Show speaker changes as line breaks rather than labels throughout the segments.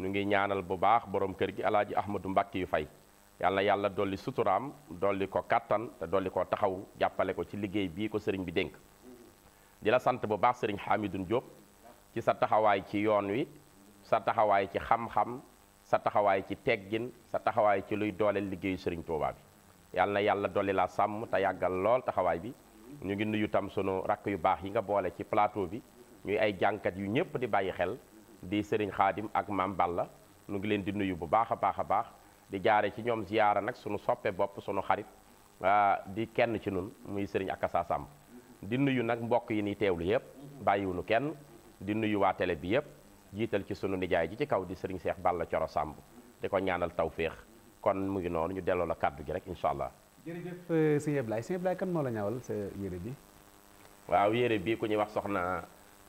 ñu ngi ñaanal bu baax borom kër gi alaaji ahmadu mbàkki yu fay yàlla na yàlla dolli suturaam dolli ko kattan te dolli ko taxaw jàppale ko ci liggéey bii ko sëriñ bi dénk di la sant bu baax sëriñ Hamidou jóg ci sa taxawaay ci yoon wi sa taxawaay ci xam-xam sa taxawaay ci teggin sa taxawaay ci luy dooleel liggéeyu sëriñ Touba bi yàlla na yàlla dolli laa sàmm te yàggal lool taxawaay bi ñu ngi nuyu tam sunu rakk yu baax yi nga boole ci plateau bi ñuy ay jànkat yu ñëpp di bàyyi xel di sëriñ xaadim ak maam Balla mu ngi leen di nuyu bu baax a baax a baax di jaare ci ñoom ziyaara nag sunu soppee bopp sunu xarit ah, di kenn ci nun muy sëriñ Akassa sàmb di nuyu nag mbokk yi ni teewlu yëpp bàyyiwunu kenn di nuyu waa télé bi yëpp jiital ci sunu nijaay ji ci kaw di sëriñ Seex Balla Coro Samb di ko ñaanal tawféex kon mu ngi noonu ñu delloo la kàddu gi rek incha allah.
jërëjëf sëñ Ablaye sëñ Ablaye kan moo la ñawal sa yére bi.
waaw yére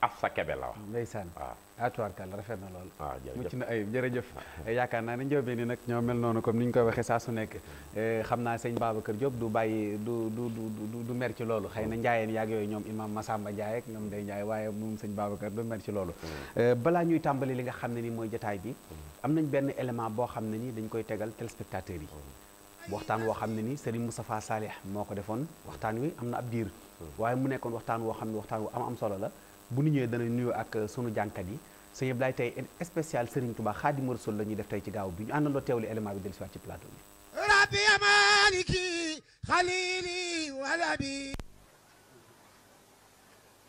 Afsa Kebe la wax.
ndeysaan waaw atuwaarkal rafet na lool. waaw jërëjëf mucc na ayib jërëjëf. Eh, yaakaar naa ne njóobeen ni nag ñoo mel noonu comme ni ñu koy waxee saa su nekk eh, xam naa sëñ kër Diop du bàyyi du du du du mer ci loolu xëy na njaayeen yaag yooyu ñoom imaam Massamba Ndiaye ak ñoom day Ndiaye waaye moom sëñ Babacar du mer ci loolu. Mm. Eh, balaa ñuy tàmbali li nga xam ne ni mooy jotaay bi. Mm. am nañ benn élément boo xam ne ni dañ koy tegal téléspectateurs yi. Mm. waxtaan woo xam ne ni Serigne Moustapha Salih moo ko defoon waxtaan wi am na ab diir waaye mu nekkoon waxtaan woo xam ne waxtaan wu am am solo la bu nu ñëwee dana nuyu ak sunu jànkat yi sëñ Ablaye tey spécial Serigne Touba khadim rasoul lañu def tay ci gaaw bi ñu àndandoo tewli élément bi dellusiwaat ci plateau bi.
rabbi amaliki khalili walabi bi.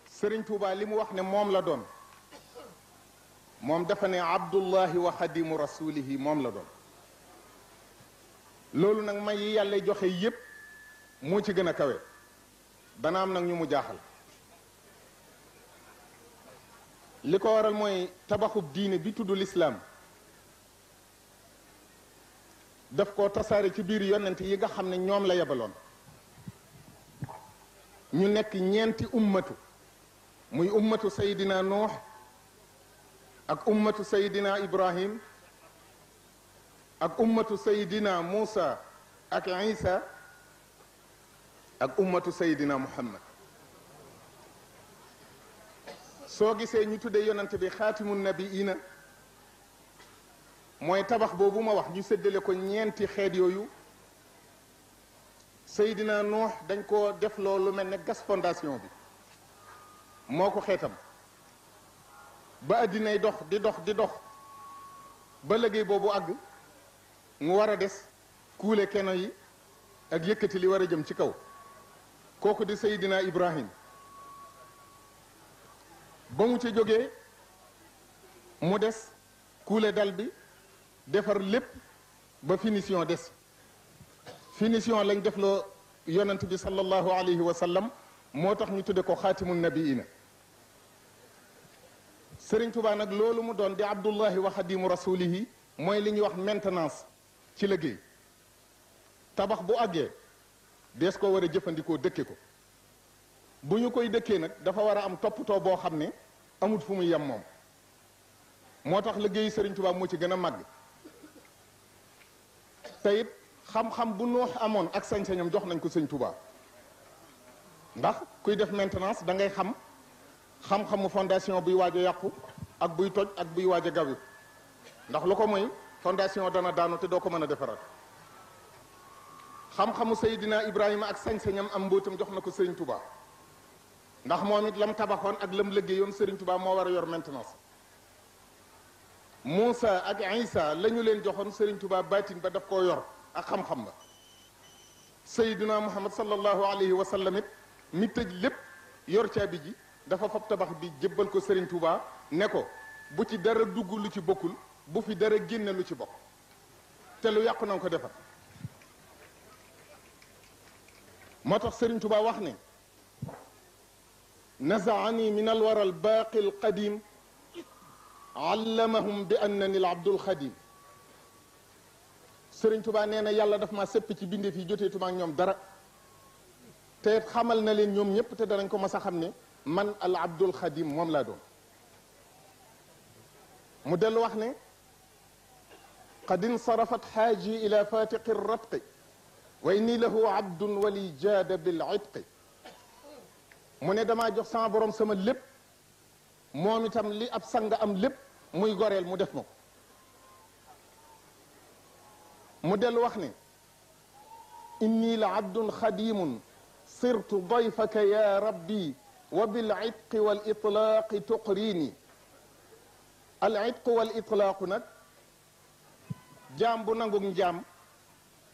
Serigne Touba limu wax ne mom la doon mom dafa ne abdullah wa khadim Rasuulihi mom la doon loolu nak may yàlla joxe yépp mo ci gëna kawé kawe na am nak ñu mu jaaxal. li ko waral mooy tabaxub diine bi tudd lislaam def ko tasaare ci biir yonent yi nga xam ne ñoom la yebaloon ñu nekk ñeenti ummatu muy ummatu seydina nuux ak ummatu sayidina ibrahim ak ummatu seydina muusa ak isa ak ummatu seydina muhammad soo gisee ñu tuddee yonante bi xaatimu nabiina mooy tabax boobu ma wax ñu séddale ko ñeenti xeet yooyu Seydina Nuux dañ ko def loolu mel ne gas fondation bi moo ko xeetam ba addinay dox di dox di dox ba liggéey boobu àgg mu war a des kuule keno yi ak yëkkati li war a jëm ci kaw kooku di Seydina Ibrahim ba mu ci jógee mu des kuule dal bi defar lépp ba finition des finition lañ def loo yonent bi sallallahu alayhi wa sallam moo tax ñu tudde ko xaatimu nabiina Sëriñ Tuubaa nag loolu mu doon di abdullahi wa xadimu rasulihi mooy li ñuy wax maintenance ci liggéey tabax bu àggee dees ko war a jëfandikoo dëkke ko bu ñu koy dëkkee nag dafa war a am toppatoo boo xam ne amut fu muy yem moom moo tax liggéey Sëriñ Tuubaa moo ci gën a màgg te it xam-xam bu noox amoon ak sañ jox nañ ko Sëriñ Tuubaa ndax kuy def maintenance da ngay xam xam-xamu fondation buy waaj yàqu ak buy toj ak buy waaj a ndax lu ko mooy fondation dana daanu te doo ko mën a defaraat xam-xamu Seydina Ibrahima ak sañ am mbóotam jox na ko Sëriñ Tuubaa ndax momit lam tabaxone ak lam liggéeyoon Serigne Touba mo wara yor maintenance Moussa ak Isa lañu len joxone Serigne Touba batine ba daf ko yor ak xam-xam ba sayyidina Muhammad sallallahu alayhi wa sallam nit tëj lépp yor caabi ji dafa fop tabax bi jébbal ko Serigne Touba ne ko bu ci dara duggu lu ci bokul bu fi dara génne lu ci bok te lu yàqu ko defal motax Serigne Touba wax ne. نزعني من الورى الباقي القديم علمهم بانني العبد الخديم سيرن توبا نينا يالا داف ما سيب تي بيندي في جوتي توبا نيوم دارا تي خمال نا لين نيوم نييب تي دانكو مسا خامني من العبد الخديم موم لا دون مو واخني قد انصرفت حاجي الى فاتق الرتق واني له عبد ولي جاد بالعتق mu ne damaa jox sama borom sama lépp moom itam li ab sang am lépp muy goreel mu def ma ko mu dellu wax ne inni la abdun xadimun sirtu dayfaka ya rabbi wa bil itqi wal itlaaqi tuqriini al itqu wal itlaaqu nag jaam bu nangug njaam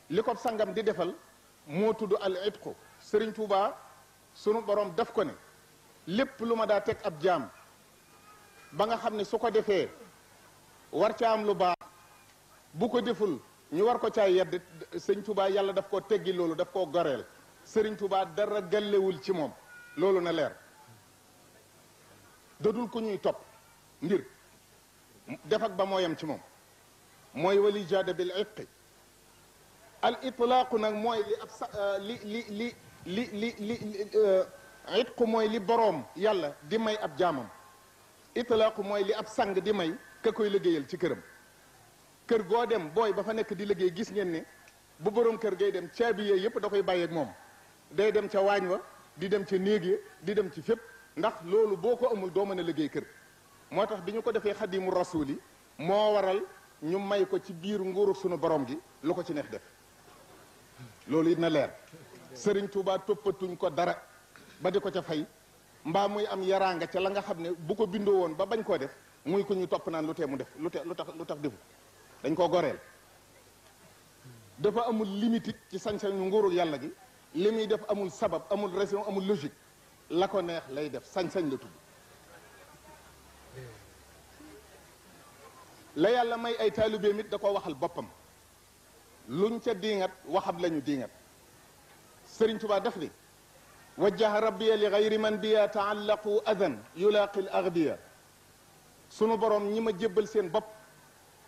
li ko sangam di defal moo tudd al itqu Sëriñ Tuubaa sunu borom daf ko ne lépp lu ma daa teg ab jaam ba nga xam ne su ko defee war ca am lu baax bu ko deful ñu war ko caa yedd sëñ Touba yàlla daf koo teggi loolu daf koo goreel sëriñ tubaa dara gàllewul ci moom loolu na leer dëdul ko ñuy topp ngir def ak ba mooyam ci moom mooy wali jaada bil al itlaaqu nag mooy li ab sa li li li li li li euh, it ku mooy li boroom yàlla di may ab jaamam itlaaku mooy li ab sang di may ka koy liggéeyal ci këram kër goo dem booy ba fa nekk di liggéey gis ngeen ni bu boroom kër gay dem caabi yee yëpp da koy bàyyeeg moom day dem ca waañ wa di dem ca néeg ya di dem ci fépp ndax loolu boo ko amul doo mën a liggéey kër moo tax bi ñu ko defee xadimu rasul yi moo waral ñu may ko ci biir nguuru sunu boroom gi lu ko ci neex def loolu it na leer sëriñ tuubaa toppatuñ ko dara ba di ko ca fay mbaa muy am yaraanga ca la nga xam ne bu ko bindoo woon ba bañ koo def muy ko ñu topp naan lu tee mu def lu te lu tax lu tax defu dañ koo goreel dafa amul limite ci sañ-sañu nguurul yàlla gi li muy def amul sabab amul raison amul logique la ko neex lay def sañ-sañ la tudd la yàlla may ay taalibeem it da ko waxal boppam luñ ca diingat waxam lañu diingat سرين توبا دفدي وجه ربي لغير من بيا تعلق اذن يلاقي الاغبياء سونو بروم نيما جيبل سين باب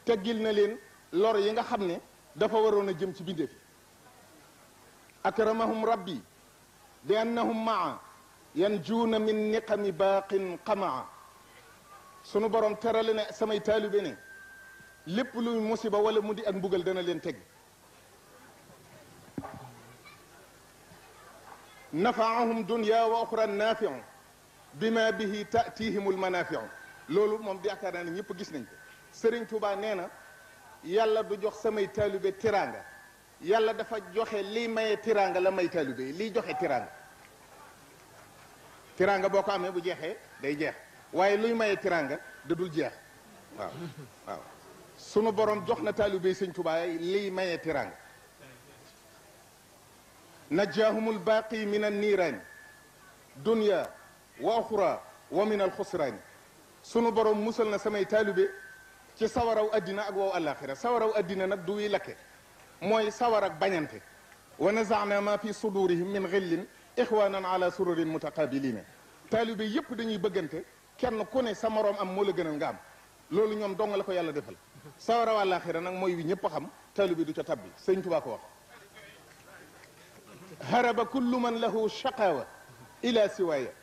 تجيل نالين لور ييغا خامني دا فا ورونا جيم سي بيندي اكرمهم ربي لانهم مع ينجون من نقم باق قمع سونو بروم تيرالنا سماي طالبيني لب لوي مصيبه ولا مودي ان بوغل دنا لين تيغ نفعهم دنيا واخرى نافع بما به تاتيهم المنافع لولو موم بيكار ناني نييب غيس نانكو سيرن توبا نينا يالا دو جوخ ساماي طالبي تيرانغا يالا دا فا جوخي لي ماي تيرانغا لا ماي طالبي لي جوخي تيرانغا تيرانغا بوكو امي بو جيهي داي جيه واي لوي ماي تيرانغا دودول جيه واو واو سونو بوروم جوخنا طالبي سيرن توبا لي ماي تيرانغا نجاهم الباقي من النيران دنيا واخرى ومن الخسران سونو بروم موسلنا سماي طالبي تي ساوراو ادينا اك واو الاخره ساوراو ادينا نك دوي لك موي ساور اك باغانتي ونزعنا ما في صدورهم من غل اخوانا على سرر متقابلين طالبي ييب دي ني بغانتي كين كوني سا مروم ام مولا غنال غام لولو نيوم دونغ لاكو يالا ديفال ساوراو الاخره نك موي وي نيب خام طالبي دو تابي سيغ توبا كو واخ هرب كل من له شقاوة إلى سوايا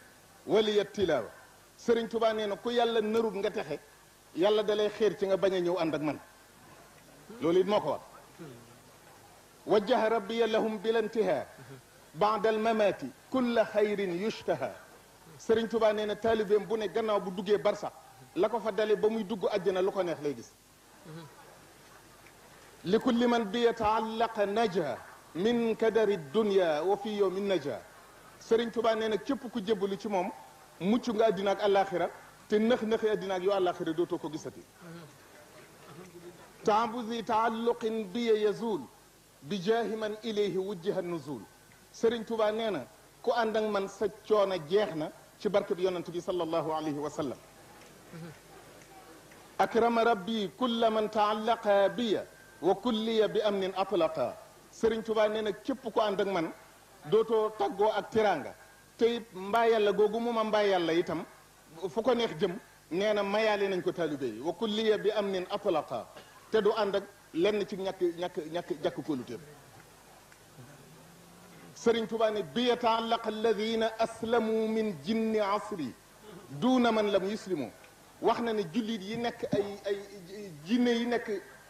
ولي التلاوة سرين توبا نينا كو يالا نروب نغا تخي يالا دالي خير تي نغا باغي نيو اندك مان لولي مكو وجه ربي لهم بالانتهاء بعد الممات كل خير يشتهى سرين توبا نينا طالبين بوني ني غناو بو دوجي برسا لاكو فا دالي باموي دوجو ادنا لوكو نيه لاي لكل من بيتعلق نجا min kadari dunya wa fi yawmin naja sëriñ Tuubaa nee na képp ku jébbalu ci moom mucc nga àddina ak àllaaxira te nëx nëxi àddina ak yoo àllaaxira dootoo ko gisati taabusi taalluqin biya yazul bi jaahi man ilayhi wujjiha nuzul sëriñ Tuubaa nee na ku ànd ak man sa coono jeex na ci barke bi yonent bi sallallahu alayhi wa sallam akrama rabbi kulla man taallaqa biya wa kulliya bi amnin atlaqa Serigne Touba neena kep ko ànd ak man doto taggo ak tiranga te it mbaa yàlla googu mu ma mbaa yàlla itam fu ko neex jëm neena mayale mayaale nañ ko taalibe wa kulli bi amnin nin atlaqa te du ànd ak len ci ñak ñak ñak jàkk ko kóoluteem Serigne Touba ne bi yataallaq alladhina aslamu min jinn asri duuna man lam yuslimu wax na ne jullit yi nekk ay ay jinne yi nekk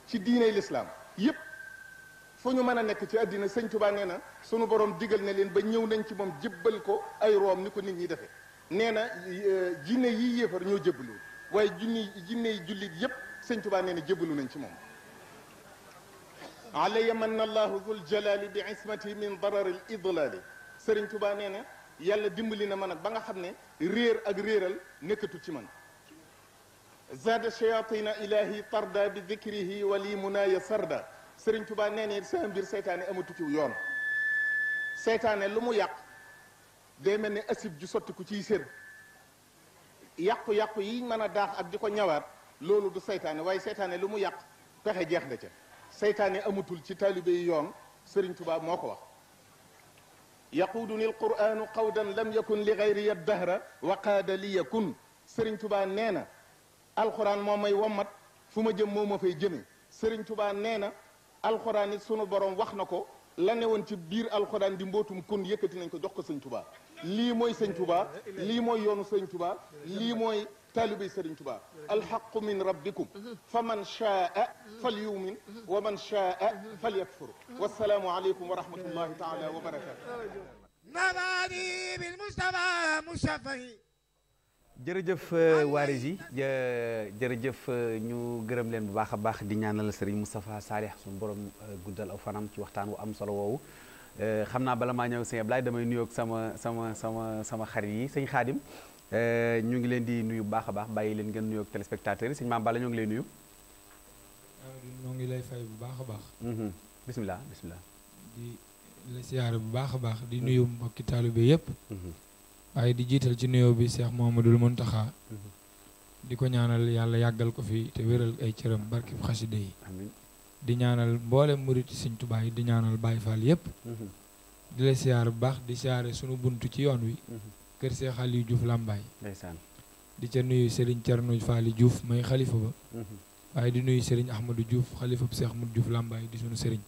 ci diiney lislaam yépp fu ñu mën a nekk ci àddina sëñ Tuubaa nee na sunu borom digal na leen ba ñëw nañ ci moom jébbal ko ay room ni ko nit ñi defe nee na e, jinne yi yéefar ñoo jébbalu waaye junni jinne yi jullit yépp sëñ Tuubaa nee na nañ ci moom alaya man allahu dul jalali bi ismati min darar al idlali sëriñ Tuubaa nee na yàlla dimbali na ma nag ba nga xam ne réer ak réeral nekkatu ci man zaada shayatina ilahi tarda bi dikrihi wali munaya sarda sëriñ Tuubaa nee na sa mbir seytaane amatu ci yoon seytaane lu mu yàq day mel ni asib ju sotti ku ciy sër yàqu-yàqu yi mën a daax ak di ko ñawaat loolu du seytaane waaye seytaane lu mu yàq pexe jeex na ca seytaane amatul ci taalibe yoon sëriñ tubaab moo ko wax yaquuduni alquranu qawdan lam yakun li gayri dahra wa qaada li yakun sëriñ Tuubaa nee na alquran moo may wommat fu ma jëm moo ma fay jëme sëriñ Tuubaa nee na القرآن سونو بروم واخنا كو لا نيون تي بير القرآن دي مبوتوم كون ييكاتي نانكو جوخ سنتوبا لي موي سيرن توبا لي موي يونو سيرن توبا لي موي طالبي سيرن توبا الحق من ربكم فمن شاء فليؤمن ومن شاء فليكفر والسلام عليكم ورحمه الله تعالى
وبركاته نبادي بالمصطفى مصطفى
jërëjëf euh, waaris yi jërëjëf euh, ñu gërëm leen bu baax a baax di ñaanal Serigne Moustapha Salih suñu borom euh, guddal aw fanam ci waxtaan wu am solo woowu xam naa bala maa ñëw sëñ laay damay nuyoog sama sama sama sama xarit yi sëñ Xaadim ñu ngi leen di nuyu bu baax a baax bàyyi leen ngeen nuyoog téléspectateurs yi sëñ Maam Bala ñoo ngi
ngi lay fay bu baax a baax. Mhm. bisimilah bisimilah. di la siyaare bu baax a baax di nuyu mbokki taalibe yëpp. Mhm. waaye di jiital ci nuyoo bi seex Cheikh Mouhamadoul Mountakha di ko ñaanal yàlla yàggal ko fi te wéral ay cëram barkib xaside yi di ñaanal mboolem murit Sëñ Tuubaa yi di ñaanal Baay Faal yépp mhm. di la siyaar bu baax di siyaare sunu bunt ci yoon wi mhm. kër Cheikh Aliou Diouf Lambaye di ca nuyu seriñ Serigne Thierno Faali Diouf may xalifa ba mhm. waaye di nuyu Serigne Ahmadou Diouf xalifa bu seex mu Diouf Lambaye di sunu Serigne.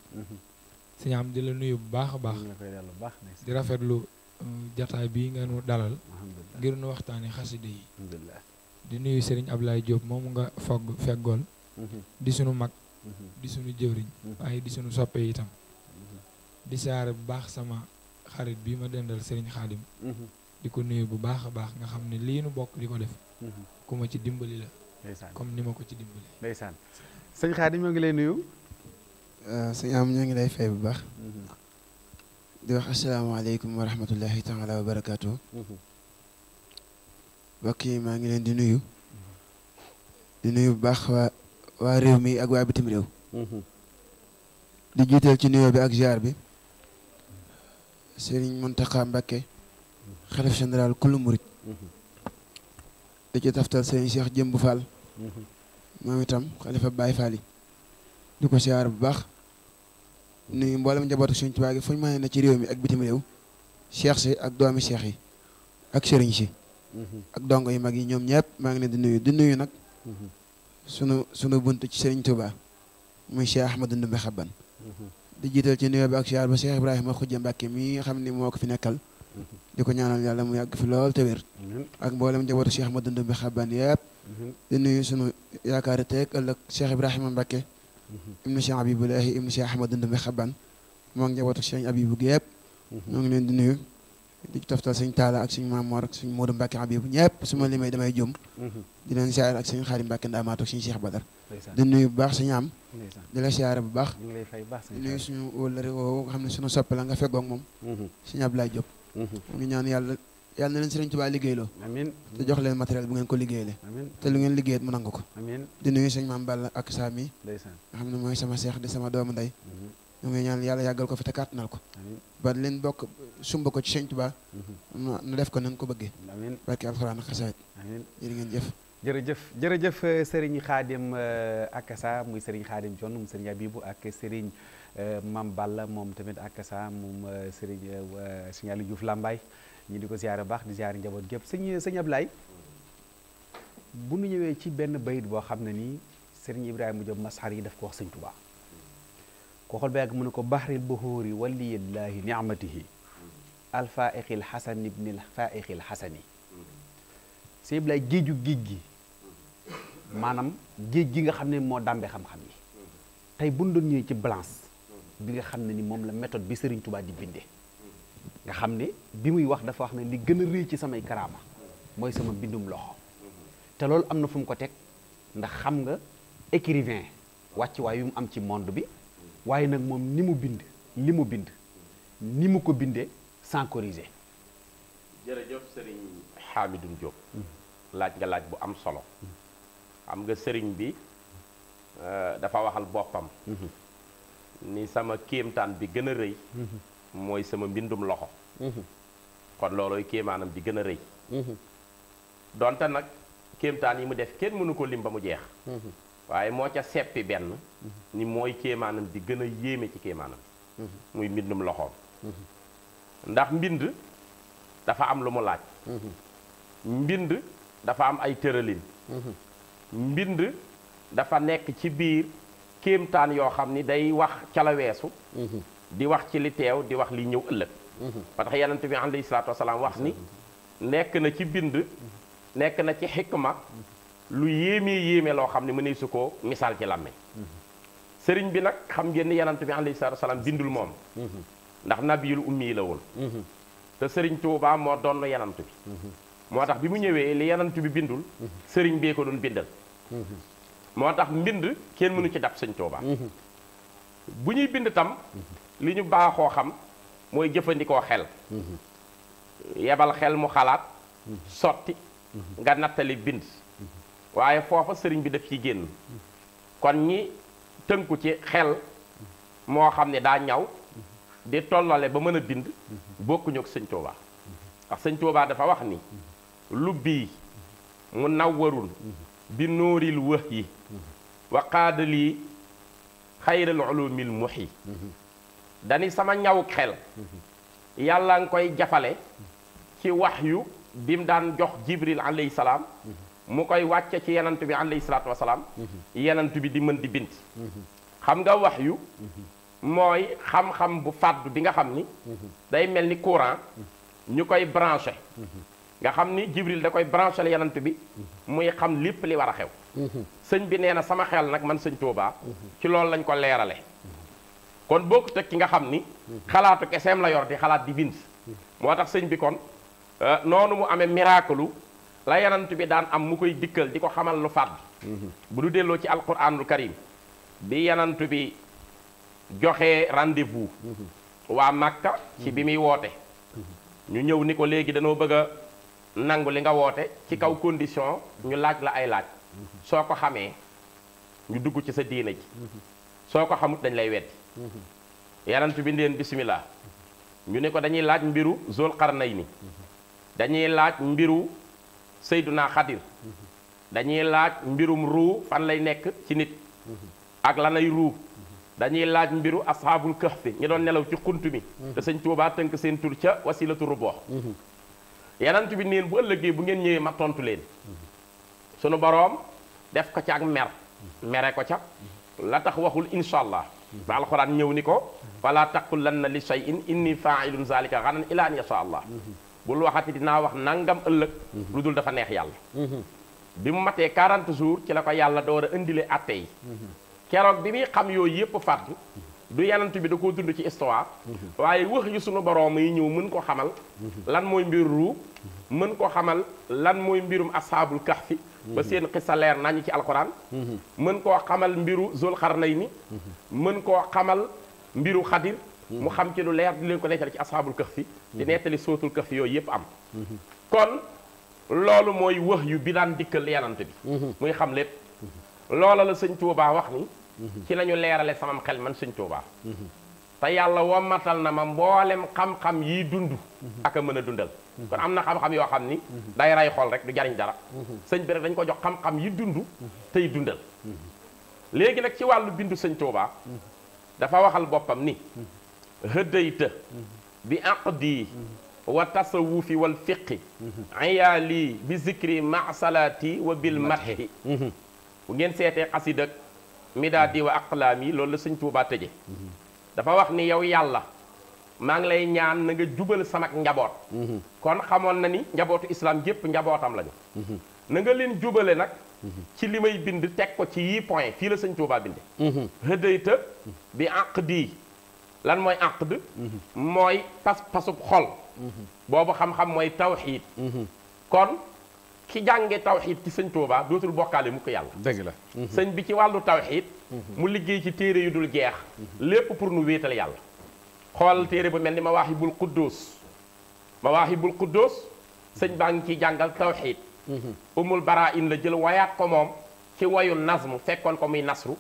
sëñ am di la nuyu bu baax baax di rafetlu jataay bii nga nu dalal ngir nu waxtaani xasida yi di nuyu sëriñ ab Ablaye Diop moomu nga fogg feggool mhm. di sunu mag mhm. di sunu jëwriñ mhm. waaye di sunu soppe itam di saare bu baax sama xarit bi ma dendal sëriñ xaadim di ko nuyu bu baax a baax nga xam ne lii nu bokk di ko def ku ci dimbali la comme ni ma ko ci dimbali
ndeysaan
sëñ xaadim ñoo ngi lay nuyu euh, sëñ am ñoo ngi lay fay bu baax di wax asalaamaaleykum wa rahmatullahi taala wa barakaatu. mbokk yi maa ngi leen di nuyu. di nuyu bu baax waa waa réew mi ak waa bitim réew. di jiital ci nuyoo bi ak ziar bi. Serigne Mountakha Mbacké. xalif général kullu murit. di ci taftal Serigne Cheikh Jëmb Fall. moom itam xalifa Baye Fall yi. di ko ziar bu baax. nuyu mboole njabootu suñ Tuubaa gi fu ñu mën ne ci réew ak bitim réew cheikh si ak doomi cheikh yi ak sëriñ si mhm. ak dongo yu mag yi ñoom ñëpp maa ngi leen di nuyu di nuyu nag mhm. sunu sunu bunt ci sëriñ Tuubaa muy cheikh Ahmadou Ndumbe Xabban mhm. di jiital ci nuyoo bi ak siyaar ba cheikh Ibrahima Xujja Mbàkke mi nga xam ni moo ko fi nekkal di ko ñaanal yàlla mu yàgg fi lool te mboolem njabootu cheikh Ahmadou Ndumbe Xabban yëpp di nuyu sunu yaakaar teeg ëllëg cheikh Ibrahima Mbàkke ibnu cheikh abibulahi ibnu cheikh ahmad ndumbe xaban moo ngi njabootu sëñ abibu gépp mhm. ñoo ngi leen di nuyu di toftal sëñ taala ak sëñ maamoor ak sëñ moodu mbàkke abibu ñëpp su ma limee damay jóm mhm. di leen siyaar ak sëñ xaadim mbàkke ndaamaatu ak sëñ cheikh badar di nuyu bu baax sëñ am di la bu baax di nuyu suñu wóllëre woo nga xam ne suñu soppe la nga feggoog moom sëñ ablaay jóob ñaan yàlla yàlla na leen Serigne Touba liggéeyloo te jox leen matériel bu ngeen ko liggéeylee te lu ngeen liggéeyat mu nangu ko amiin di nuyu sëñ maam Balla ak saa mi ndeysaan nga xam ne mooy sama seex di sama doomu ndey mhm. ñu ngi ñaan yàlla yàggal ko fi te kàttanal ko ba leen bokk sumba ko ci Serigne Touba nu mhm. def ko nañ ko bëggee amiin barke alxuraan ak xasaayid amiin jërë ngeen jëf
jërëjëf jërëjëf euh, Serigne Khadim euh, Akassa muy Serigne Khadim John mu Serigne Abibou ak Serigne euh, maam Balla moom tamit Akassa moom Serigne Serigne Aliou Diouf Lambaye ñu di ko ziyaare baax di ziyaare njaboot gépp sëñ sëñ Ablaye bu nu ñëwee ci benn bayit boo xam ne nii sëriñ Ibrahima Diop Masxar yi daf ko wax sëñ Tuubaa ko xool ba yàgg mu ne ko bahril buhuuri waliyillaahi ni'matihi alfaa'iqil xasan ibnil faa'iqil xasani sëñ Ablaye géeju géej gi maanaam géej gi nga xam ne moo dàmbe xam-xam yi tey bu ñu doon ñëwee ci balance bi nga xam ne ni moom la méthode bi sëriñ Tuubaa di bindee nga xam ne bi muy wax dafa wax ne li gën a rëy ci samay karaama mooy sama mbindum loxo te loolu am na fu mu ko teg ndax xam nga écrivain wàcc waay yu mu am ci monde bi waaye nag moom ni mu bind li mu bind
ni mu ko bindee sans corriger. jërëjëf sëriñ Hamidou Diop laaj nga laaj bu am solo xam nga sëriñ bi euh, dafa waxal boppam mhm. ni sama kéemtaan bi gën a rëy mhm. mooy sama mbindum loxo Mm-hmm. kon loolooy kéemaanam di gën a rëy mm-hmm. donte nag kéemtaan yi mu def kenn mënu ko lim ba mu jeex mm-hmm. waaye moo ca seppi benn ni mooy kéemaanam di gën a yéeme ci kéemaanam muy mbindum loxoom ndax mbind dafa am lu mu laaj mbind dafa am ay tërëlin mbind dafa nekk ci biir kéemtaan yoo xam ni day wax ca la weesu di wax ci li teew di wax li ñëw ëllëg ba tax yonent bi alayhi salaatu wasalaam wax ni nekk na ci bind nekk na ci xikma lu yéemee yéeme loo xam ne mënee su ko misaal ci làmme sëriñ bi nag xam ngeen ni yonent bi alayhi salaatu wasalaam bindul moom ndax nabiyul ummi la woon te sëriñ Tuubaa moo doon yonent bi moo tax bi mu ñëwee li yonent bi bindul sëriñ bee ko doon bindal moo tax mbind kenn mënu ci dab sëñ Tuubaa bu ñuy bind tam li ñu baaxoo xam mooy jëfandikoo xel yebal xel mu xalaat sotti nga nattali bind waaye foofa sëriñ bi daf ci génn kon ñi tënku ci xel moo xam ne daa ñaw di tollale ba mën a bind bokkuñu ak sëñ ndax sëñ dafa wax ni lu bii mu nawwarul bi nóoril wëx yi wa qaadalii xayral ulumil muxi dani sama ñaw xel yalla ng koy jafale ci Wahyu dimdan bim daan jox jibril alayhi salam mu koy wàcce ci yenant bi alayhi salatu Wasalam, yenant bi di mën di bint xam nga wahyu moy xam-xam bu fàddu bi nga xam ni day melni courant ñukoy brancher nga xam ni jibril da koy brancher la bi muy xam lepp li wara a xew mhm. sëñ bi neena sama xel nak man sëñ Touba ci lool lañ ko leralé kon boo ko teg ki nga xam ni xalaatu sm la yor di xalaat di bind moo tax sëñ bi kon euh, noonu mu amee miracle la yanant bi daan am mu koy dikkal di ko xamal lu faat bi bu du delloo ci alquranul karim bi yanant bi joxe rendez-vous waa Màkka ci bi muy woote ñu ñëw ni ko léegi danoo bëgg a nangu li nga woote ci kaw condition ñu laaj la ay laaj soo ko xamee ñu dugg ci sa diina ji soo ko xamut dañ lay weddi yanantu bi ndeen bisimilah ñu ne ko dañuy laaj mbiru xarnay qarnayni dañuy laaj mbiru sayduna xadir dañuy laaj mbirum ruu fan lay nekk ci nit ak lanay ruu dañuy laaj mbiru ashaabul kahfi ñi doon nelaw ci xunt mi te sëñ Tuubaa tënk seen tur ca wasilatu rubox yanant bi neen bu ëllëgee bu ngeen ñëwee ma tontu leen sunu boroom def ko ca ak mer mere ko ca la tax waxul incha allah ba alxuraan ñëw ni ko lan na li shay'in inni fa'ilun zalika ghadan illa an yasha allah bul waxati dinaa wax nangam ëllëg lu dul dafa neex yàlla bi mu matee 40 jours ci la ko yàlla door a indilee atte yi keroog bi muy xam yooyu yëpp fàttu du yanantu bi da koo dund ci histoire waaye wax yu sunu boroom yi ñëw mën ko xamal lan mooy mbir ruub mën ko xamal lan mooy mbirum ashaabul kahfi ba seen xisa leer nañu ci alxuraan. mën koo xamal mbiru zul xarnayni mën koo xamal mbiru xadir mu xam ci lu leer di leen ko nettali ci asxaabul këx fi di nettali sootul këx fi yooyu yëpp am kon loolu mooy wax yu bi daan dikkal yanante bi muy xam lépp loola la sëñ Tuubaa wax ni ci lañu leerale samam xel man sëñ Tuubaa te yàlla wommatal na ma mboolem xam-xam yi dund ak a mën a dundal kon amna xam-xam yo xamni day ray xol rek du jariñ dara sëñ bi rek dañ ko jox xam-xam yi dundu tey dundal léegi nak ci walu bindu sëñ toba dafa waxal bopam ni hadayta bi aqdi wa tasawufi wal fiqi ayali bi zikri ma salati wa bil madhi bu ngeen sété xasid midadi wa aqlami lolou la sëñ Tuubaa tëje dafa wax ni yow yàlla maa ngi lay ñaan na nga jubal samak njaboot mhm. kon xamoon na ni njabootu islam yépp njabootam lañu mhm. na nga leen jubale nag ci li may bind teg ko ci yii point fii la sëñ Tuubaa binde mhm. hëdayta bi aqdi lan mooy di mooy pas pasub xol boobu xam-xam mooy tawxiid kon ki jànge tawxiid ci sëñ Tuubaa dootul bokkaale mu yàlla dëgg la sëñ bi ci wàllu tawxiid mu liggéey ci téere yu dul jeex lépp pour nu wéetal yàlla xool téere bu mel ni ma Mawaahibul Quddus Mawaahibul Quddus sëñ baa ngi ciy jàngal tawxiid mhm. umul baraa'in la jël woyaat ko moom ci wayu nazmu fekkoon ko muy nasru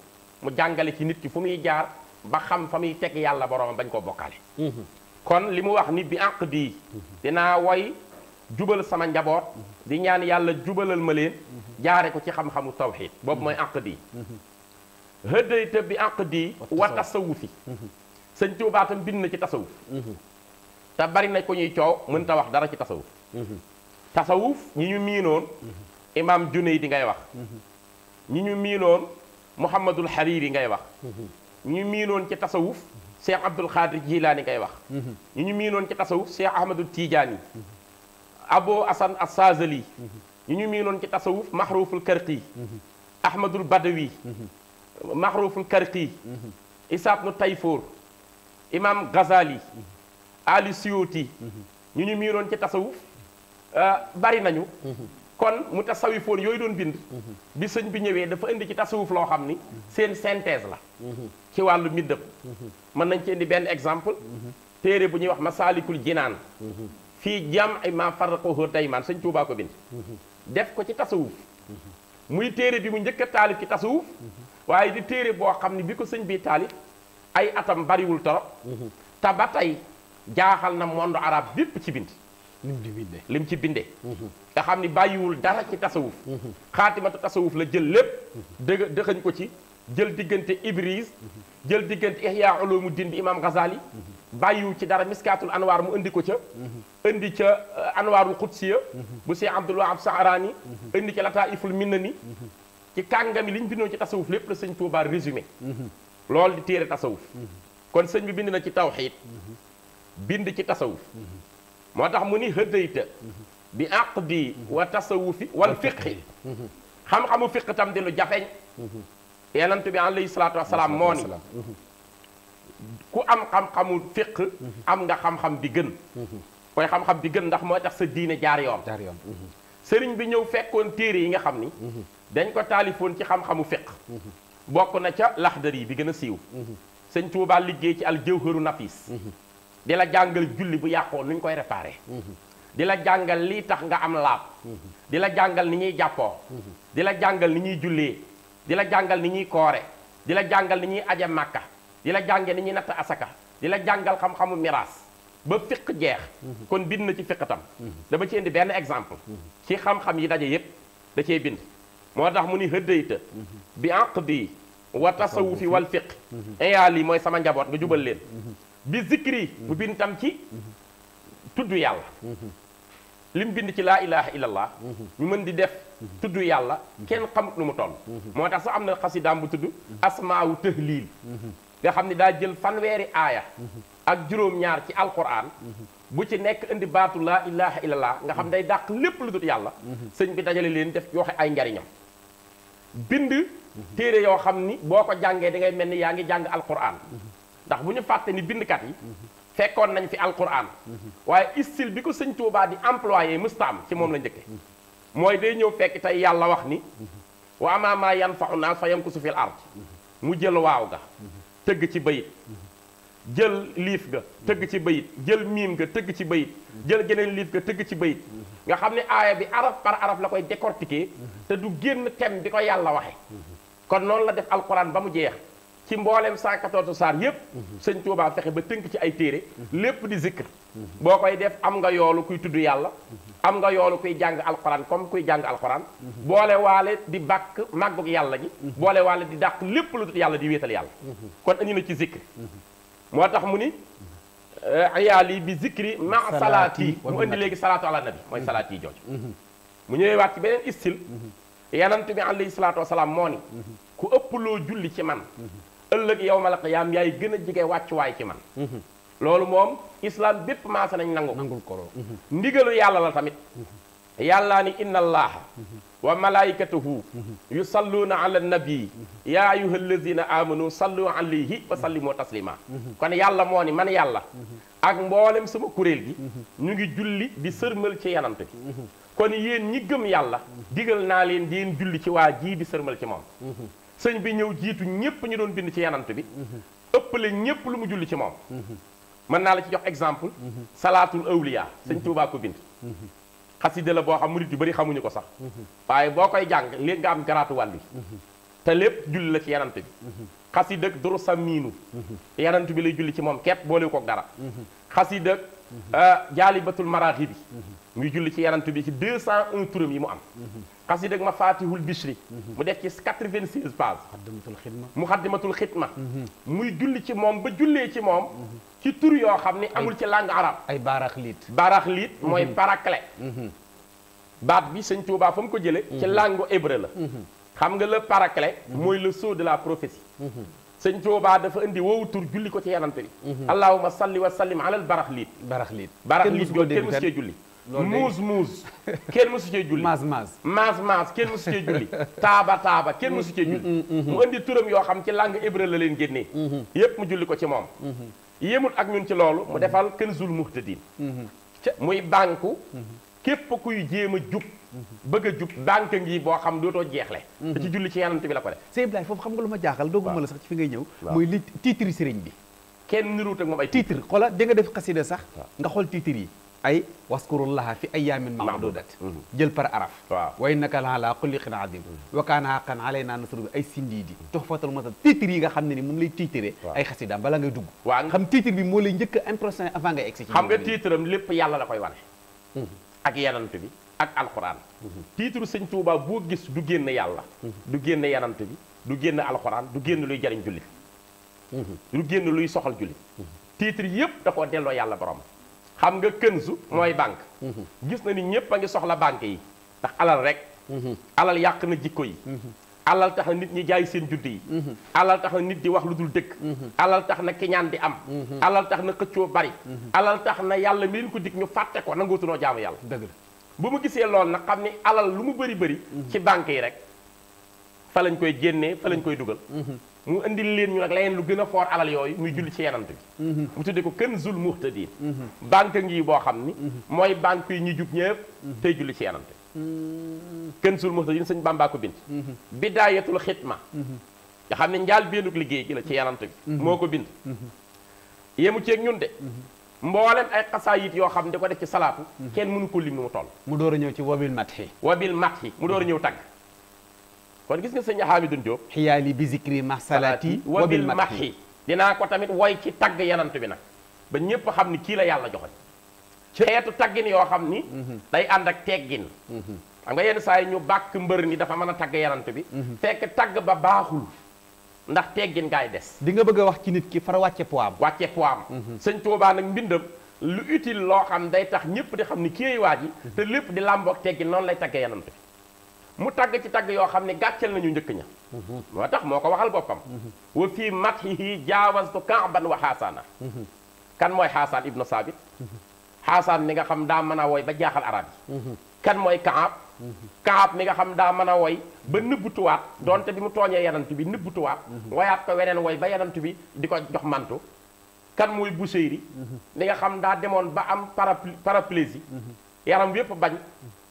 mu jàngale ci nit ki fu muy jaar ba xam fa muy teg yàlla boroomam bañ koo bokkaale mhm. kon li mu wax ni bi àq dii mhm. dinaa woy jubal sama njaboot di ñaan yàlla jubalal ma leen jaare ko ci xam-xamu tawxiid boobu mooy àq dii bi àq dii wa tasawufi sëñ Tuubaa tam bind na ci tasawuf mhm. te bari na ko ñuy coow mën ta wax dara ci tasawuf mhm. tasawuf ñi ñu miinoon mhm. imaam Junayd di ngay wax ñi ñu miinoon Muhammadul Hariri ngay wax ñu miinoon ci tasawuf Cheikh Abdul Xaadir Jilaani ngay wax ñi ñu miinoon ci tasawuf Cheikh Ahmadul Tijaani Abo Asan Asazali ñi ñu miinoon ci tasawuf Maxruuful Karqi Ahmadul Badawi Maxruuful Karqi Isaab nu Tayfoor imam Ghazali Ali Suyuti ñu ñu miiroon ci tasawuf euh, bari nañu kon mu tasawifoon yooyu doon bind bi sëñ bi ñëwee dafa indi ci tasawuf loo xam ni seen synthèse la ci wàllu middëb mën nañ ci indi benn exemple téere bu ñuy wax masaalikul jinaan fii jam ay ma farqahu taymaan sëñ Tuubaa ko bind def ko ci tasawuf muy téere bi mu njëkk a taalif ci tasawuf waaye di téere boo xam ne bi ko sëñ bi taalif ay atam bariwul torop mhm. te ba tey jaaxal na monde arabe bépp ci bind lim ci bindee lim mhm. nga xam ni bàyyiwul dara ci tasawuf mhm. xaatimatu tasawuf la jël lépp dëgg dëxañ ko ci jël diggante Ibris jël diggante Ihya Ulumuddin bi Imam Ghazali bàyyiwu ci dara miskaatul anwaar mu indi ko ca indi ca euh, anwaarul xudsiya bu see Abdul Wahab Saharani indi ca lataaiful minnani ci kàngami liñ bindoo ci tasawuf lépp la sëñ Tuubaa résumé loolu di téere tasawuf kon sëñ bi bind na ci tawxiid bind ci tasawuf moo tax mu ni hëddayta bi aqdi wa tasawufi wal fiqhi xam-xamu fiq tam di lu jafeñ yonent bi alayhi salaatu wasalaam moo ni ku am xam-xamu fiq am nga xam-xam bi gën koy xam-xam bi gën ndax moo tax sa diine jaar yoon jaar yoon sëriñ bi ñëw fekkoon téere yi nga xam ni mhm. dañ ko taalifoon ci xam-xamu fiq bokku na ca lahdari bi gëna siiw mhm. sëñ touba liggé ci al jawharu nafis mhm. Dila jangal julli bu yaqko nuñ koy réparer mhm. dila jangal li tax nga am laap dila jangal ni ñi jappo dila jangal ni ñi julli Dila jangal ni ñi koré dila jangal ni ñi aje màkka dila jangé ni ñi nat asaka di la xam-xamu miras ba fiq jeex kon bind na ci fiqatam dama ci indi ben exemple ci xam-xam yi dajé yépp da cey bind motax muni heddeyta bi wa tasawufi wal fiqh iyaal mhm. eh, li moy sama njabot nga jubal len mhm. mhm. bi zikri bu bind tam ci tuddu yalla lim bind ci la ilaha illallah ñu mën di def tuddu yalla ken xam nu mu toll motax sa amna am na xasidaam bu tudd asmaawu tëhliil nga xamni da jël fanweri aya ak juróom-ñaar ci alquran bu ci nek indi batu la ilaha illallah nga xam day dak lepp lu dut yalla sëñ bi dajale len def joxe ay njariñam bind téere yoo xam ni boo ko jàngee dangay mel ni yaa ngi jàng alquran ndax bu ñu fàtte ni bindkat yi fekkoon nañ fi alquran waaye style bi ko sëñ Tuubaa di employé mustaam ci moom la njëkke mooy day ñëw fekk tey yàlla wax ni wa amaa maa yanfa'u naas fa yamkusu fil ard mu jël waaw ga tëgg ci bayit jël liif ga tëgg ci bayit jël miim ga tëgg ci bayit jël geneen liif ga tëgg ci bayit nga xam ne aaya bi araf par araf la koy décortiquer te du génn thème bi ko yàlla waxe kon noonu la def alxuraan ba mu jeex ci mbooleem 114 saar yépp mhm. sëñ Tuubaa fexe ba tënk ci ay téere mhm. lépp di zikr mhm. boo koy def am nga yoolu kuy tudd yàlla am nga yoolu kuy jàng alxuraan comme kuy jàng alxuraan boole waale di bàkk màggug yàlla gi boole waale di dàq lépp lu yàlla di wéetal yàlla kon andi na ci zikr moo tax mu ni ayaal yi bi zikri ma salaat yi mu indi léegi salaatu ala nabi mooy salaat yi mu ñëwee waat ci beneen istil yanant bi alayhi salaatu wasalaam moo ni ku ëpp loo julli ci man ëllëg yow qiyaam yaay gën a jige wàccuwaay ci man loolu moom islam bépp maasa nañ nangu nangul ndigalu yàlla la tamit yàllaa ni inna allaha wa malaikatahu yusalluuna ala nabii ya ayuha alladina amanu sallu alayhi wa sallimu taslima kon yàlla moo ni man yàlla ak mboolem sama kuréel gi ñu ngi julli di sërmal ci yanant bi kon yéen ñi gëm yàlla digal naa leen di julli ci waa jii di sërmal ci moom sëñ bi ñëw jiitu ñépp ñu doon bind ci yanant bi ëppale ñépp lu mu julli ci moom mën naa la ci jox exemple salaatul awliya sëñ Tuubaa ko bind xasida la boo xam murit yu bari xamuñu ko sax waaye boo koy jàng léegi nga am garaatu yi te lépp julli la ci yanant bi xas yi ak duru sa miinu yanant bi lay julli ci moom képp boole ko dara xasida ak jaalibatul maraaxibi muy julli ci yarantu bi ci 201 turam yi mu am xasida ak mafatihul bichri mu def ci 96 pages mu xaddimatul xitma muy julli ci moom ba jullee ci moom ci tur yoo xam ni amul ci langue arabe ay baarax liit baarax liit mooy paraclet baat bi sëñ Tuubaa fa mu ko jële ci langue hébreu la xam nga le paraclet mooy le sceau de la prophétie sëñ Tuubaa dafa indi woowu tur julli ko ci yanante bi allahumma salli wa sallim alal barax liit barax liit barax liit jooju kenn mosu cee julli muus muus kenn mosu cee julli maas maas maas maas kenn mosu cee julli taaba taaba kenn mosu cee julli mu indi turam yoo xam ci langue hébreu la leen génnee yépp mu julli ko ci moom yéemul ak ñun ci loolu mu defal Kanzul Muhtadin muy banku képp kuy jéem a jub bëgg a jub ndànk ngi boo xam dootoo jeexle da mhm. ci julli ci yanant bi la ko def sëñ foofu xam nga lu ma jaaxal
dogguma la sax ci fi nga ñëw mooy li titre sëriñ bi kenn niruut ak moom ay titre xoola da nga def xasida sax nga xool titre yi ay waskurullaha fi ayamin maadudat mhm. jël par araf waaw way naka laa laa xulliqin adim mhm. wa kaana haqqan alaynaa nasru bi ay sindii di tuhfatul mata xam ne ni moom lay titre ay xasidaam bala ngay dugg waaw xam titre bi moo lay njëkk impression avant ngay
egsi ci xam nga titre am lépp yàlla la koy wane ak yanant bi ak alxuraan. titre sëñ Touba boo gis du génn yàlla. Mhm. du génn yarante bi du génn alxuraan du génn luy jariñ jullit. Mhm. du génn luy soxal jullit. Mhm. titre yëpp da koo delloo yàlla borom. xam nga kënsu mooy banque. gis na ni ñëpp a ngi soxla banque yi ndax alal rek. alal yàq na jikko yi. alal tax na nit ñi jaay seen judd yi alal tax na nit di wax lu dul dëkk alal tax na kiñaan di am alal tax na xëccoo bari alal tax na yàlla mi ko dig ñu fàtte ko nangootunoo jaamu yàlla dëgg bu mu gisee lool nag xam ni alal lu mu bëri bëri mhm. ci banque yi rek fa lañ koy génnee fa lañ mhm. koy dugal mhm. mu indil leen ñu la leneen lu gën a foor alal yooyu muy julli ci yanant bi mu tuddee ko Kanzul Muhtadin banque ngi boo xam ni mooy banque yi ñu jub ñëpp tey julli ci yanant bi Kanzul Muhtadin sëñ Bàmbaa ko bind bidaayatul xitma nga xam ne njaal beenuk liggéey gi la ci yanant bi moo ko bind yemu ceeg ñun de mbooleem ay xasaayit yoo xam di ko def ci salaatu kenn mënu ko lim nu mu toll mu door a ñëw ci wabil mathi wabil mathi mu door a ñëw tagg kon gis nga sëñ Hamidou Diop xiyaali bi zikri ma salaati wabil mathi dinaa ko tamit woy ci tagg yanantu bi nag ba ñépp xam ni kii la yàlla ci xeetu taggin yoo xam ni mhm. day ànd ak teggin mhm. xam nga yenn saa yi ñu bàkk mbër ni dafa mën a tagg yanantu bi mhm. fekk tagg ba baaxul ndax teggin ngaay des di nga bëgg a wax ci nit ki far wàcce poids am wàcce poids am mhm. sëñ Tuubaa nag mbindam lu utile loo xam day tax ñëpp di xam ni kii waa ji mhm. te lépp di làmboog teggin noonu lay tagge yanam bi mu tagg ci tagg yoo xam ne gàcceel nañu njëkk ña mhm. moo tax moo ko waxal boppam wa fii mathihi jaawastu kaaban wa xaasaana kan mooy xaasaan ibnu saabit xasaan mi nga xam daa mën a wooy ba jaaxal arab yi kan mooy kaab kaab mi nga xam daa mën a woy ba nëbbutuwaat donte bi mu tooñee yanant bi nëbbutuwaat woyaat ko weneen woy ba yanant bi di jox mantu kan muy buséyri li nga xam daa demoon ba am paraplégie yaram yépp bañ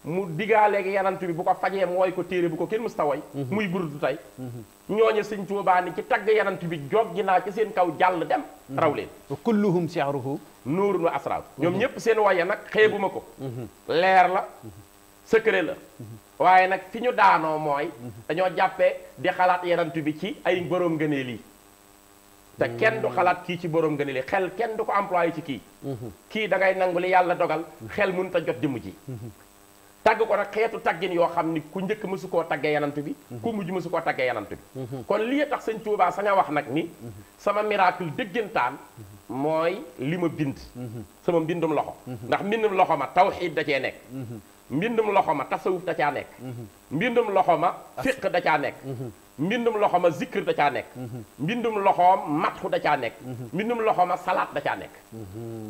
mu digaaleegi yanant bi bu ko fajee mu woy ko téere bu ko kenn musta woy muy burdu tey ñooñu sëñ Tuubaa ni ci tagg yanant bi jog gi naa ci seen kaw jàll dem raw leen kulluhum si'ruhu nuurun wa asraar ñoom ñëpp seen woye nag xeebuma ko mm-hmm. leer la secret la waaye nag fi ñu daanoo mooy dañoo jàppee di xalaat yenantu bi ci ay borom ngëneel yi te kenn du xalaat kii ci borom ngëneel yi xel kenn du ko employé ci kii kii da ngay nangu li yàlla dogal xel mënut a jot jëmm ji tagg ko nag xeetu taggin yoo xam ni ku njëkk mësu koo taggee yanant bi ku mujj mësu koo taggee yanant bi kon li tax sëñ Tuubaa sañ a wax nag ni sama miracle dëggantaan mooy li ma bind sama mbindum loxo ndax mbindum loxo ma tawxiid da cee nekk mbindum loxo ma tasawuf da caa nekk mhm. mbindum loxo ma fiq da caa nekk mhm. mbindum loxo ma zikr da caa nekk mhm. mbindum loxoom matxu da caa nekk mbindum loxo ma salaat da caa nekk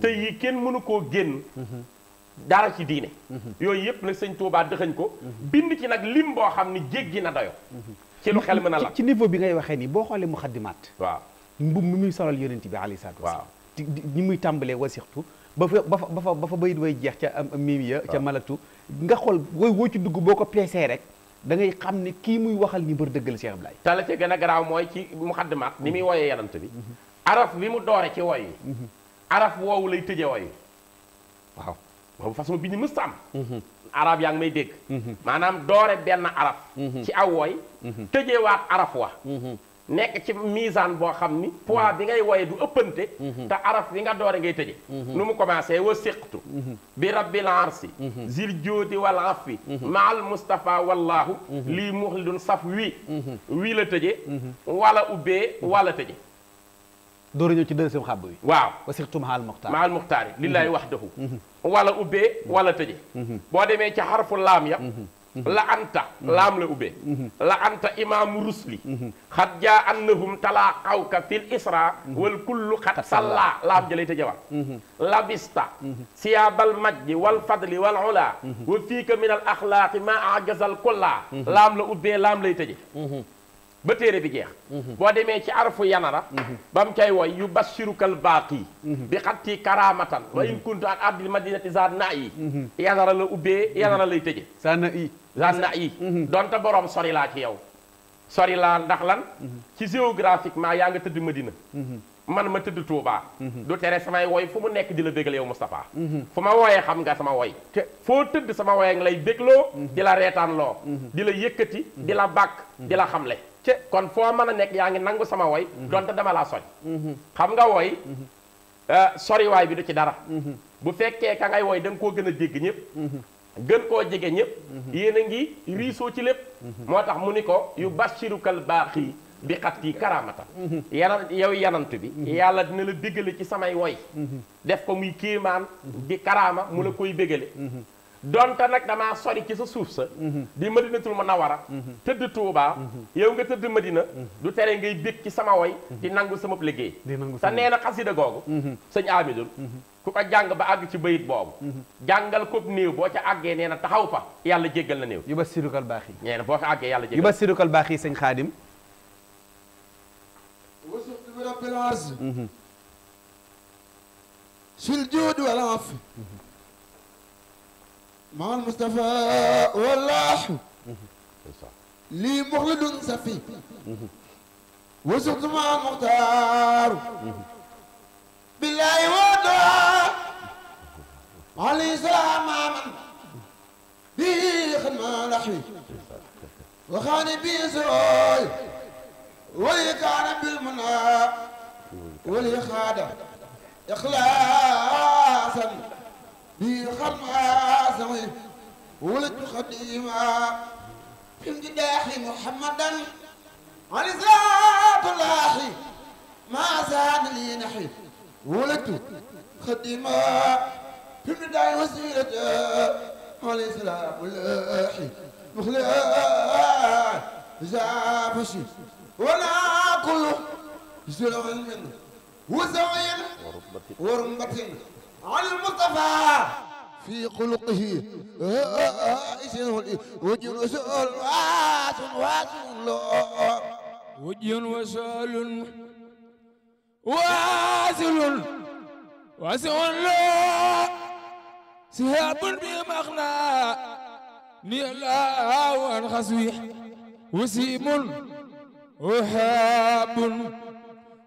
te yi kenn mënu koo génn dara ci diine yooyu yëpp nag sëñ Tuubaa dëxañ ko bind ci nag lim boo xam ni jéggi na dayo ci lu xel mën a la ci niveau bi ngay waxee nii boo xoolee mu
xaddimaat waaw mbub mi muy solal yonent bi alayhi salaatu waaw ñi muy tàmbalee wasixtu ba fa ba fa ba fa bayit way jeex ca mim ya ca malaktu nga xool wooy woo ci dugg boo ko peesee rek da ngay xam ne kii muy waxal ni mbër dëgg la Cheikh Ablaye
te la ca gën a garaaw mooy ci mu muxaddimaat ni muy wooyee yanant bi araf bi mu doore ci wooy araf woowu lay tëje wooy waaw boobu façon bi ñu mës am arab yaa ngi may dégg maanaam doore benn araf ci aw wooy tëjewaat araf wa nek ci misaan boo xam ni poids bi ngay woye du ëppenté ta araf bi nga doore ngay tëje nu mu commencé wa siqtu bi rabbil arsi zil jodi wal afi maal mustafa wallahu li muhlidun saf wi wi la tëje wala ubé wala tëje
door ñu ñëw ci deuxième xàbb wi
waaw wa siqtu maal muxtaar maal muxtaar yi lillaahi waxdahu wala ubé wala tëje bo démé ci harful lam ya Mm-hmm. la anta mm-hmm. laam la ubbee mm-hmm. la anta imaamu rusli xat jaa annahum talaqawka fil isra wal kullu xat salla laam jëlay tëjëwaat labista siyaabal majdi wal fadli wal ula wa fiika min al axlaaqi ma ajazal kulla laam la ubbee laam lay tëje ba téere bi jeex mhm. boo demee ci arfu yanara mhm. ba mu cay woy yu bassirukal baaqi mhm. bi xatti karamatan wa in kuntu an abdil madinati za na yi yanara la ubbee yanara lay tëje za na yi za na yi donte boroom sorilaa laa ci yow sori laa ndax lan ci géographiquement yaa nga tëdd ma Madina man ma tëdd Touba. du tere samay woy fu mu nekk di la bégal yow Moustapha fu ma wooyee xam nga sama woy te foo tëdd sama woy lay bégloo di la reetaanloo di la yëkkati di la bàkk di la xamle kon foo mën a nekk yaa ngi nangu sama woy mhm. donte dama laa soñ mhm. xam nga woy mhm. eh, soriwaay bi du ci dara bu fekkee ka ngay woy da nga koo gën a dégg ñëpp gën koo jege ñëpp yéen a ngi riisoo ci lépp moo tax mu ni ko yu bashirukal baax yi bi xat yi karaamata yanan yow yanant bi yàlla dina la déggale ci samay woy def ko muy kéemaan di karaama mu la koy bégale donte nag damaa sori ci sa suuf sa mhm. di madinatul munawara mhm. tëdd Touba. Mhm. yow nga tëdd madina du tere ngay bég ci sama woy di nangu sama liggéey te nee na xasida googu sëñ amidul ku ko jàng ba àgg ci bayit boobu jàngal ko néew boo ca àggee nee na taxaw fa yàlla jéggal na néew yu ba sirukal baax yi nee boo àggee yàlla jéggal
yu ba baax yi sëñ xaadim
sul juud wal afi مع المصطفى والله لي مخلد صفي وسط مع المختار بالله ودعاء علي سلام من بي خدمة لحي وخاني بي سوي ولي كان بالمنى ولي خادة إخلاصا لي خمها سوي ولد خديمة في امتداح محمدا علي ذات الله
ما زاد لي نحي ولدت خديمة في امتداح وسيلة علي سلام الله
مخلاه زافشي ولا كله زلغ منه وزوين ورمبتين على المصطفى في خلقه وجه وسؤال وجه وسؤال واسل واسل سهاب بمغنى نيلا وانخسوي وسيم وحاب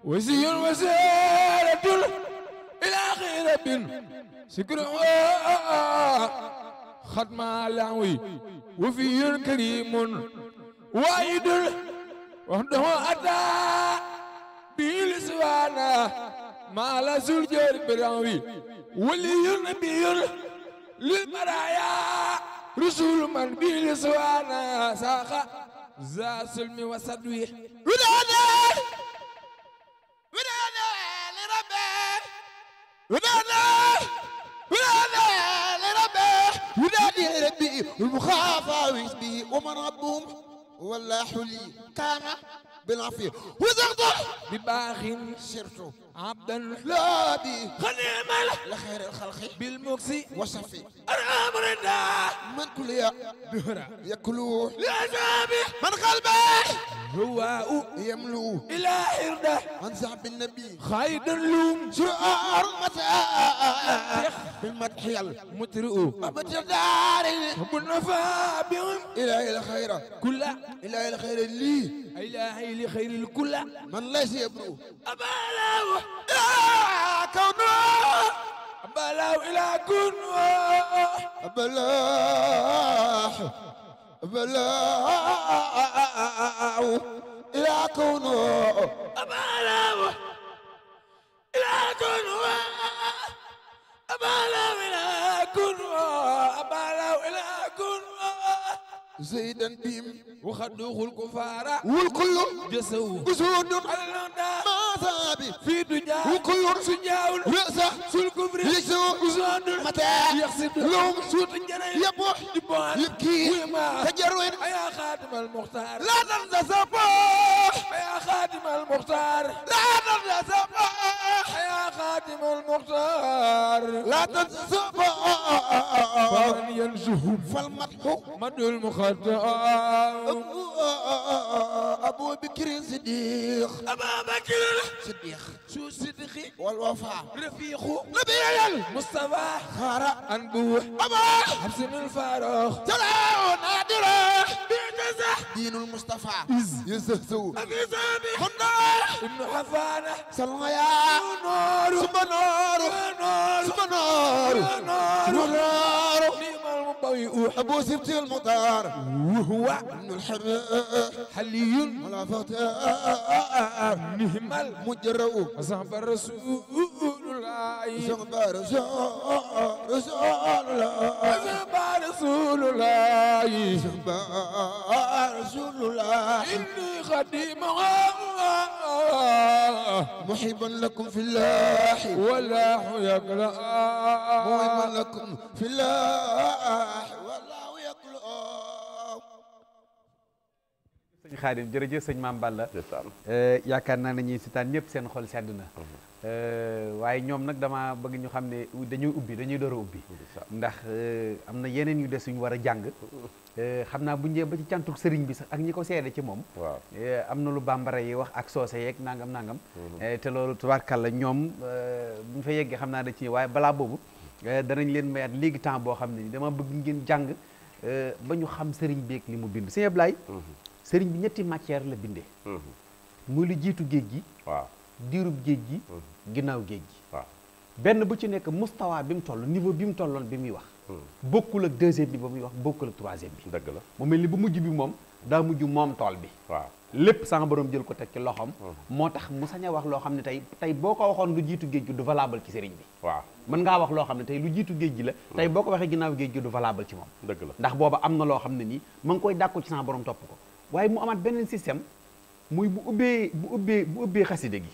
وسيم وسالة ilaa xirabin sikru xatma lawi wa fiyun karimun waidul وحده أتى بلسوانا ما لا زوجير براوي ولي نبي للبرايا رسول من بلسوانا ساخا ذا سلم وسدوي ولادة ولادة ونادى ونادى لربه بالعافية بباخن بباغ عبد عبدا لابي غنيما لخير الخلق بالمكس وصفي أرام الناس من كل يا دهرة يا لأجابي من قلبي هو يملو إلى حردة عن زعب النبي خيد اللوم شعار متاء بالمدح المترؤ أبد دار بالنفا بهم إلهي الخير كل إلهي الخير اللي إلهي لي خير الكل من ليس يبرو أبالاو يا كونو أبالاو إلى كونو أبلاح أبلاو إلى كونو أبالاو إلى كونو أبالاو إلى كونو أبالاو إلى زيدا بهم وخدوه الكفار والكل جسو أسود ما ثابت في دجا وكل سجاو رأس سلكفر يسو أسود متى يخسد لهم سود جنين يبوح يبوح يبكي تجروين يا خادم المختار لا تنسى صباح يا خادم المختار لا تنسى صباح خادم المختار لا تنسب فمن ينزه فالمدح من المختار أبو, بكر صديق ابو بكر صديق شو صديق والوفاء رفيق نبي مصطفى خارق أنبوح أبا حبس من الفاروق تلاو نادرة دين المصطفى يزهزو أبي زابي ابن حفانة سلمى يا نور نار نار نار نار نعم وحبوس بتي المطار وهو ابن الحب حلي ولا فتار مهمل مجرؤ صحب الرسول الله صحب رسول الله صحب رسول الله صحب رسول الله إني خديم محبا لكم في الله الفلاح والله
sëñ jërëjëf sëñ Maam Balla eh, yaakaar naa ne ñuy sitaan ñëpp seen xol sedd na mhm. eh, waaye ñoom nag dama bëgg ñu xam ne dañuy ubbi dañuy door ubbi ndax eh, am na yeneen yu des suñu war a jàng Eh, xam naa bu ñu ba ci cantuk sëriñ bi sax ak ñi ko seede ci moom. waaw eh, am na lu bambara yi wax ak soose yeeg nangam nangam. Mhm. Eh, te loolu tubaarkàlla ñoom bu ñu fa yeggee xam naa da ci waaye balaa boobu danañ leen mayaat léegi temps boo xam ne dama bëgg ngeen jàng ba ñu xam sëriñ beeg li mu bind sëñ Ablaye. Mhm. sëriñ bi ñetti matière la bindee. Mhm. muy lu jiitu géej gi. waaw diirub géej gi. ginnaaw géej gi. waaw benn bu ci nekk mustawa bi mu toll niveau bi mu tolloon bi muy wax. bokkul ak deuxième bi ba muy wax bokkul ak troisième bi. dëgg la mu mel ni bu mujj bi moom daa mujj moom tool bi. waaw lépp sama boroom jël ko teg ci loxoom. moo tax mu sañ a wax loo xam ne tey tey boo ko waxoon lu jiitu géej gi du valable ci sëriñ bi. waaw mën ngaa wax loo xam ne tey lu jiitu géej gi la. tey boo ko waxee ginnaaw géej gi du valable ci moom. dëgg la ndax booba am na loo xam ne nii ma ngi koy dàkku ci sama borom topp ko waaye mu amaat beneen système muy bu ubbee bu ubbee bu ubbee xaside gi.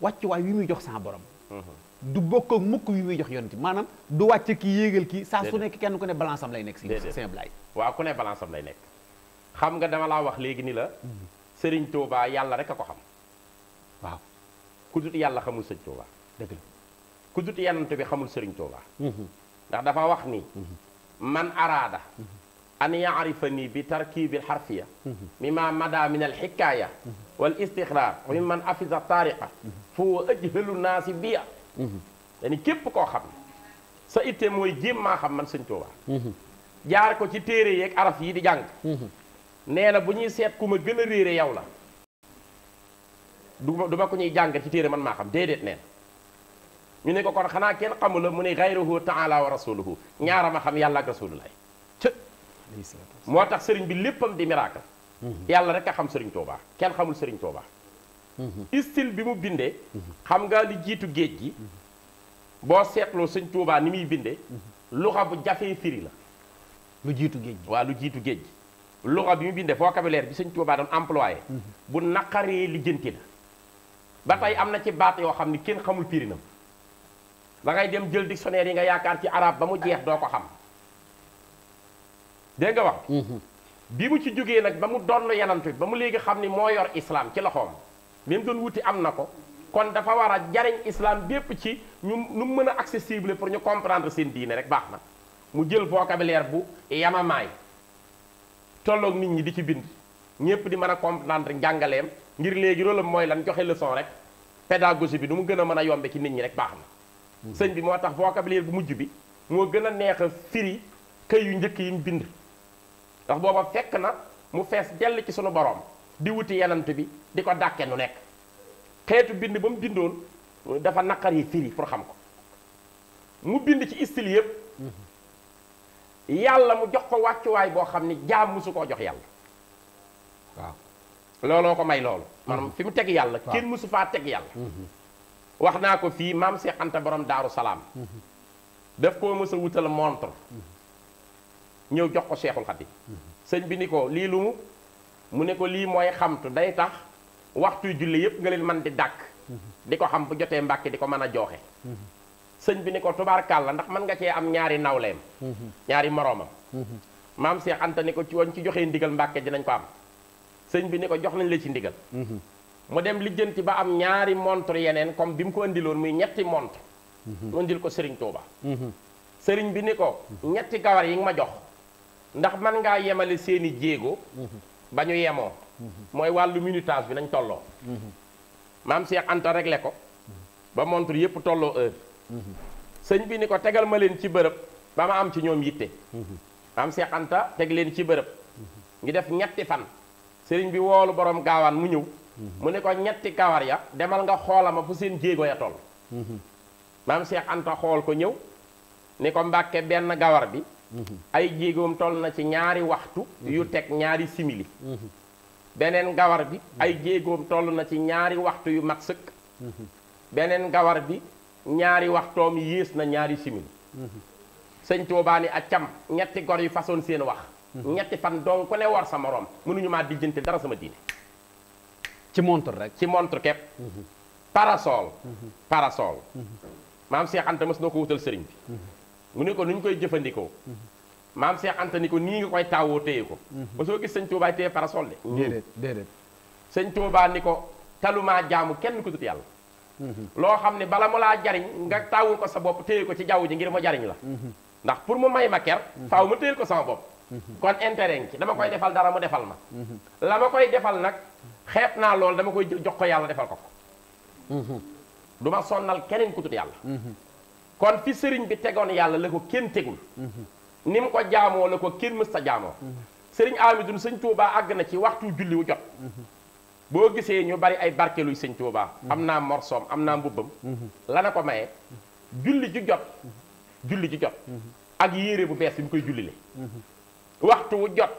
wàccuwaay wi muy jox sama borom. du bokk ak mukk yu muy jox yonent manam du wàcc ki yegal ki sa su nek
kenn ku ne balance am lay nek si Blay wa ku ne balance am lay nek xam nga dama la wax legui ni la Serigne Touba yàlla rek ko xam wa ku dut yàlla xamul Serigne Touba deug la ku dut yonent bi xamul Serigne Touba ndax dafa wax ni man arada an yaarifa nii bi tarkibi alxarfiya mima mada min alxikaaya wal istixraar mimman afiza tariqa fa ajhalu naasi
dañu
képp koo xam ne sa itte mooy jéem maa xam man sëñ Tuuba mhm. jaar ko ci téere yeeg araf yi di jàng mhm. nee na bu ñuy seet ku ma gën a réere yow la du ma ko ñuy jàng ci téere man maa xam déedéet nee na ñu ne ko kon xanaa kenn xamu la mu ne gayruhu taala wa rasuluhu ñaara ma xam yàlla ak rasulullah moo tax sëriñ bi léppam di miracle mhm. yàlla rek a xam sëriñ Tuuba kenn xamul sëriñ Tuuba Mmh. style bi mu bindee mmh. xam nga li jiitu géej gi mmh. boo seetloo sëñ Tuubaa ni muy bindee luxa bu jafee firi la lu jiitu géej gi waaw lu jiitu géej gi luxa bi mu bindee vocabulaire bi sëñ Tuubaa doon employé bu naqaree lijjanti la ba tey am na ci baat yoo xam ni kenn xamul na da ngay dem jël dictionnaire yi nga yaakaar ci araab ba mu jeex doo ko xam dégg nga wax bi mu ci jógee nag ba mu doon yanant bi ba mu léegi xam ni moo yor islam ci loxoom li mu doon wuti am na ko kon dafa war a jariñ islaam bépp ci ñu nu mën a accessible pour ñu comprendre seen diine rek baax na mu jël vocabulaire bu yamamaay tolloog nit ñi di ci bind ñépp di mën a comprendre njàngaleem ngir léegi loolu mooy lan joxe leçon rek pédagogie bi nu mu gën a mën a yombe ci nit ñi rek baax na mm-hmm. sëñ bi moo tax vocabulaire bu mujj bi moo gën a neex a firi këy yu njëkk yi mu bind ndax booba fekk na mu fees dell ci sunu borom di wuti yenant bi di ko dàkke nu nekk xeetu bind ba mu bindoon dafa naqari firi pour xam ko mu bind ci istil yépp yàlla mu jox ko wàccuwaay boo xam ni jaam musu koo jox yàlla waaw looloo ko may loolu maanaam fi mu teg yàlla kenn musu faa teg yàlla wax naa ko fii maam Seex Anta borom daaru salaam def koo wutal montre ñëw jox ko cheikhul sëñ bi ni ko lii lu mu ne ko lii mooy xamtu day tax waxtu julli yëpp nga leen man di dàkk di ko xam bu jotee mbàkke di ko mën a joxe sëñ bi ne ko tubaarkàlla ndax mën nga cee am ñaari nawleem ñaari moroomam maam Seex Anta ne ko ci woon ci joxe ndigal mbàkke dinañ ko am sëñ bi ne ko jox nañ la ci ndigal mu dem lijjanti ba am ñaari montre yeneen comme bi mu ko indiloon muy ñetti montre mu indil ko sëriñ Touba. sëriñ bi ne ko ñetti gawar yi nga ma jox ndax man ngaa yemale seeni jéego bañu yemo moy walu minutage bi nañ tolo mam Cheikh Anta réglé ko ba montre yépp tolo heure sëñ bi ni ko tegal ma len ci ba am ci ñom yitte mam Cheikh Anta teg len ci bërëb ngi def ñetti fan sëriñ bi wolu borom gawan mu ñew mu ne ko ñetti kawar ya demal nga xolama fu seen jéego ya toll mam Cheikh Anta xol ko ñew ni ko mbàkke gawar bi ay jigom tol na ci ñaari waxtu yu mhm. tek ñaari simili mhm. Benen gawar bi mhm. ay jigom tol na ci ñaari waxtu yu mak seuk benen gawar bi ñaari waxtoom yees na ñaari simili sëñ toba ni accam ñetti gor yu façon seen wax ñetti fan donc ne war sa morom mënuñu maa dijeenti dara sama diine ci montre rek ci montre kep parasol parasol mam Cheikh Anta mas wutal serigne mu ne ko nu ñu koy jëfandikoo maam Cheikh Anta ko nii nga koy taawoo téye ko ba mhm. soo gis sëñ Tuubaa téye parasol de mhm. déedéet déedéet sëñ Tuubaa ni ko talumaa jaamu kenn ku dut yàlla mhm. loo xam ne bala mu laa jariñ nga taawul ko sa bopp téye ko ci jaww ji ngir mu jariñ la ndax pour mu may ma ker faaw ma téyel ko sama bopp kon intérêt ci dama koy defal dara mu defal ma la ma koy defal nag xeet naa loolu dama koy jox ko yàlla defal ko ko du ma sonnal keneen ku yàlla kon fi sëriñ bi tegoon yàlla la ko kenn tegul ni mu ko jaamoo la ko kenn mës ta jaamoo sëriñ Amidun sëñ Tuubaa àgg na ci waxtu julli wu jot boo gisee ñu bari ay barkeluy sëñ Tuubaa am naa morsoom am naa mbubbam la na ko maye julli ju jot julli ju jot ak yére bu bees bi mu koy jullile waxtu wu jot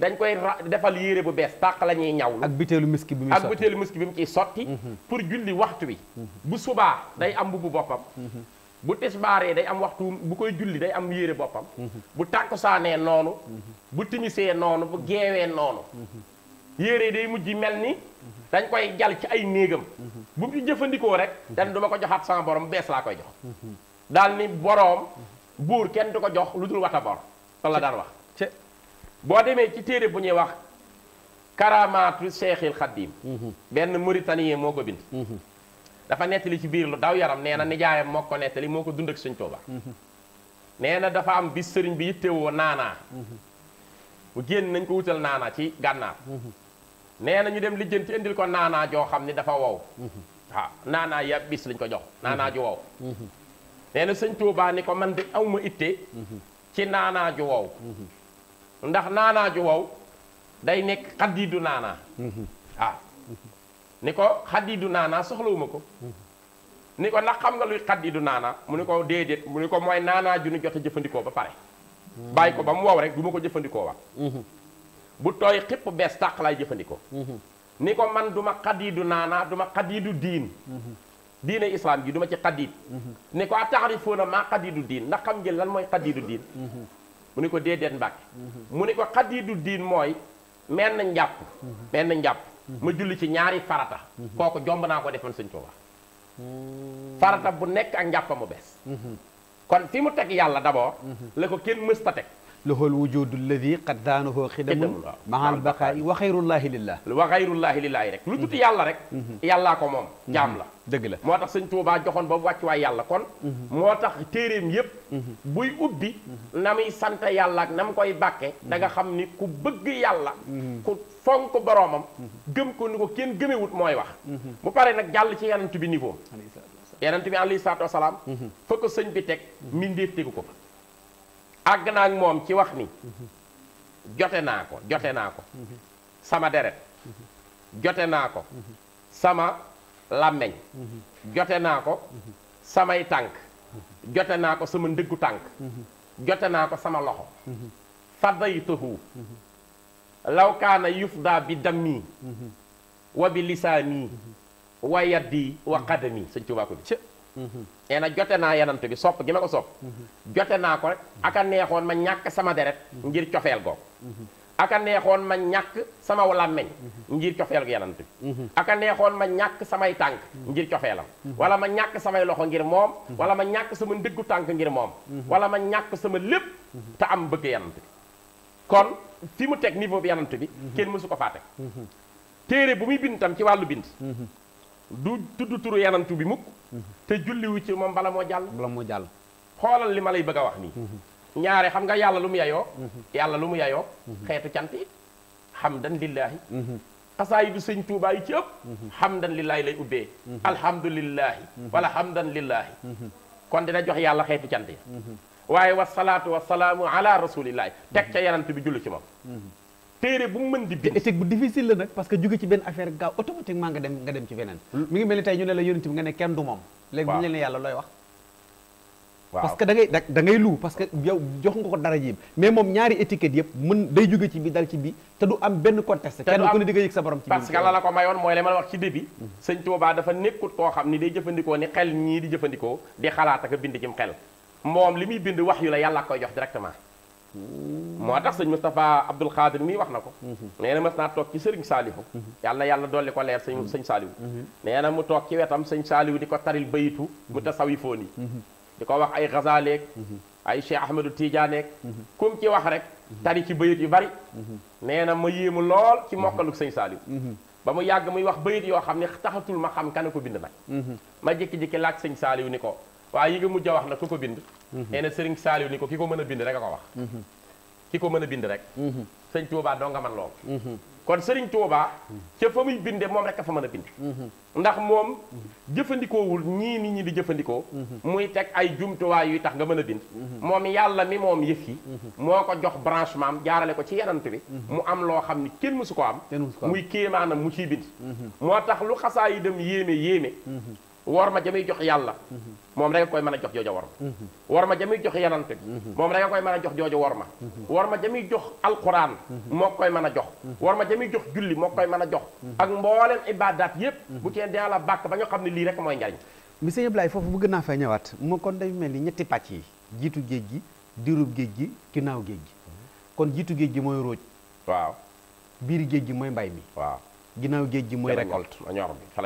dañ koy defal yére bu bees tàq la ñuy ñawlu ak
butéelu miski bi muy sotti
ak miski bi mu ciy sotti pour julli waxtu wi bu subaa day am mbubu boppam bu tisbaaree day am waxtu bu koy julli day am yére boppam bu tàkkusaanee noonu bu timisee noonu bu geewee noonu yére day mujj mel ni dañ koy jal ci ay néegam bu mu jëfandikoo rek dan du ko joxaat sama borom bees laa koy jox daal ni boroom buur kenn du ko jox lu dul wata bor loolu la daan wax boo demee ci téere bu ñuy wax karaamaatu seexil xaddiim mhm. benn mauritanien moo ko bind mhm. dafa nettali ci biir lu daw yaram nee na nijaayam moo ko nettali moo ko dund ak sëñ Tuuba mhm. nee na dafa am bis sëriñ bi yittewoo naanaa mhm. bu génn nañ ko wutal naanaa ci gànnaar mhm. nee na ñu dem lijjanti indil ko naanaa joo xam ni dafa wow waaw naanaa ya bis lañ ko jox naanaa ju wow nee na sëñ Tuuba ni ko man de awma itte ci naanaa ju wow ndax naanaa ju wow day nekk xaddiidu naanaa waaw ni ko xaddiidu naanaa soxlawuma ko ni ko ndax xam nga luy xaddiidu naanaa mu ne ko déedéet mu ni ko mooy naanaa ju nu jot jëfandikoo ba pare bàyyi ko ba mu wow rek du ma ko jëfandikoo mhm. bu tooy xipp bees tàq laay jëfandikoo mhm. ni ko man du ma xaddiidu naanaa du ma xaddiidu diin mhm. diine islam ji du ma ci xaddiid ni a taxarifoona maa xaddiidu ndax xam lan mooy xaddiidu diin mu ni ko déedéet mbàkke mu ne ko xaddiidu diin mooy menn njàpp menn njàpp ma julli ci ñaari farata kooku jomb naa ko def man sëñ Tuuba farata bu nekk ak njàppa mu bees mm-hmm. kon fi mu teg yàlla d'abord mm-hmm. la ko kenn mës ta teg له الوجود الذي قد دانه خدم مع البقاء وخير الله لله وخير الله لله رك لو تدي يالا رك يالا كو موم جام لا دغ لا موتاخ سيغ توبا جوخون باب واتي واي يالا كون موتاخ تيريم ييب بوي اوبي نامي سانتا يالا نام كوي باكي داغا خامني كو بغ يالا كو فونك بروامم كين گمي ووت موي واخ مو باري جال سي يانتبي نيفو يانتبي علي صلاه والسلام فكو سيغ بي تك مينديف تيكو àgg naa ak moom ci wax ni jote naa ko jote naa ko sama deret jote naa ko sama làmmeñ jote naa ko samay tànk jote naa ko sama ndëggu tànk jote naa ko sama loxo fadaytuhu law kaana yufda bi dammi wa bi lisaani wa yaddi wa qadami sëñ Tuubaa ko bi
nee mm-hmm.
na jote naa yanant bi sopp gi ma ko sopp mm-hmm. jote naa ko rek aka neexoon ma ñàkk sama deret mm-hmm. ngir cofeel googu aka neexoon ma ñàkk sama làmmeñ ngir cofeel gu yanant bi aka neexoon ma ñàkk samay tànk ngir cofeelam wala ma ñàkk samay loxo ngir moom wala ma ñàkk sama ndiggu tànk ngir moom wala ma ñàkk sama lépp te am bëgg yanant bi kon fi mu teg niveau bi yanant bi kenn mësu ko faa teg téere bu muy bind tam ci wàllu bind du tudd turu yanantu bi mukk te julliwu ci moom bala moo jàll bala moo jàll xoolal li ma lay bëgg a wax nii mhm. ñaare xam nga yàlla lu mu yayoo mhm. yàlla lu mu yayoo mhm. xeetu cant yi hamdan lillahi xasaayi du sëñ Tuubaa yi ci ëpp hamdan lillahi lay ubbee alhamdulillahi wala dan lillahi kon dina jox yàlla xeetu cant yi waaye wasalaatu wasalaamu ala rasulillahi teg ca yanant bi julli ci moom
téré bu mën di bind éthique bu difficile la nak parce que jóge ci ben affaire ga automatiquement nga dem nga dem ci beneen hmm? mi ngi melni tay ñu ne la yonent bi nga ne kenn du mom léegi buñu leen yalla loy wax parce que da ngay da ngay lu parce que yow jox nga ko dara ji mais mom ñaari étiquette yépp mën day jóge ci bi dal ci bi té du am ben contexte kenn ko ni di nga sa borom ci parce que la la
ko mayon moy lay ma wax ci début hmm. sëñ Tuubaa dafa nekkut ko xamni day jëfëndiko ni xel ñi di jëfëndiko di xalaat ak bind ci xel moom li bind wax yu la yalla koy jox directement
moo tax
sëñ Moustapha Abdoul Khadir mii wax na ko mhm. nee na mas naa toog ci sëriñ Saalihu mhm. yàlla na yàlla dolli ko leer sañ sëñ mhm. Saalihu nee na mu toog ci wetam sëñ Saalihu di ko taril bayitu mu tasawifoon yi di ko wax ay Ghazaleek ay Cheikh Ahmadou Tidianeek kum ci wax rek tari ci bayit yu bari nee na ma yéemu lool ci mokkalu sëñ Saalihu ba mu yàgg muy wax bayit yoo xam ne taxatul ma xam kan ko bind nag ma jékki-jékki laaj sëñ Saalihu ni ko waaye yi mujj a wax na Mm-hmm. nee na Serigne ni ko ki ko mën a bind rek a ko wax mm-hmm. ki ko mën a bind rek mm-hmm. sëñ Touba doo nga man loolu kon sëriñ Touba ca fa muy binde moom rek a fa mën a bind ndax moom jëfandikoowul ñii nit ñi di jëfandikoo muy teg ay jumtuwaay yuy tax nga mën a bind moom yàlla mi moom yëf yi moo ko jox branchement am jaarale ko ci yenant bi mu am loo xam ni kenn mësu ko am muy kéemaanam mu ciy bind moo tax lu xasaa yi dem yéeme yéeme war ma jamuy jox yàlla moom rek koy mën a jox joojo war war ma jamuy jox yonent bi moom rek koy mën a jox joojo war ma war ma jamuy jox alxuraan moo koy mën a jox war ma jamuy jox julli moo koy mën a jox ak mbooleem ibadat yépp bu ci dina la bàkk ba ñu xam ne lii rek mooy njariñ
monsieur Ablaye foofu bëgg naa fay ñëwaat moo kon day mel ni ñetti pàcc yi jiitu géej gi dirub géej gi ginnaaw géej gi kon jiitu géej gi mooy róoj waaw biir géej gi mooy mbay mi waaw ginnaaw géej gi mooy récolte ñor bi fa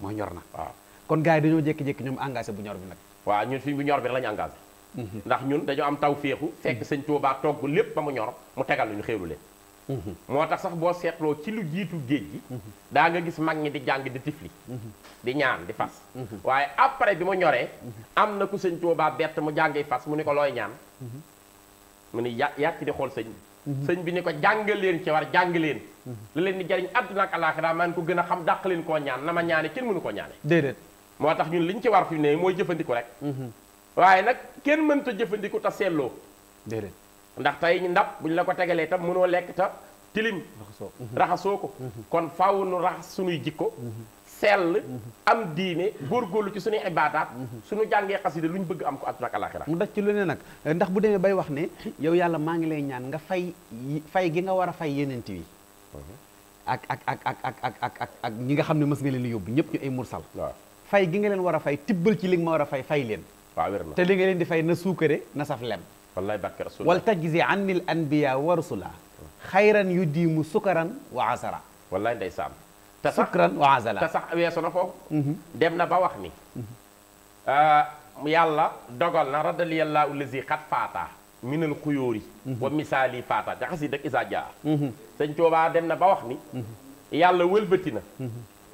mooy ñor na waaw
kon gaay dañu jek jek ñom
engagé bu ñor bi nak wa ñun suñ bu ñor bi lañ engagé mhm. ndax ñun dañu am tawfiixu mhm. fekk señ touba tok bu lepp ba mu ñor mu tégal lu ñu xéewlu le mhm. moo tax sax bo sétlo ci lu jitu geej gi da nga gis mag ñi di jang di tifli di ñaan di fas waye après bi mu ñoré amna ku señ touba bett mu jangé fas mu ni ko loy ñaan mu ni yàcc ya, di xol señ señ bi ni ko jangal leen ci war jàng leen la leen ni jariñ aduna ak alakhirah man ko gëna xam dakk leen ko ñaan nama ñaané ñaane kenn mënu ko ñaané déedéet moo tax ñun li ñu ci war fi ne mooy jëfandiku rek waaye nag kenn mënta jëfandiku te seetloo déedéet ndax tey ndab bu ñu la ko tegalee tam mënoo lekk ta tilim raxasoo ko kon faaw nu raxas suñuy jikko sell am diine góorgóorlu ci suñuy ibaadaat suñu jàngee xasida lu ñu bëgg am ko àdduna ak alaxira mu daj ci
lu ne nag ndax bu demee bay wax ne yow yàlla maa ngi lay ñaan nga fay fay gi nga war a fay yeneen yi mhm. ak ak ak ak ak ak ak ak ñi nga xam ne mës nga leen yóbbu ñëpp ay mursal fay gi nga leen war a fay tibbal ci li nga ma war a fay fay leen te li nga leen di fay na suukare na saf lem wallahi bàkki rasul wal tajzi anil anbiya wa rusula khayran yudimu sukaran
wa asara wallahi ndeysaan
te sukran wa azala ta
sax weesu na foofu dem na ba wax ni yàlla dogal na radaliyallahu lazi xat faata minal xuyóori wa misaali faata jaxasi dëkk isa dia sëñ Tuubaa dem na ba wax ni yàlla wëlbati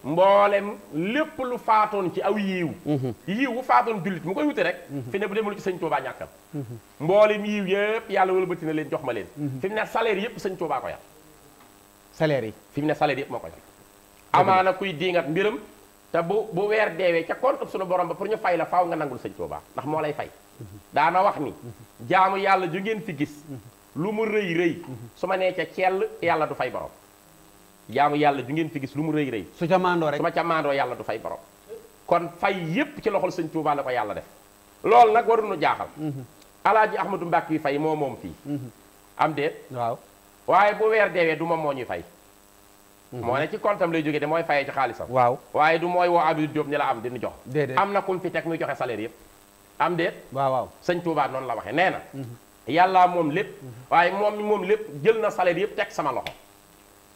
mboolem lepp lu faaton ci aw yiiw mhm. yiiw bu faatoon jullit mu koy wuté rek mhm. fi ne bu demul ci sëñ ñakkal ñàkkam mhm. yiw yépp yalla wala bëti na leen jox ma leen fi ne salaire yépp seigne Tuubaa ko yar salaire yi fi ne salaire yépp moo ko amana amaana kuy diingat mbirum ta bu bu wër déwé ca compte suñu borom ba pour ñu fay la faaw nga nangul seigne Tuubaa ndax mo lay fay na wax ni jaamu yalla ju ngeen fi gis lu mu reuy reuy suma ne ca ciel yalla du fay borom jaamu yàlla ju ngeen fi gis lu mu rëy rëy su ca maandoo rek su ma ca maandoo yàlla du fay borom kon fay yépp ci loxol sëñ Tuubaa la ko yàlla def loolu nag waruñu jaaxal mhm. alaaji ahmadu mbàkk yi fay moo moom fii mhm. am déet waaw waaye bu weer deewee du moom moo ñuy fay mhm. moo ne ci kontam lay jógee de mooy fayee ci xaalisam waaw waaye du mooy woo Abdou Diop ni la am dinu jox am na kum fi teg muy joxe salaire yëpp am déet waaw sëñ Tuubaa noonu la waxe nee na yàllaa moom lépp waaye moom moom lépp jël na salaire yëpp teg sama loxo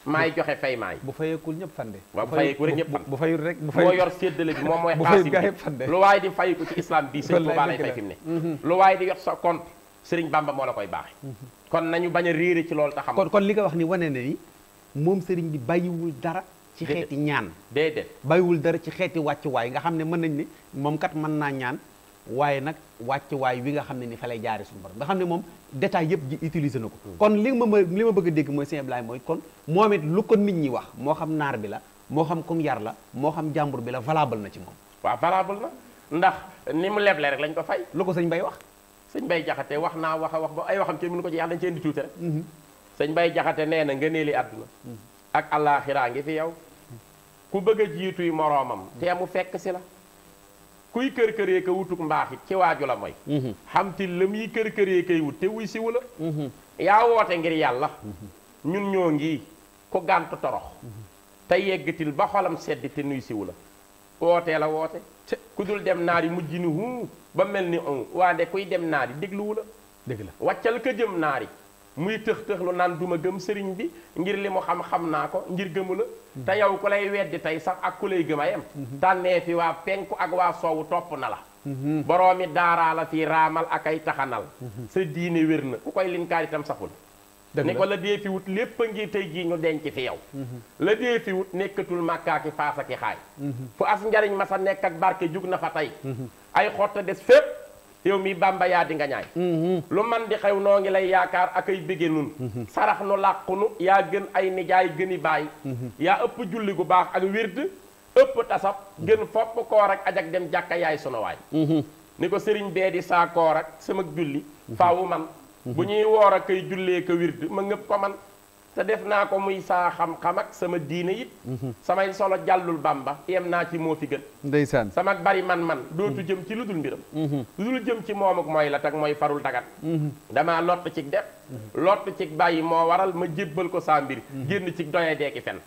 maay joxe fay maay bu fayeekul ñëpp fande fan bu fayeeku rek ñëpp
fande rek moo yor séddale
bi moom mooy xaasim lu waaye di fayeku ci islam bi sëriñ Tuubaa lay mhm. lu waaye di yor sa compte sëriñ Bamba moo la koy baaxe mhm. kon nañu bañ a réere ci loolu te xam kon li nga wax ni wane na ni moom sëriñ bi bàyyiwul dara ci xeeti ñaan déedéet bàyyiwul dara ci xeeti
wàcc wàccuwaay nga xam ne mën nañ ni moom kat mën naa ñaan waaye nag wàcc waay wi nga xam ne ni fa lay jaari suñu borom nga xam ne moom détail yëpp ji na ko hmm. kon li ma li ma bëgg a dégg mooy Sëñ Ablaye mooy kon moom it lu ko nit ñi wax moo xam naar bi la moo xam kum yar la moo xam jàmbur bi la valable na ci moom
waa valable na ndax ni mu leble rek lañ ko fay lu ko sañ Bay wax sëñ Bay jaxate wax naa wax a wax ba ay waxam kenn mënu ko ci yàlla dañ ci indi tuuti rek hmm. sëñ Bay jaxate nee na nga ngëneeli àdduna hmm. ak àllaaxiraa ngi fi yow ku bëgg a jiituy moroomam te mu fekk si la kuy kër kër yee ka wutuk mbaax it ci waaju la mooy mhm. xamti la muy kër kër yee kay wut te wuy si wala mhm. yaa woote ngir yàlla mhm. ñun ñoo ngi ku gànt torox te yeggatil ba xolam sedd te nuy siwu la wootee la woote ku dul dem naar yi mujj ni huu ba mel ni on waa nde kuy dem naar yi dégluwu la dëgg la wàccal ka jëm naar yi muy tëx tëx lu naan ma gëm sëriñ bi ngir li mu xam xam naa ko ngir gëmu la te yow ku lay weddi tey sax ak ku lay gëm a yem mhm. waa penku ak waa soowu topp na la mhm. boroomi daaraa la fi raamal ak ay taxanal mhm. sa diine wér na ku koy linkaar itam saxul ni ko la dee fi wut lépp a ngi tey jii ñu denc fi yow la dee fi wut nekkatul màkkaaki faasa ki xaay fu as njariñ ma sa nekk ak barke jug na fa tey ay xotta des fépp yow mi bamba yaa di nga ñaay mm-hmm. lu man di xew noo ngi lay yaakaar ak ay bége nun mm-hmm. sarax nu làqunu yaa gën ay nijaay gëni baay mm-hmm. yaa ëpp julli gu baax ak wird ëpp tasab gën fopp koor ak ajak dem jàkka yaay sunu waay ni ko sëriñ bee di saa koor ak sama julli faawu man bu ñuy woor ak kay jullee ka wird ma ko man te def naa ko muy saa xam-xam sama diine it mhm. samay solo jàllul bamba yem naa ci moo fi gën ndeysaan sama bari man-man mhm. dootu jëm ci lu dul mbiram mhm. lu dul jëm ci moom ak mooy la tag mooy farul dagat damaa lott cig def lott cig bàyyi moo waral ma jébbal ko saa mbir génn cig doye deeki fen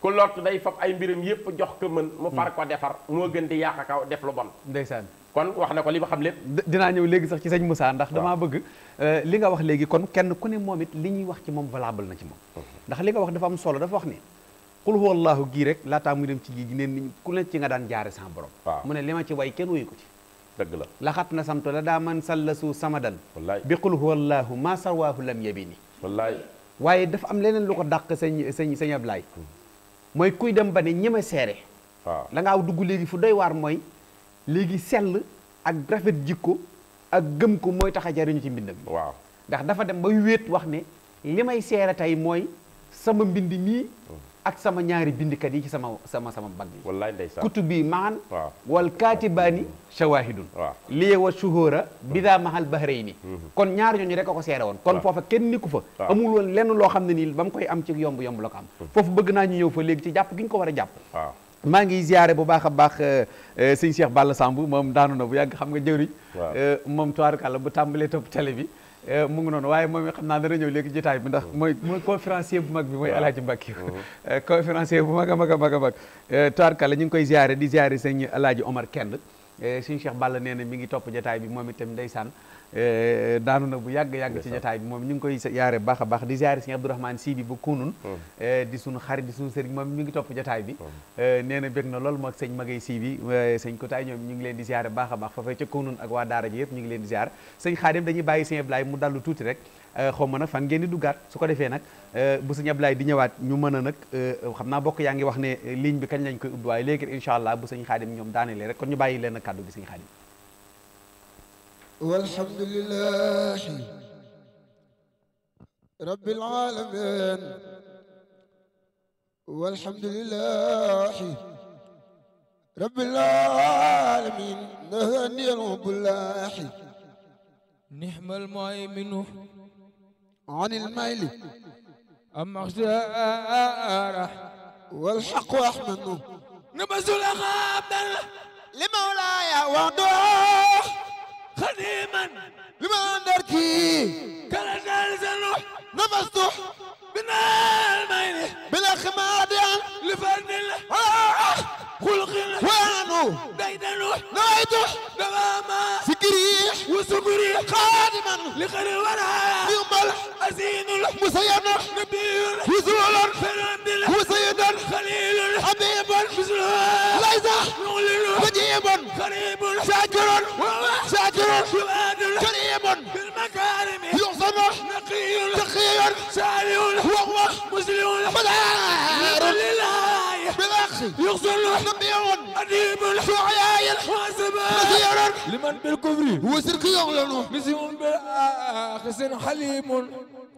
ku lott day fab ay mbiram yépp jox ko mën mu far ko defar moo gën di yàq kaw def lu bon ndeysaan kon wax na ko li ma xam lépp
dinaa ñëw léegi sax ci sëñ Moussa ndax damaa bëgg euh, li nga wax léegi kon kenn ku ne moom it li ñuy wax ci moom valable na ci moom mhm. ndax li nga wax dafa am solo dafa wax ni qul huwa allahu gii rek laataa muy dem ci gi neen ni ku ne ci nga daan jaare sans borom mu ne li ma ci way kenn wuyu ko ci dëgg la laxat na samto la daa man sallasu samadan bi qul huwa allahu ma sarwaahu lam yabini wallaay waaye dafa am leneen lu ko dàq sëñ sëñ sëñ Ablaay hmm. mooy kuy dem ba ne ñi ma seere waaw la ngaa dugg léegi fu doy waar mooy léegi sell ak rafet jikko ak gëm ko mooy tax a jariñu ci mbindam waaw ndax dafa dem ba wéet wax ne li may seere tey mooy sama mbind mii ak sama ñaari bindkat yi ci sama sama sama bag yi wallaay ndeysaan kutu bii maan wal kaatibaani shawahidun liye wa shuhura bida mahal bahrayni mhm. kon ñaar ñooñu rek a ko seere woon kon foofa kenn ni ku fa amul woon lenn loo xam ne nii ba mu koy am ci yomb yomb la ko am mhm. foofu bëgg naa ñu ñëw fa léegi ci jàpp gi ñu ko war a jàpp maa ngi ziare bu baax a baax euh, euh, sëñ Cheikh Balla sambu moom daanu na bu yàgg xam nga jëwriñ euh, moom tubaarkàlla bu tàmbalee topp télé bi mu noonu waaye moom xam naa dana ñëw léegi jotaay bi ndax mm. mooy mooy conférencier bu mag bi mooy alaaji Mbàkke mm-hmm. conférencier bu mag a mag a mag a mag ñu ngi koy ziare di ziare sëñ alaaji Omar Kend sëñ Cheikh Balla nee na mi ngi topp jataay bi moom itam ndeysaan Euh, daanu na bu yàgg yàgg ci jotaay bi moom ñu ngi koy yaare baax a baax di ziare sëñ Abdourahmane Sy bi bu kunun hmm. euh, di suñu xarit di suñu sëriñ moom ñu ngi topp jotaay bi hmm. euh, nee na bég na lool moog sëñ Magay Sy bi sëñ Kotaay ñoom ñu ngi leen di ziare baax baax foofee ca kunun ak waa ñu ngi leen di ziare sëñ Xaadim dañuy bàyyi sëñ Ablaye mu dallu tuuti rek xaw ma nag fan ngeen di duggaat su ko defee nag bu sëñ Ablaye di ñëwaat ñu mën a nag xam naa bokk yaa ngi wax ne ligne bi kañ lañ koy ubbi waaye léegi incha allah bu sëñ Xaadim ñoom daanelee rek kon ñu a kàddu
والحمد لله رب العالمين والحمد لله رب العالمين نهني رب الله نحم الماء منه عن الميل أما أخزارة والحق أحمد نبذل الأخاب لمولاي وضعه قديما لمن نركي كلا زلزله نفسته بنال ميني بالاخماد لفن خلقنا وانو ديدنو نايدو دواما سكريح وسكريح خادما لخير ورها يمل أزين مسيبنا نبي وزول فرند وسيد خليل حبيب بزلوه ليس نغلل كريم كريم شاكر شاكر كريم المكارم يحسن نقي تقي سالي وهو مسلم مدعار لله بالاخ يغسل نقي اديب شعياء حاسب نذير لمن بالكفر وسرك يغلن مسلم بالاخ آه، آه، آه، حليم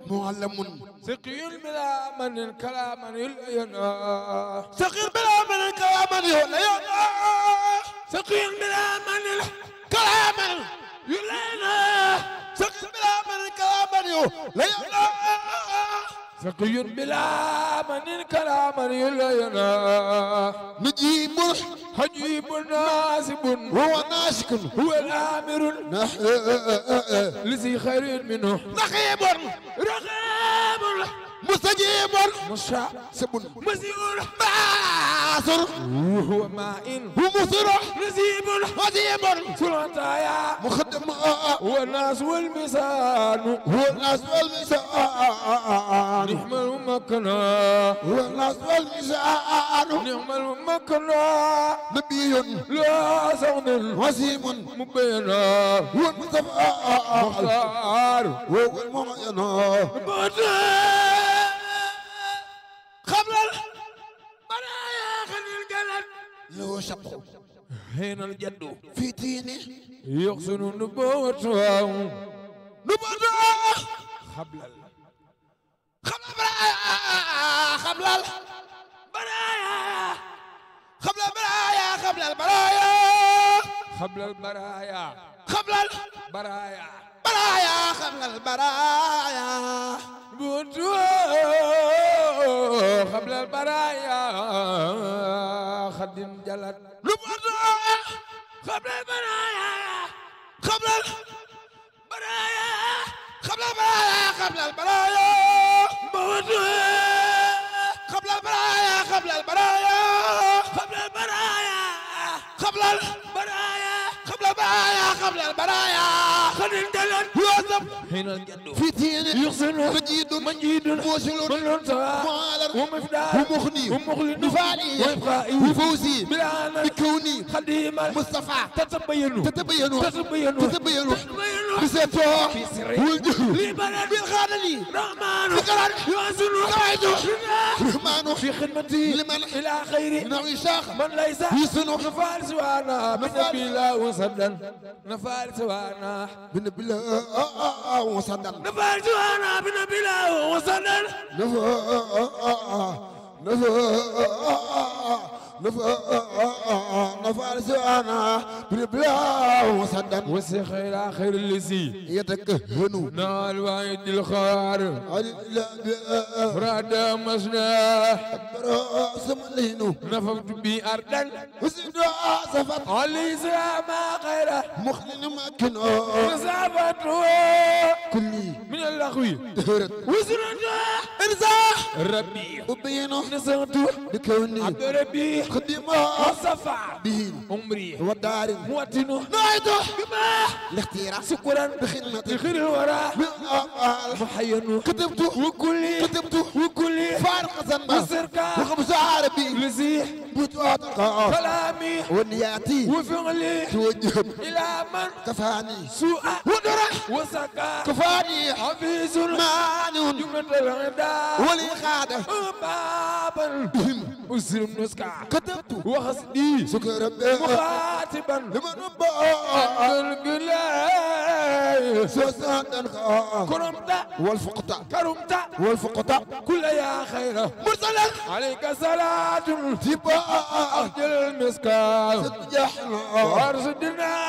معلم ثقيل بلا من الكلام يلينا ثقيل بلا من الكلام يلينا ثقيل بلا من الكلام يلينا ثقيل بلا من الكلام يلينا فقي بلا من كلام يلينا نجيب حجيب ناسب هو ناسك هو الامر لذي خير منه نخيب رغيب مستجيب مستجيب مزيور باسر وهو مائن ومصر نزيب وزيب سلطايا مخدم هو الناس والميزان هو الناس والميزان نعم المكنا هو الناس والميزان نعم المكنا نبي لا زغن وسيم مبينا هو المصطفى مختار وهو المعين بدر قبل البرايا خل الجلد له شق حين الجد في دينه يغصن نبوته نبوته قبل قبل البرايا قبل البرايا قبل البرايا قبل البرايا قبل
البرايا
قبل البرايا برايا قبل البرايا الثبوت قبل البرايا خدم جلت لبوت قبل البرايا قبل البرايا قبل البرايا قبل البرايا موت قبل البرايا قبل البرايا قبل البرايا قبل البرايا البرايا قبل البرايا خلينا دلن يوسف حين في دين يحسن مجيد مجيد وإبقائي وفوزي بكوني في خدمتي لمن إلى من ليس من نبي الله نفارس وانا بنبي الله وصدر نفارس وانا بنبي الله وصدر نفارس وانا نفعل سوانا بربلا وصدا وسخيرا خير الذي يتكهن نال وايد الخار فراد مسنا رأس ملينو نفقت بي أردا وسبت أسفت علي سلاما خيرا مخلن مكنو نصابت كلي من اللغوي تهرت وسرد ارزاح ربي وبينو نصرت بكوني عبد ربي خدمه وصفى به عمري ودار موطنه نعيده الاختيار سكرا بخدمة خير الورى محين كتبت وكلي كتبت وكلي فارق زنبا وسركا وخبز عربي لزيح بطاط كلامي ونياتي وفعلي توجه إلى من كفاني سوء ودرح وسكا كفاني حفيظ المعانون جملة الغداء ولي خادم بابا بهم مسلم نسكا كتبت وخصدي سكر مخاطبا لمن ربا القلاي سوسانا كرمتا والفقطة كرمتا والفقطة كل يا خير مرسلا عليك صلاة تبا أخجل المسكا ستجحنا وارشدنا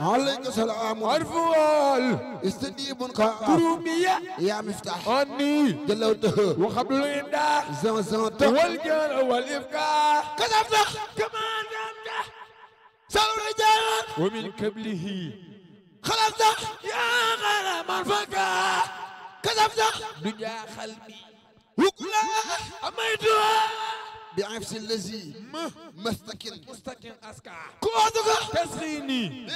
عليك سلام أرفوال استديب كرومية يا مفتاح أني جلوته وقبل الإنده زمان زمان والجل والإفكاح كذا افتح كمان افتح سلام رجال ومن قبله خلفتح يا غرام الفكاح كذا افتح دنيا خلبي وكلا أميتها بعفس الذي مستكن مستكن أسكا كودغا تسخيني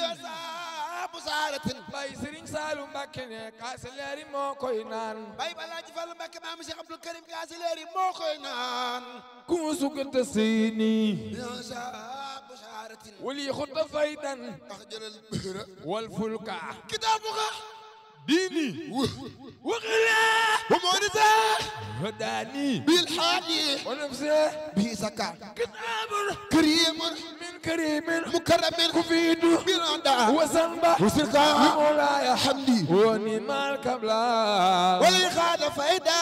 بزارة باي سرين سالو بكني كاسلري موكوينان باي بلاج فالم بك مام شيخ عبد الكريم كاسلري موكوينان كوسو
تسيني
يا شاب بشارة ولي خط فايدا أخجل البهرة والفلكة كتابك ديني وغلا ومونزا وداني بالحادي ونفسي بيسكا كتاب كريم من كريم مكرم كفيد ميراندا وزنبا وسرقا مولاي حمدي ونمال كبلا ولي خاد فايدا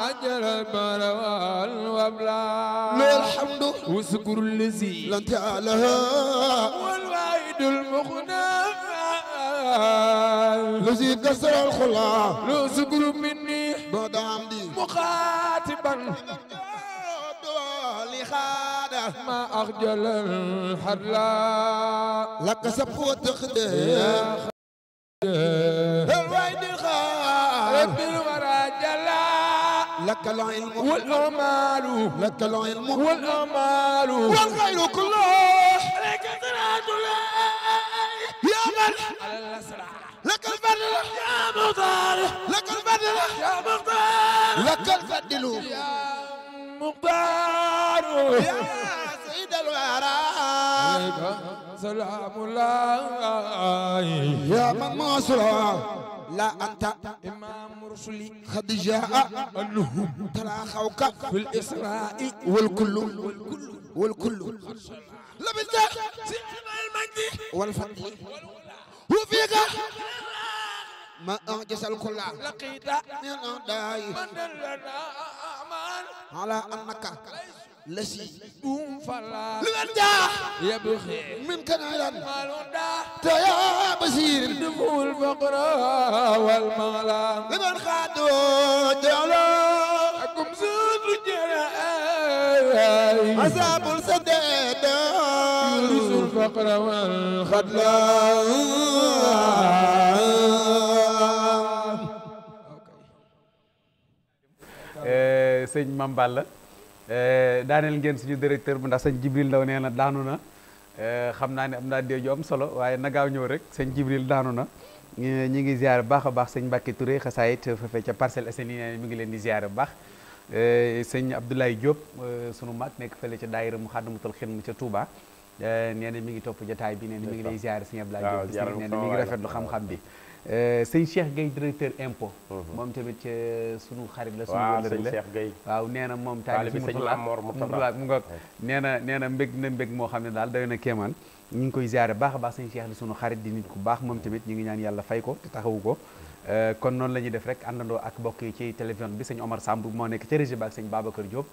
أجر المروان وبلا له الحمد وسكر الذي لن تعلها والواحد المغنى لذي كسر الخلا لو سكر مني بعد عمدي مخاطبا ما أخجل الحلا لك سبق وتخدم الويد الخار بالورى جلا لك العلم والأمال لك العلم والأمال والخير كله عليك صلاة الله يا من على الأسرع لك الفضل يا مختار لك الفضل يا مختار لك الفضل يا مختار يا سيد سلام الله يا من مصر لا أنت إمام رسلي قد جاء أنهم تراخوك في الإسراء والكل والكل والكل لبثت سيدنا المجدي والفضل وفيك ما أنجز الكلا لقيت من أدائي على أنك لسي دوم فلا لنجا يبخي من كنايا تيا بسير دفو الفقر والمغلا لمن خادو جولا أكم زود جرائي أصاب السداد الفقر والخذل
eh, sëñ Mame Balla eh, daaneel ngeen suñu directeur bu ndax sëñ Jibril Ndaw nee na daanu na eh, xam naa ne am naa déeju am solo waaye nagaaw ñëw rek sëñ Jibril daanu na ñi ngi ziar bu baax a baax sëñ Mbacke Touré xasaayit fefe ca Parcelles Assainies mi ngi leen di ziar bu baax sëñ Abdoulaye jóob sunu mag nekk fële ca daayira mu xàddamatul xidma ca Touba Eh, nee na mi ngi topp jotaay bi nee na mi ngi lay ziar sëñ Abdoulaye ah, xam-xam bi eh, sëñ Cheikh Gueye directeur impo mhm. moom tamit eh, sunu xarit la sunu wëllëre la waaw nee na moom taali si mutulaa mu ngoog nee na nee na mbég na mbég moo xam ne daal doy na kéemaan ñu ngi koy ziare baax a baax sëñ Cheikh di sunu xarit di nit ku baax moom tamit ñu ngi ñaan yàlla fay ko te taxawu ko mm. kon noonu la ñuy def rek àndandoo ak bokk yi ci télévision bi sëñ Omar Samb moo nekk ca régie ba ak sëñ Babacar Diop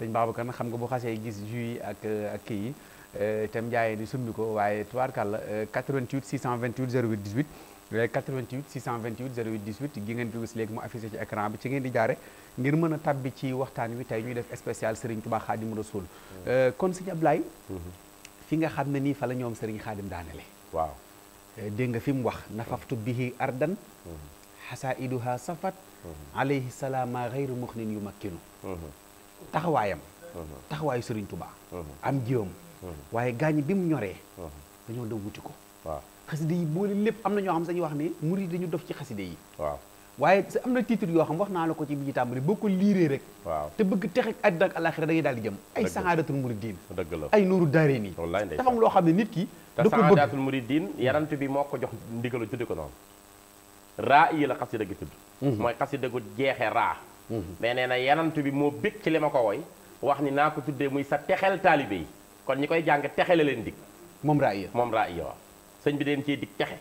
sëñ Babacar nag xam nga bu xasee gis jui ak ak kii yi Euh, itam njaayeen ni summi ko waaye tubaarkàlla 88 628 08 18 88 628 08 18 gi ngeen di gis léegi mu affiché ci écran bi ci ngeen di jaare ngir mën a tabbi ci waxtaan wi tey ñuy def spécial Serigne Touba Khadim Rasoul euh, kon sëñ Ablaye mhm. fi nga xam ne nii fa la ñoom Serigne Khadim daanele waaw euh, dégg nga fi mu wax nafaftu bihi ardan xasaiduha mhm. safat mhm. alayhi salaama xayru muxnin yu makkinu taxawaayam taxawaayu Serigne Touba am jiwam waaye gaañ bi mu ñoree dañoo daw wuti ko waaw xaside yi boole lépp am na ñoo xam sañuy wax ne murid dañu dof ci xaside yi waaw waaye am na titre yoo xam wax naa la ko ci ñu tàmbali boo ko liiree rek
waaw te bëgg texe da ngay daal di jëm ay saxaadatul muridin dëgg la ay nuuru daaree nii dafa loo xam ne nit ki da ko bëgg saxaadatul muridin bi moo ko jox ndigalu ko noonu raa yi la xasida gi tudd mooy xasida gu jeexe raa mais nee na yarantu bi moo bég ci li ma ko woy wax ni naa ko tuddee muy sa texel taalibe yi kon ñi koy jàng texe la leen dig moom raa iya moom raa iya waaw sëñ bi leen ciy dig texe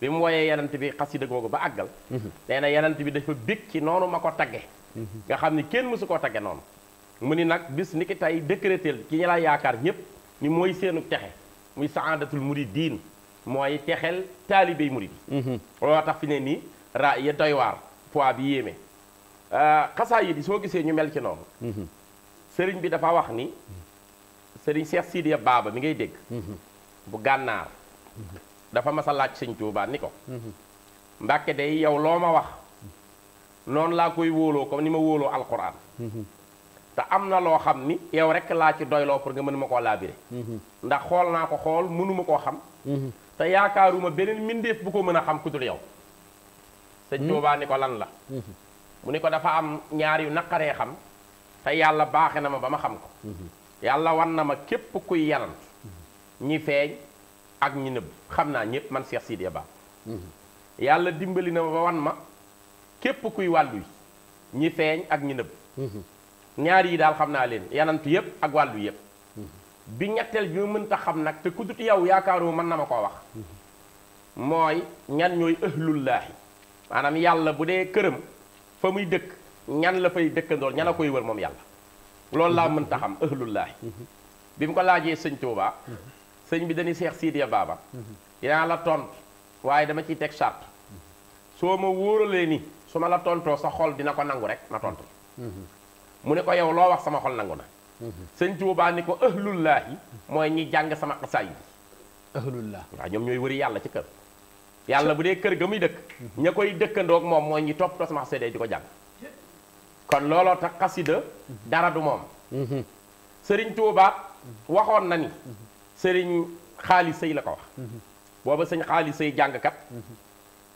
bi mu woyee yanant bi xasida ko ba àggal mhm. nee na yanant bi dafa bég ci noonu ma ko tagge mhm. nga xam ni kenn mësu koo tagge noonu mu ni nag bis ni ki tey décrétel ki ñu la yaakaar ñëpp ni mooy seenu texe muy saadatul muridin mooy texel taalibey murid yi mhm. looloo tax fi ne nii ra ya doy waar poids bi yéeme euh, xasaa yi bi soo gisee ñu mel ci noonu sëriñ bi dafa wax ni sëriñ Cheikh Sidiya Baaba mu ngay dégg. Mhm. bu gànnaar. Mhm. dafa mas a laaj sëñ Tuubaa ni ko. Mhm. Mbàkke day yow loo ma wax. noonu laa koy wóoloo ko ni ma wóoloo alquran. te am na loo xam ni yow rek laa ci doyloo pour nga mën ma koo laabire ndax xool naa ko xool mënuma koo xam. te yaakaaruma beneen mbindeef bu ko mën a xam ku dul yow. sëñ Tuubaa ni ko lan la. mu ne ko dafa am ñaar yu naqaree xam. te yàlla baaxe na ma ba ma xam ko. yàlla wan na ma képp kuy yaram ñi feeñ ak ñi nëbb xam naa ñëpp man Cheikh Sidiya Ba mm-hmm. yàlla dimbali na ma wan ma képp kuy wàll yi ñi feeñ ak ñi nëbb mm-hmm. ñaar yi daal xam naa leen yanantu yëpp ak wàllu yëpp mm-hmm. bi ñetteel bi ma mënta xam nag te ku dut yow yaakaaroo mën na ma koo wax mooy ñan ñooy ëhlullaahi maanaam yàlla bu dee këram fa muy dëkk ñan la fay dëkkandool ñan a koy wër moom yàlla loolu laa mënta xam ëhlullaahi bi mu ko laaje seigne Touba seigne bi dañi cheikh sidia ya Baba ya la tont waye dama ci tek chat soo ma wóoralee ni suma la tonto sa xol dina ko nangou rek na tontu mu ne ko yow lo wax sama xol nanguna seigne Touba ni ko ëhlullaahi moy ñi jang sama qasay yi ahlullah waaw ñoom ñooy wëri yàlla ci kër yalla bu dee kër gamuy muy dëkk ña koy dëkkandoog moom ñi top to sama xasaay di ko kon looloo tax xasida dara du moom sëriñ Touba waxoon na ni sëriñ xaali sëy la ko wax booba sëñ xaali sëy jàngkat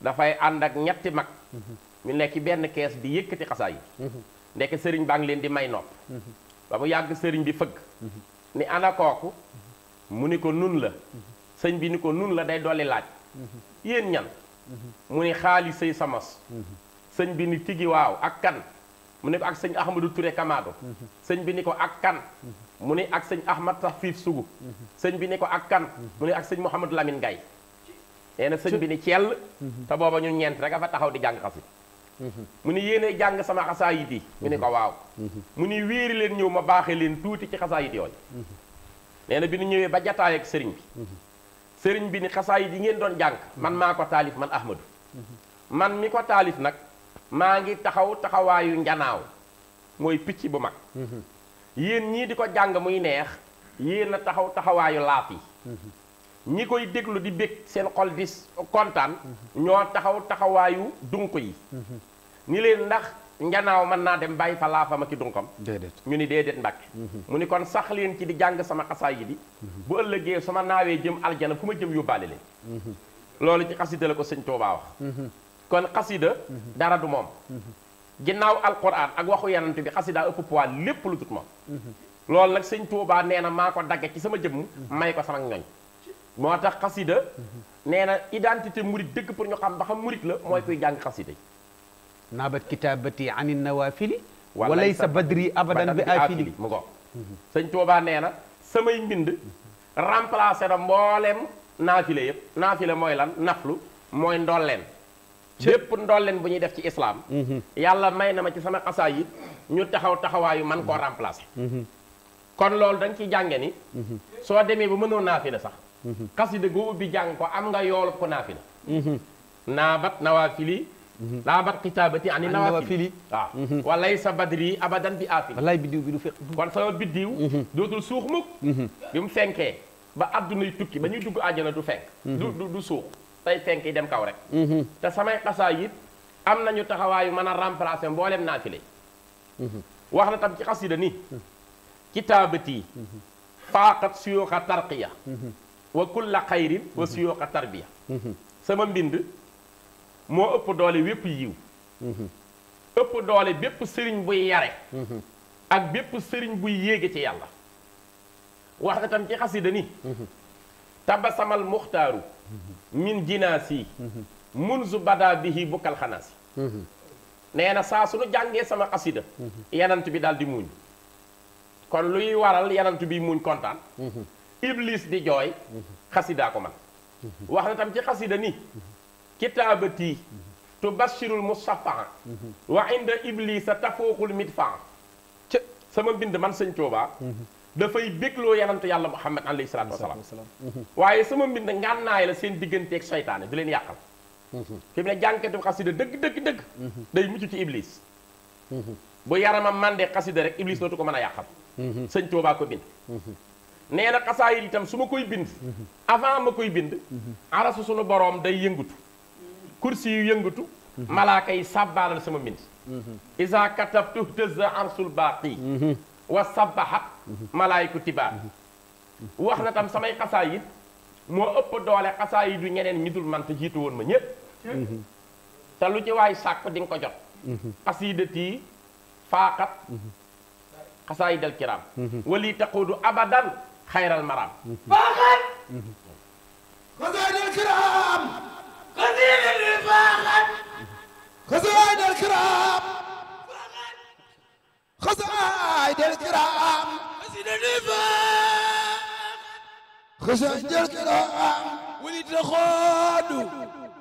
dafay ànd ak ñetti mag ñu nekk benn kees di yëkkati xasaa yi ndekk sëriñ baa ngi leen di may nopp ba yàgg sëriñ bi fëgg ni ana mu ni ko nun la sëñ bi ni ko nun la day dolli laaj yéen ñan mu ni xaali sëy samos sëñ bi ni tigi waaw ak kan mu ne ak seigne Ahmadou Touré Kamado seigne bi niko ak kan mu ak seigne Ahmad Tafif sougu seigne bi niko ak kan mu ne ak seigne kan? Mouhamadou Lamine gay ene seigne bi ni ciel ta booba ñun ñent rek fa taxaw di jang xasi mu ni yéenee sama xasaayit yi mu ni ko waw mu ni len leen ñëw ma baxé len touti ci xasaayit yooyu nee bi ni ñewé ba jataay ak seigne bi seigne bi ni ngeen doon jang man mako talif man Ahmadou man mi ko talif nak maa ngi taxaw taxawaayu njanaaw mooy picc bu mag mhm. yéen ñii di ko jàng muy neex yéen a taxaw taxawaayu laaf yi mhm. ñi koy déglu di bég seen xol di kontaan mhm. ñoo taxaw taxawaayu dunk yi ni leen ndax njanaaw mën naa dem bàyyi fa laafam ak i dunkam déedéet ñu ni det mbàkke mu ni kon sax leen ci di jàng sama xasaa yi di bu ëllëgee sama naawee jëm aljana fu ma jëm yóbbaale leen loolu ci xasida ko sëñ Tuubaa kon qasida dara du mom ginnaw alquran ak waxu yanante bi qasida ëpp poids lepp lu tut mom lol nak seigne touba neena na dagge ci sama jëm may ko sama ngagn motax qasida neena identité murit deug pour ñu xam ba xam murit la mooy kuy jàng xasida yi naabat kitaabati ani nawafili walaysa badri abadan bi afili mu ko sëñ Tuubaa nee na samay mbind remplacer na mbollem naafile yëpp naafile lan naflu moy ndolleen lépp ndolleen bu ñuy def ci islaam mhm. yàlla may na ma ci sama xasaa yi ñu taxaw taxawaayu man koo mhm. remplacer mhm. kon loolu da nga ciy jànge ni soo demee ba mënoo naafila sax xasida goo bi jàng ko am nga yoolu ko naafila naabat nawaafili laabat kitaabati ani nawaafili waaw walay sa badri abadan bi aafil walay biddiw bi du fekk kon sama biddiw dootul suux mukk bi mu fenkee ba addunay tukki ba ñuy dugg àjjana du fenk du du tay yi dem kaw rek mm-hmm. te samay yi am nañu taxaway yu a remplacer mboolem hmm wax na tam ci xasida ni kitabati wakul mm-hmm. suyuqa tarqiya mm-hmm. wa kull khairin wa suyuqa tarbiya sama mbind mo upp doole wepp yiw upp doole bepp serigne bu yare ak bepp serigne bu yegge ci yalla wax tam ci ni tabasamal mukhtaru min jinaasi munzu badaa bihi bukkal xanaasi nee na saa sunu jàngee sama xasida yanant bi daal di muuñ kon luy waral yanant bi muuñ kontaan iblis di jooy xasidaa ko man wax na tam ci xasida ni kitaabati tubashirul mustafaa wa inda iblisa tafooxul mitfaa sama mbind man sëñ Tuubaa dafay bégloo yanantu yàlla muhammad alayhi salaatu wasalaam mm-hmm. waaye sama mbind ngànnaay la seen digganteeg seytaane du leen yàqal mm-hmm. fi mu ne jànkatu xasida dëgg dëgg dëgg mm-hmm. day mucc ci iblis bu yaramam màndee xasida rek iblis dootu ko mën a yàqal sëñ Tuubaa ko bind nee na xasaayid itam su ma koy bind avant ma koy bind arasu sunu boroom day yëngutu kursi yu yëngutu malaaka yi sàbbaalal sama mbind isa katabtu tëza arsul baaqi wa sabaha Mm-hmm. malaayiku tibaa mm-hmm. wax na tam samay xasaayit moo ëpp doole xasaayit du ñeneen ñi dul man te jiitu woon ma ñépp mm-hmm. te lu ci waay sàkk di nga ko jot xasiidati faaqat xasaayid al kiram wali taqudu abadan xayral maram faaqat
xasaayid al kiram xasiidati faaqat xasaayid al kiram xasaayid al kiram النفاق خسن جل كلام ولد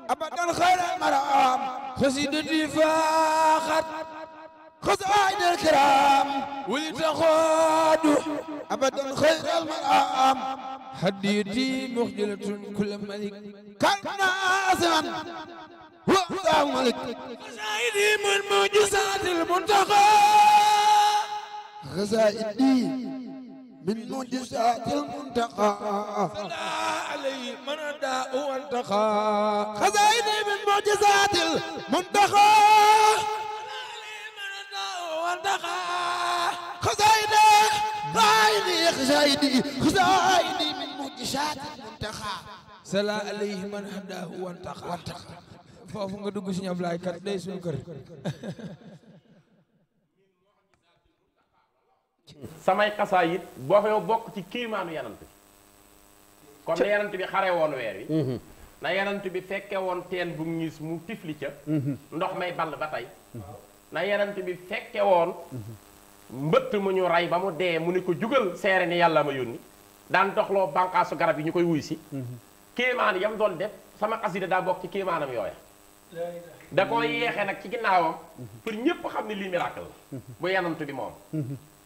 أبدا خير مرام خسيد النفاق خزائن الكرام ولد أبدا خير المرام حديتي مخجلة كل ملك كان ناسما وقتا ملك خزائني من معجزات المنتقى خزائني من مجزات المنتقى فلا علي من داء وانتقى خزائني من مجزات المنتقى خزائني خزائني خزائني خزائني من مجزات المنتقى سلا عليه من هداه وانتقى
فوفو nga dugg ci ñam lay kat
samay xasaayit bo fa bok ci kéemaanu yanant comme kon na bi xare won weer wi mhm. na yanant bi fekke won ten bu ngiss mu tifli ca mhm. ndox may ball ba tey mhm. na yanant bi fekke won mbeut mu ñu ray ba mu dee mu ni ko juggal ni yalla ma garab yi ñukoy wuy ci yam doon def sama qasida da bok ci kéemaanam yoy da ko yexé nak ci ginnaawam pour ñepp xamni li miracle bu yanant bi mom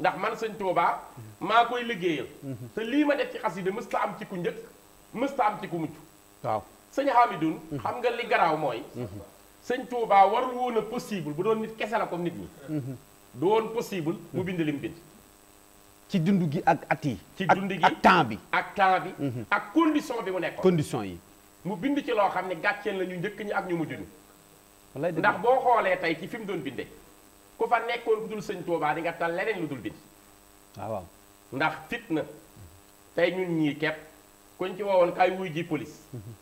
ndax man sëñ Tuubaa maa koy liggéeyal te lii ma def ci xasida mësta am ci ku njëkk mësta am ci ku mucc waaw sëñ Hamidun xam nga li garaaw mooy sëñ Tuubaa war woon a possible bu doon nit kese la comme nit ñi du possible mu bind lim bind ci dund gi ak at yi ci dund gi ak temps bi ak temps bi mhm. ak condition bi mu nekkoon condition yi mu bind ci loo xam ne gàcceen la ñu njëkk ñi ak ñu mujj ñu ndax boo xoolee tey ci fi mu doon bindee ku fa nekkoon ku dul sëñ Tuubaa di tal leneen lu dul bind ah, waaw ndax fitna tey ñun ñii kepp kuñ ci woowoon kay wuy ji police mhm.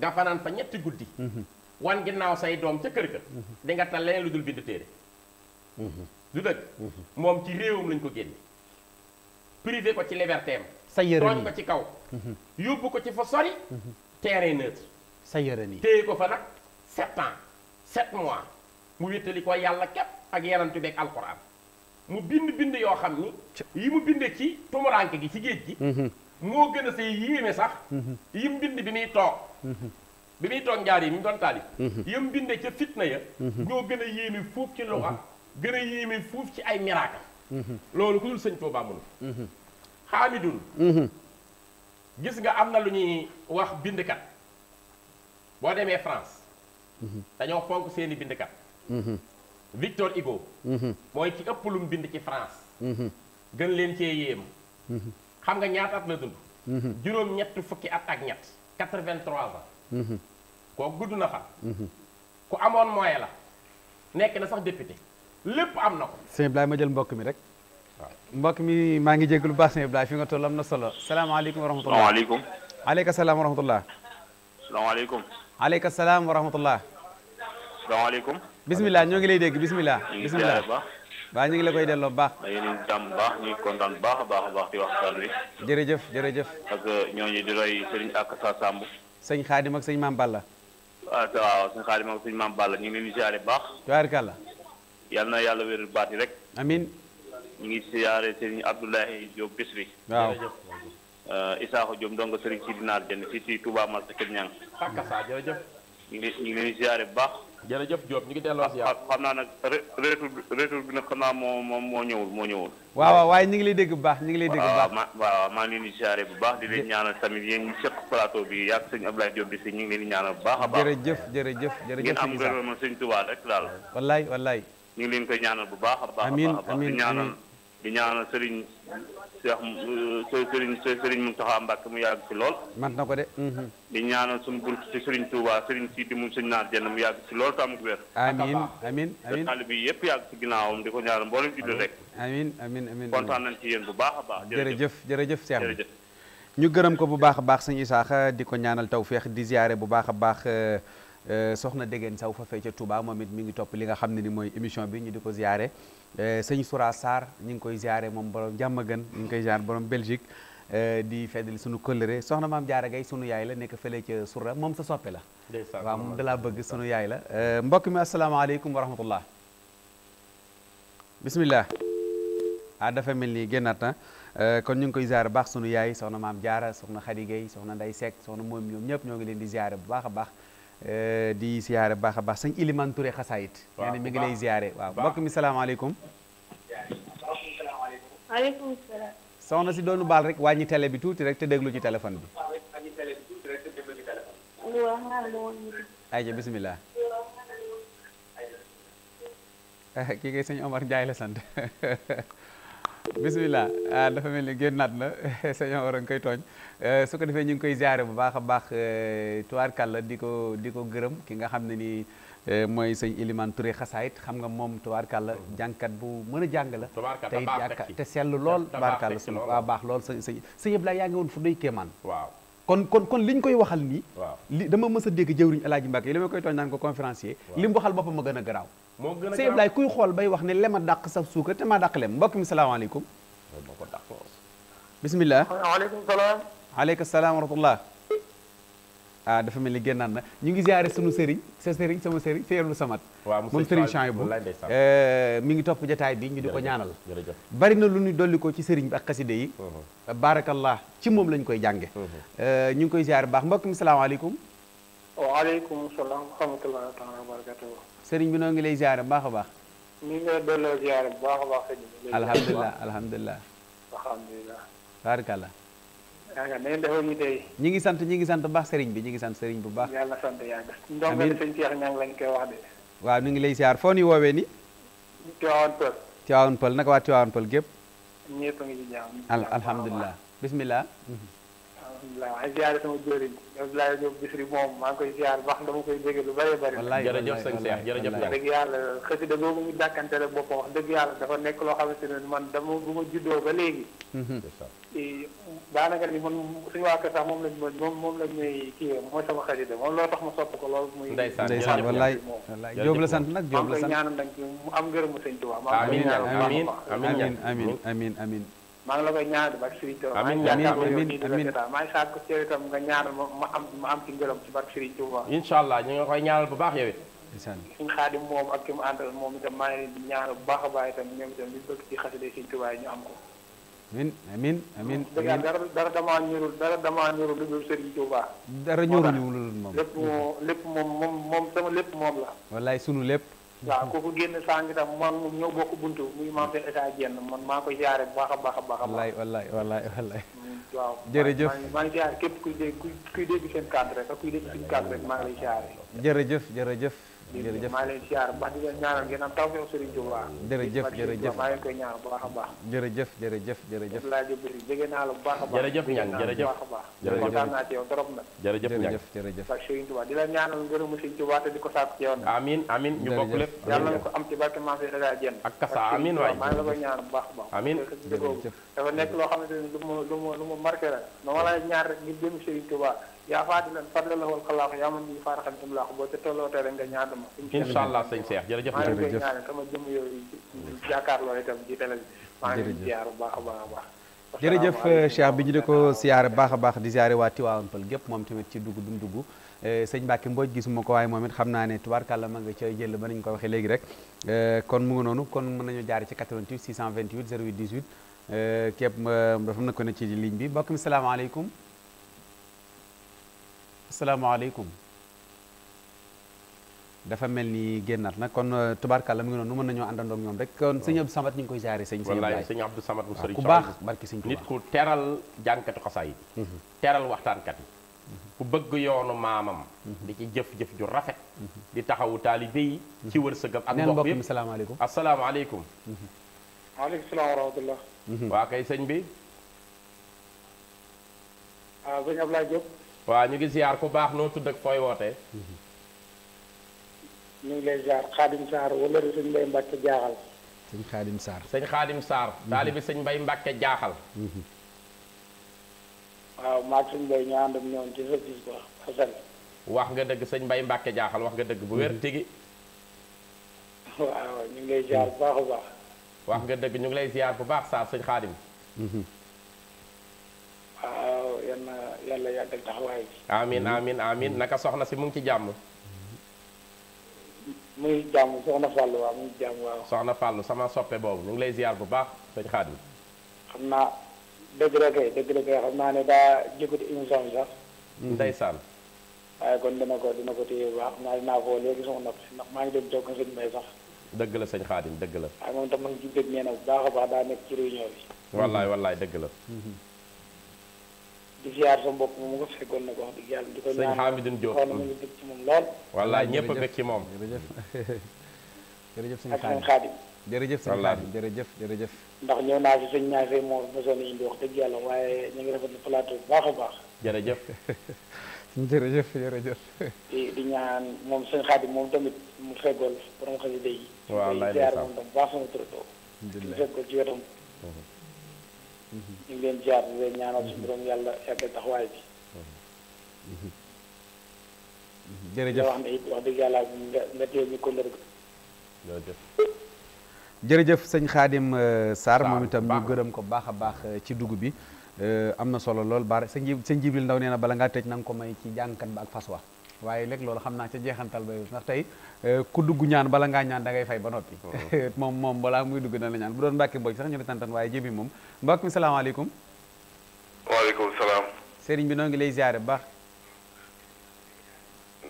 nga fanaan fa ñetti guddi mhm. wan ginnaaw say doom ca kër ga mhm. di nga tal leneen lu dul bind téere du dëgg moom ci réewam lañ ko génne privé ko ci liberté sa yërëm ko ci kaw yóbbu ko ci fa sori terrain neutre
sa téye
ko fa nag sept ans sept mois mu wéttali ko yàlla képp ak yenantu beeg alquran mu bind bind yoo xam ni yi mu bind ci tumuranke gi ci géej gi mhm. moo gën a say yéeme sax mhm. yi mu bind bi muy toog mhm. bi muy toog njaar yi mi mu doon taalif yam bind ca fitna ya ñoo gën a yéeme fuuf ci luxa gën a yéeme fuuf ci ay miracle loolu ku dul sëñ Tuubaa mënu xaamidun gis nga am na lu ñuy wax bindkat boo demee France dañoo fonk seeni bindkat Victor Hugo. mooy ci ëpp lu mu bind ci France. gën leen ci yéem. xam nga ñaata at la dund. juróom ñett fukki at ak ñett. 83 ans. kooku gudd na ku amoon moyen la. nekk na sax député. lépp am na ko.
sëñ Ibrahima ma jël mbokk mi rek. waaw mbokk mi maa ngi jégalu baax sëñ Ibrahima fi nga toll am na solo. salaamaaleykum wa rahmatulah.
salaamaaleykum.
salaam wa rahmatulah. salaamaaleykum. aleyka salaam wa rahmatulah. bismillah ñu ngi lay dégg bismillah bismillah ba ñu ngi la koy delloo baax
yéen itam baax ñu ngi kontaan baax baax baax ci waxtaan wi
jërëjëf jërëjëf
ak euh, ñooñu di roy sëriñ ak sa sàmb
sëñ xaadim ak sëñ maam balla
ah, waaw sëñ xaadim ak sëñ maam balla ñu ngi leen di baax tubaarkàlla yalla na yalla wéral baat yi rek amin ñu ngi siyaare sëriñ abdoulahi diop bisri waaw euh, isaaxa diop donc sëriñ ci dinaar jënd ci ci touba mal sa kër ñang ñu ngi leen di baax jërëjëf Diop ñu ngi delloo si yàlla. xam naa nag retour retour bi nag xam naa moo moo ñëwul moo ñëwul.
waaw waaye ñu ngi lay dégg baax ñu ngi lay dégg bu baax.
waaw maa ngi leen di siyaare bu baax di leen ñaanal tamit yéen ñu seq plateau bi yàgg sëñ Abdoulaye Diop di si ñu ngi leen di ñaanal bu baax a baax. jërëjëf
jërëjëf jërëjëf ngeen am ngërëm
sëñ Tuubaa rek daal.
wallaay wallaay.
ñu ngi leen a ñaanal bu baax a baax. amiin amiin ñaanal di ñaanal Serigne Cheikh euh, Serigne Serigne Mountakha Mbacké mu yàgg ci lool.
man na ko de. Mhm.
di ñaanal suñu bunt ci Serigne Touba Serigne Sidi mu sëñ naar jenn mu yàgg ci lool tam wér.
amiin amiin amiin
taalibe bi yëpp yàgg ci ginnaawam di ko ñaanal mboolem jullit rek.
amiin amiin amiin kontaan
bu baax a jërëjëf
jërëjëf jërëjëf ñu gërëm ko bu baax a baax sëñ Isaaxa di ko ñaanal tawféex di ziare bu baax a baax. Euh, Euh, soxna Degene Saw fa fee ca Touba moom it mi ngi topp li nga xam ne ni mooy émission bi ñu di ko ziare euh, sëñ Soura Sarr ñu ngi koy ziare moom borom jàmmagan ñu ngi koy ziare borom euh, di feddali sunu kóllëre soxna maam Jaara Gay sunu yaay la nekk fële ca Soura moom sa soppe la waaw moom da bëgg sunu yaay la mbokk mi asalaamaaleykum wa rahmatullah bismillah ah dafa mel ni génnaat na kon ñu ngi koy ziare baax sunu yaay soxna maam Jaara soxna Xadi Gay soxna Nday Seck soxna moom ñoom ñëpp ñoo ngi leen di ziare bu baax a baax Eh, di ziare baax a baax sëñ Iliman Touré xasaayit. waaw nee na mi ngi lay ziare waaw mbokk mi salaamaaleykum. maaleykum si doonu baal rek wàññi télé bi tuuti rek te déglu ci téléphone bi. waaw ayca bisimilah. Eh, kii kay sëñ Omar Ndiaye la sant. Bismillah, ah, dafa mel ni génnaat na orang koy tooñ eh, su ko defee ñu koy ziare bu baax eh, di ko di ko ki nga xam ne nii eh, mooy Iliman Touré xam nga bu mana a la te it jàkka sell lool tubaarkàlla su baax sa fu doy kon kon kon li ñu koy waxal nii. waaw dama mës a dégg jëwriñ Alaaji Mbàkke li ma koy tooñ naan ko conférencier. li mu waxal boppam ma gën a garaaw.
moo gën a garaaw
kuy xool bay wax ne lema dàq sa suukar te maa dàq lem mbokk mi salaamaaleykum. bisimilah.
waaleykum salaam.
waaleykum salaam wa rahmatullah ah dafa mel ni génnaat na ñu ngi ziare sunu sëriñ sa sëriñ sama sëriñ Seydou Samat moom sëriñ Chouaïbou eh, mi ngi topp jotaay bi ñu di ko ñaanal bari na lu ñu dollikoo ci sëriñ bi ak xaside yi mhm. barakallah ci moom lañu koy jànge mhm. eh, ñu ngi koy ziare baax mbokk mi salaamaaleykum
waaleykum salaam wa rahmatullahi
sëriñ bi noo ngi lay ziare baax a baax
ñu alhamdulilah
alhamdulilah barakallah na ñi ngi sant ñi ngi sant bu baax sëriñ bi ñi ngi sant sëriñ bu baax.
yàlla sant yàgg. amiin ndongo Cheikh Niang lañ koy wax
waaw ñu ngi lay siyaar foo ñu woowee ni Tiwaawan Pël. Tiwaawan Pël naka waa Tiwaawan Pël gépp.
ñëpp a ngi ci jàmm.
alhamdulilah bismillah.
alhamdulilah maa ngi ziare sama jëriñ Abdoulaye Diop Bichri moom maa ngi koy ziare baax dama koy dégg lu bëree bëri. wallaay jërëjëf sëñ Cheikh jërëjëf. wax dëgg yàlla xasida boobu mu dàkkanteel boppam wax dëgg yàlla dafa nekk loo xamante ne man dama bu ma juddoo ba léegi. Mhm. daanaka ni man suñu waa kër sax moom lañ moom moom lañ may kii mooy sama xasida moom loo tax ma sopp ko loolu muy ndeysaan ndeysaan wallaay wallaay Diop la sant la sant maa ngi koy ñaanal nag mu am ngërëmu sëñ Tuubaa amiin amiin amiin amiin maa ngi la koy ñaanal di barke Serigne Touba maa ngi sàkku ci itam nga ñaanal ma ma am ma am ci ngërëm ci barke Serigne Touba
incha allah ñu nga koy ñaanal bu baax yow it
moom ak ki mu àndal moom itam maa ngi leen ñaanal bu baax a baax itam ñoom itam li bëgg ci xasida yi ñu am ko
amin amin amin dëgg dara
dara damaa ñorul dara damaa ñorul lu dul Serigne Touba
dara ñorul lu dul moom lépp
moom lépp moom moom moom lépp moom la
wallaay sunu lépp
waaw kooku génn sànq itam man ñoo ko buntu muy maam Cheikh Issa Diène man maa ko ziare bu baax a baax a baax. wallaay wallaay
wallaay wallaay.
Mm, waaw jërëjëf maa ngi ziare képp kuy dégg kuy dégg seen kàddu rek ak kuy dégg suñu kàddu rek maa ngi lay ziare.
jërëjëf jërëjëf.
jërëjëf maa ngi leen siyaar bu baax di leen ñaanal gën a taw feew Serigne Touba jërëjëf jërëjëf maa ngi koy ñaanal bu baax a baax
jërëjëf jërëjëf jërëjëf laa
jëbëri jege naa la bu baax a baax jërëjëf ñaan jërëjëf bu baax a baax kontaan naa ci yow trop nag
jërëjëf jërëjëf jërëjëf
ak Serigne Touba di la ñaanal ngërëmu Serigne Touba te di ko sàkk
ci yow nag amiin amiin ñu bokk lépp yàlla na ko
am ci barke Maam Seex Rajaa Jeen ak kasa amiin waay maa ngi la koy ñaanal bu baax a baax amiin dafa nekk loo xamante ne lu ma lu ma marqué la dama lay ñaan rek ngir jëm Serigne Touba yaa faati lan farle la woon xalaaku yaa man di faar xam tam laaxu boo nga ñaata ma incha
sëñ Cheikh jërëjëf maa ngi koy ñaanal
sama jëm yooyu jàkkaarloo itam ci télé bi maa ngi leen di ziar bu baax a baax a
euh, bi ñu di ko siyaare baax a baax di siyaare waa Tiwaawan Pël gépp moom tamit ci dugg dum dugg euh, sëñ Mbacke Mbodj gisuma ko waaye moom it xam naa ne tubaarkàlla ma nga ca jël ba nañu ko waxee léegi rek euh, kon mu noonu kon mën nañu jaar ci 88 628 08 18 képp dafa na ko ne ci ligne bi mbokk mi salaamaaleykum salaamaaleykum dafa mel ni génnaat nag kon euh, la mu ngi noonu mën nañoo àndandoo ak ñoom rek kon sëñ Abdou Samad ñu ngi koy jaaree sëñ
wallaay sëñ Abdou
Samad mu sëriñ baax barki sëñ nit ku teral jànkatu xasaay mhm. yi teral mhm. ku bëgg yoonu maamam mhm. di ci jëf ju rafet di taxawu taalibe yi ci wërsëgam ak mbokk yëpp asalaamaaleykum asalaamaaleykum maaleykum bi ah, waaw ñu ngi ziar ku baax noo tudd ak fooy wootee.
ñu ngi lay ziar Xaadim Sarr wala sëñ Mbay Mbàkke jaaxal.
sëñ Xaadim Sarr sëñ Xaadim Sarr. Mhm. taalibi Mbay Mbàkke jaaxal. Mhm.
waaw maag sëñ Mbay ñu ànd ak ñoom ci sa gis quoi Assane.
wax nga dëgg sëñ Mbay Mbàkke jaaxal wax nga dëgg bu wér mhm. tigi.
waaw ñu ngi lay ziar bu baax
wax nga dëgg ñu ngi lay ziar bu baax Sarr sëñ Xaadim.
waaw yal na yàlla yàggal taxawaay bi.
amiin amiin amiin naka soxna si mu ngi ci jàmm.
mu ngi jàmm soxna Fallou waaw mu ngi jàmm waaw.
soxna Fallou sama soppe boobu mu ngi lay ziar bu baax sëñ Xaadim.
xam naa dëgg la kay xam naa ne daa jëkkati émission bi sax.
Mm-hmm. ndeysaan.
waaye kon dina ko dina ko téye bu baax naa dinaa ko léegi maa ngi dem toog sëñ Mbay sax.
dëgg la sëñ Xaadim dëgg la.
waaye moom tam ma ngi ci dëgg nee bu baax a baax daa nekk ci réunion bi.
wallaay wallaay dëgg la. Mm-hmm.
di ziar sa mbokk moom nga fekkoon na ko dëgg yàlla di ko ñaan sëñ Hamidou Diop xool mu ngi bëgg ci moom lool wallaay
a bëgg jërëjëf jërëjëf jërëjëf jërëjëf
ndax ñëw naa fi sëñ moo mosoon a indi wax dëgg yàlla waaye ñu ngi rafetlu plateau bu baax a baax jërëjëf jërëjëf jërëjëf di ñaan moom sëñ Xaadim moom tamit mu feggool borom xasida yi wallaay ziar moom tam baax sama turandoo ñu ngi leen jaar di leen ñaanal yàlla yàggal taxawaay bi. jërëjëf wax dëgg wax dëgg
yàlla sëñ Khadim euh, Sarr moom itam ñu gërëm ko baax a baax euh, ci dugub bi euh, am na solo lool baar sa sëñ Jibril Ndaw nee na bala ngaa tëj nanga ko may ci jàngkat ba ak fas wa waaye léegi loolu xam naa ca jeexantal ba ndax tey Eh, ku dugg ñaan bala nga ñaan da ngay fay ba nopi oh. mom mom bala muy dugg na la ñaan bu doon mbacke boy sax ñu ne tantan waaye jibi moom mbokk mi wa alaykum salaam serigne bi no ngi lay ziaré bax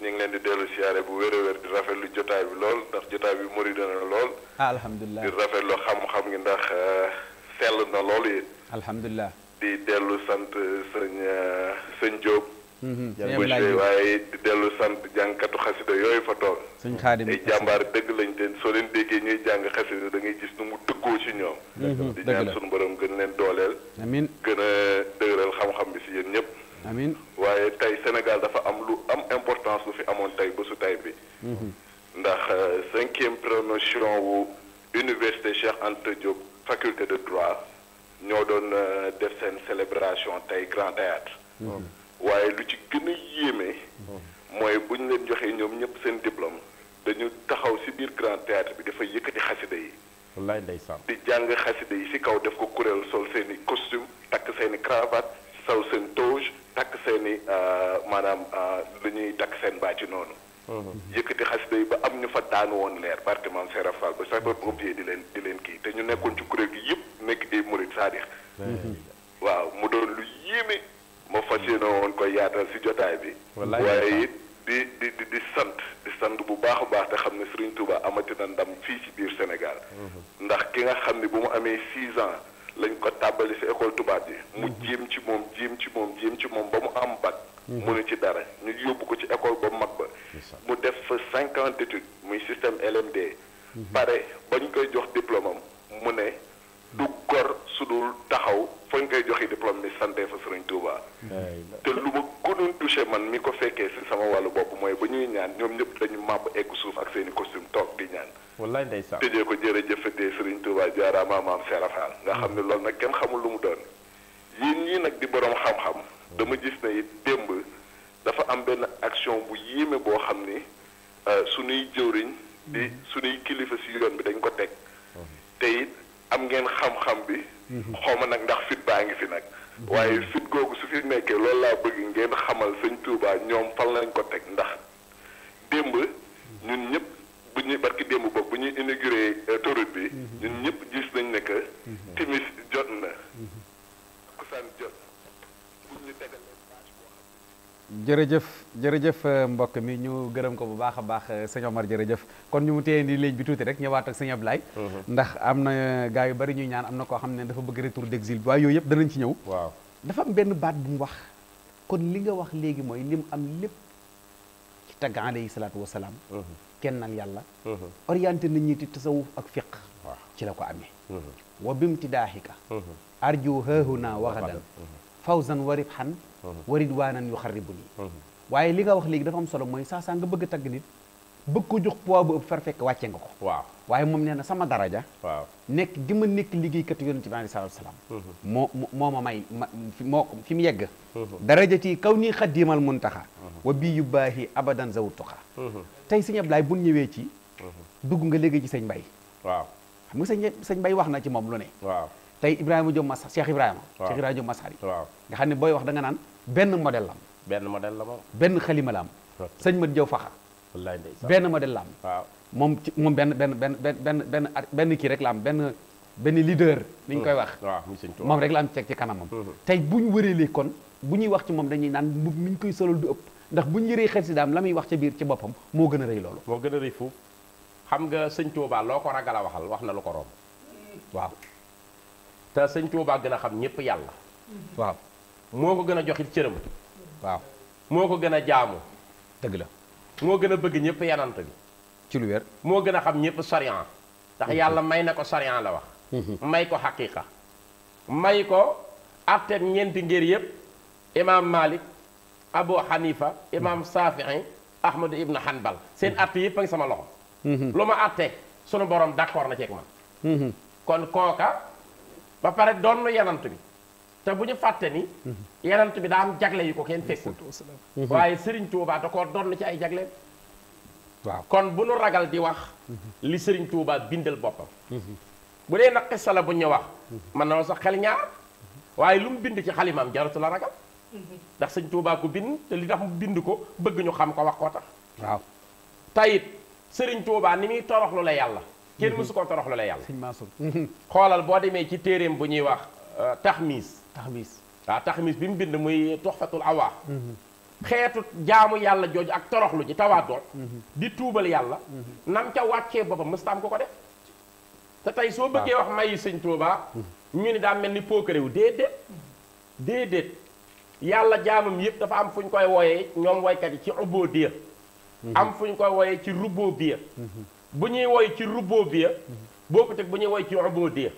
ñi ngi leen di dellu ziaré bu wéré wér di lu jotay bi lool ndax jotay bi mari dana lool
ah, alhamdullah di
lo xam-xam ngi ndax eh, sel na lool yi alhamdullah di dellu sante eh, serigne serigne job
Mm-hmm.
waaye dellu sant jàngkatu xasida yooyu fa toog suñ xaadim ay jàmbaar dëgg lañ teen soo leen déggee ñuy jàng xasida da ngay gis nu mu dëggoo ci ñoom
mm-hmm. di ñaan suñu
borom gën leen dooleel amiin gën a dëgëral xam-xam bi si yéen ñëpp waaye tey Sénégal dafa am lu am importance lu fi amoon tey bésu tey bi mm-hmm. ndax euh, cinquième promotion wu université Cheikh Anta Diop faculté de droit ñoo doon euh, def seen célébration tey Grand Théâtre waaye lu ci gën a yéeme mooy bu ñu leen joxee ñoom ñëpp seen diplôme dañu taxaw si biir grand théâtre bi dafay yëkkati xasida yi
wallaay ndeysaan
di jàng xasida yi si kaw def ko kuréel sol seen i costume takk seen i cravate sol seen toge takk seen i euh, maanaam euh, lu ñuy takk seen bàcci noonu mhm. yëkkati xasida yi ba am ñu fa daanu woon leer Barthélémy Serap Fall ba sapeur pompier di leen di leen kii te ñu nekkoon ci kuréel gi yëpp nekk ay murid saadix mhm. waaw mu doon lu yéeme moo fas yéene woon koy yaatal si jotaay bi.
waaye
it di di di sant di sant bu baax a baax te xam ne Serigne Touba amati na ndam fii ci biir Sénégal. Mm-hmm. ndax ki nga xam ne bu mu amee 6 ans lañ ko tàbbali si école tubaab yi. mu mm-hmm. jéem ci moom jiim ci moom ci moom ba mu am bac. Mm-hmm. mu ne ci dara ñu yóbbu ko ci école ba mag ba. mu def fa 5 ans muy système LMD. pare ba ñu koy jox diplôme am mu ne. du gor sudul taxaw fa nga koy joxe diplôme ni santé fa sëriñ Touba. te lu ma gënoon touché man mi ko fekkee si sama wàllu bopp mooy ba ñuy ñaan ñoom ñëpp dañu màbb egg suuf ak seeni i costume toog di ñaan.
wallaay ndeysaan tëjee
ko jërëjëfatee sëriñ Touba jaaraama maam Serap Fall nga xam ne loolu nag kenn xamul lu mu doon yéen ñii nag di borom xam-xam. dama gis ne it démb dafa am benn action bu yéeme boo xam ni euh, suñuy jëwriñ di mm-hmm. suñuy kilifa si yoon bi dañ ko teg mm-hmm. te am ngeen xam-xam bi. Mhm. xaw ma nag ndax fit baa ngi fi nag. waaye mhm. fit googu su fi nekkee loolu laa bëgg ngeen xamal sëñ Touba ñoom fan lañ ko teg ndax démb ñun ñëpp bu ñuy barki démb boog bu ñuy inauguré euh, autoroute bi. Mhm. ñun ñëpp gis nañ ne que. timis
jot na. kusaan jot. jërëjëf jërëjëf euh, mbokk mi ñu gërëm ko bu baax a baax euh, sëñ Omar jërëjëf kon ñu mu téye di léegi bi tuuti rek ñëwaat ak sëñ Ablaye mhm. ndax am na euh, gaa yu bari ñuy ñaan am na koo xam ne dafa bëgg retour d'exil bi waaye yooyu yëpp danañ ci ñëw waaw dafa am benn baat bu mu wax kon li nga wax léegi mooy lim am lépp ci tagg alayhi salaatu wasalaam mhm. kennal yàlla mhm. orienté nit ñi ci tasawuf ak fiq ci la ko amee mu bimtidaaxika arju haahuna waxadan fawzan wa ribhan warit waanan yu xarribu nii waaye li nga wax léegi dafa am solo mooy saa saa nga bëgg a tagg nit bëgg ko jox poids bu ëpp far fekk wàcce nga ko waaw waaye moom nee na sama daraja waaw nekk gi ma nekk liggéeykatu yonent bi aleyhi salaatu wa salaam moo moo ma may ma moo fi mu yegg darajati kaw nii xaddiimal muntaxa wa bii yu baahi abadan ci dugg nga léegi ci sëñ Mbay waaw xam nga sëñ sëñ Mbay wax na ci moom lu ne waaw tey Ibrahima Diop Massar Cheikh Ibrahima Cheikh Ibrahima nga xam ne booy wax da naan benn model la
benn modèle la moom.
benn xalima la am. sëñ Mat Jaw Faxa.
wallaay benn
model la am. waaw moom moom benn benn benn benn benn benn kii rek la am benn benn leader. ni ñu koy wax.
waaw muy sëñ Tuubaa moom rek
la am ceeg ci kanamam. Mhm. tey bu ñu wëreelee kon bu ñuy wax ci moom dañuy naan mbub mi ñu koy solal du ëpp ndax bu ñu yëree xasidaam la muy wax ci biir ci boppam moo gën a rëy loolu. moo gën a rëy
foofu xam nga sëñ Tuubaa loo ko ragal a waxal wax na lu ko romb waaw te sëñ Tuubaa gën a xam ñëpp yàlla moo ko gën a jox joxit cëram waaw moo ko gën a jaamu dëgg la moo gën a bëgg ñëpp yanant bi ci lu wér moo gën a xam ñëpp sariyan ndax mhm. yàlla may na ko sariyan la wax mhm. may ko xaqiqa may ko arteem ñeenti ngir yëpp imaam malik abu xanifa imaam mhm. saafi'i ahmadu ibnu hanbal seen atte yëpp ak sama loxo lu ma atte sunu borom d'accord na ceeg
man
kon kooka ba pare doon nu yanant bi ta buñu faté ni yenant bi da am jaglé yu ko ken fekkut waye Serigne Touba da ko don ci ay jaglé waaw kon buñu ragal di wax li Serigne Touba bindal bopam bu dé nak xala la bu ñu wax mën na sax xel ñaar waye lu mu bind ci khalimam jaratu la ragal ndax serigne Touba ko bind te li tax mu bind ko bëgg ñu xam ko wax ko tax waaw tayit serigne Touba ni torox lu la yàlla kenn mësu torox lu la yàlla xolal bo démé ci téeréem bu ñuy wax euh, tahmis taxmiis waaw taxmiis bi mu bind muy toxfatul awaa xeetu jaamu yàlla jooju ak toroxlu ji tawaatoo di tuubal yàlla nam ca wàccee boppam mëstaam ko ko def te tey soo bëggee wax mayi sëñ Tuuba ñu ni daa mel ni pookare wu déedéet déedéet yàlla jaamam yëpp dafa am fu ñu koy wooyee ñoom woykat yi ci ubboo biir am fu ñu koy wooyee ci rubboo biir bu ñuy woy ci rubboo biir bokkut ak bu ñuy woy ci ubboo biir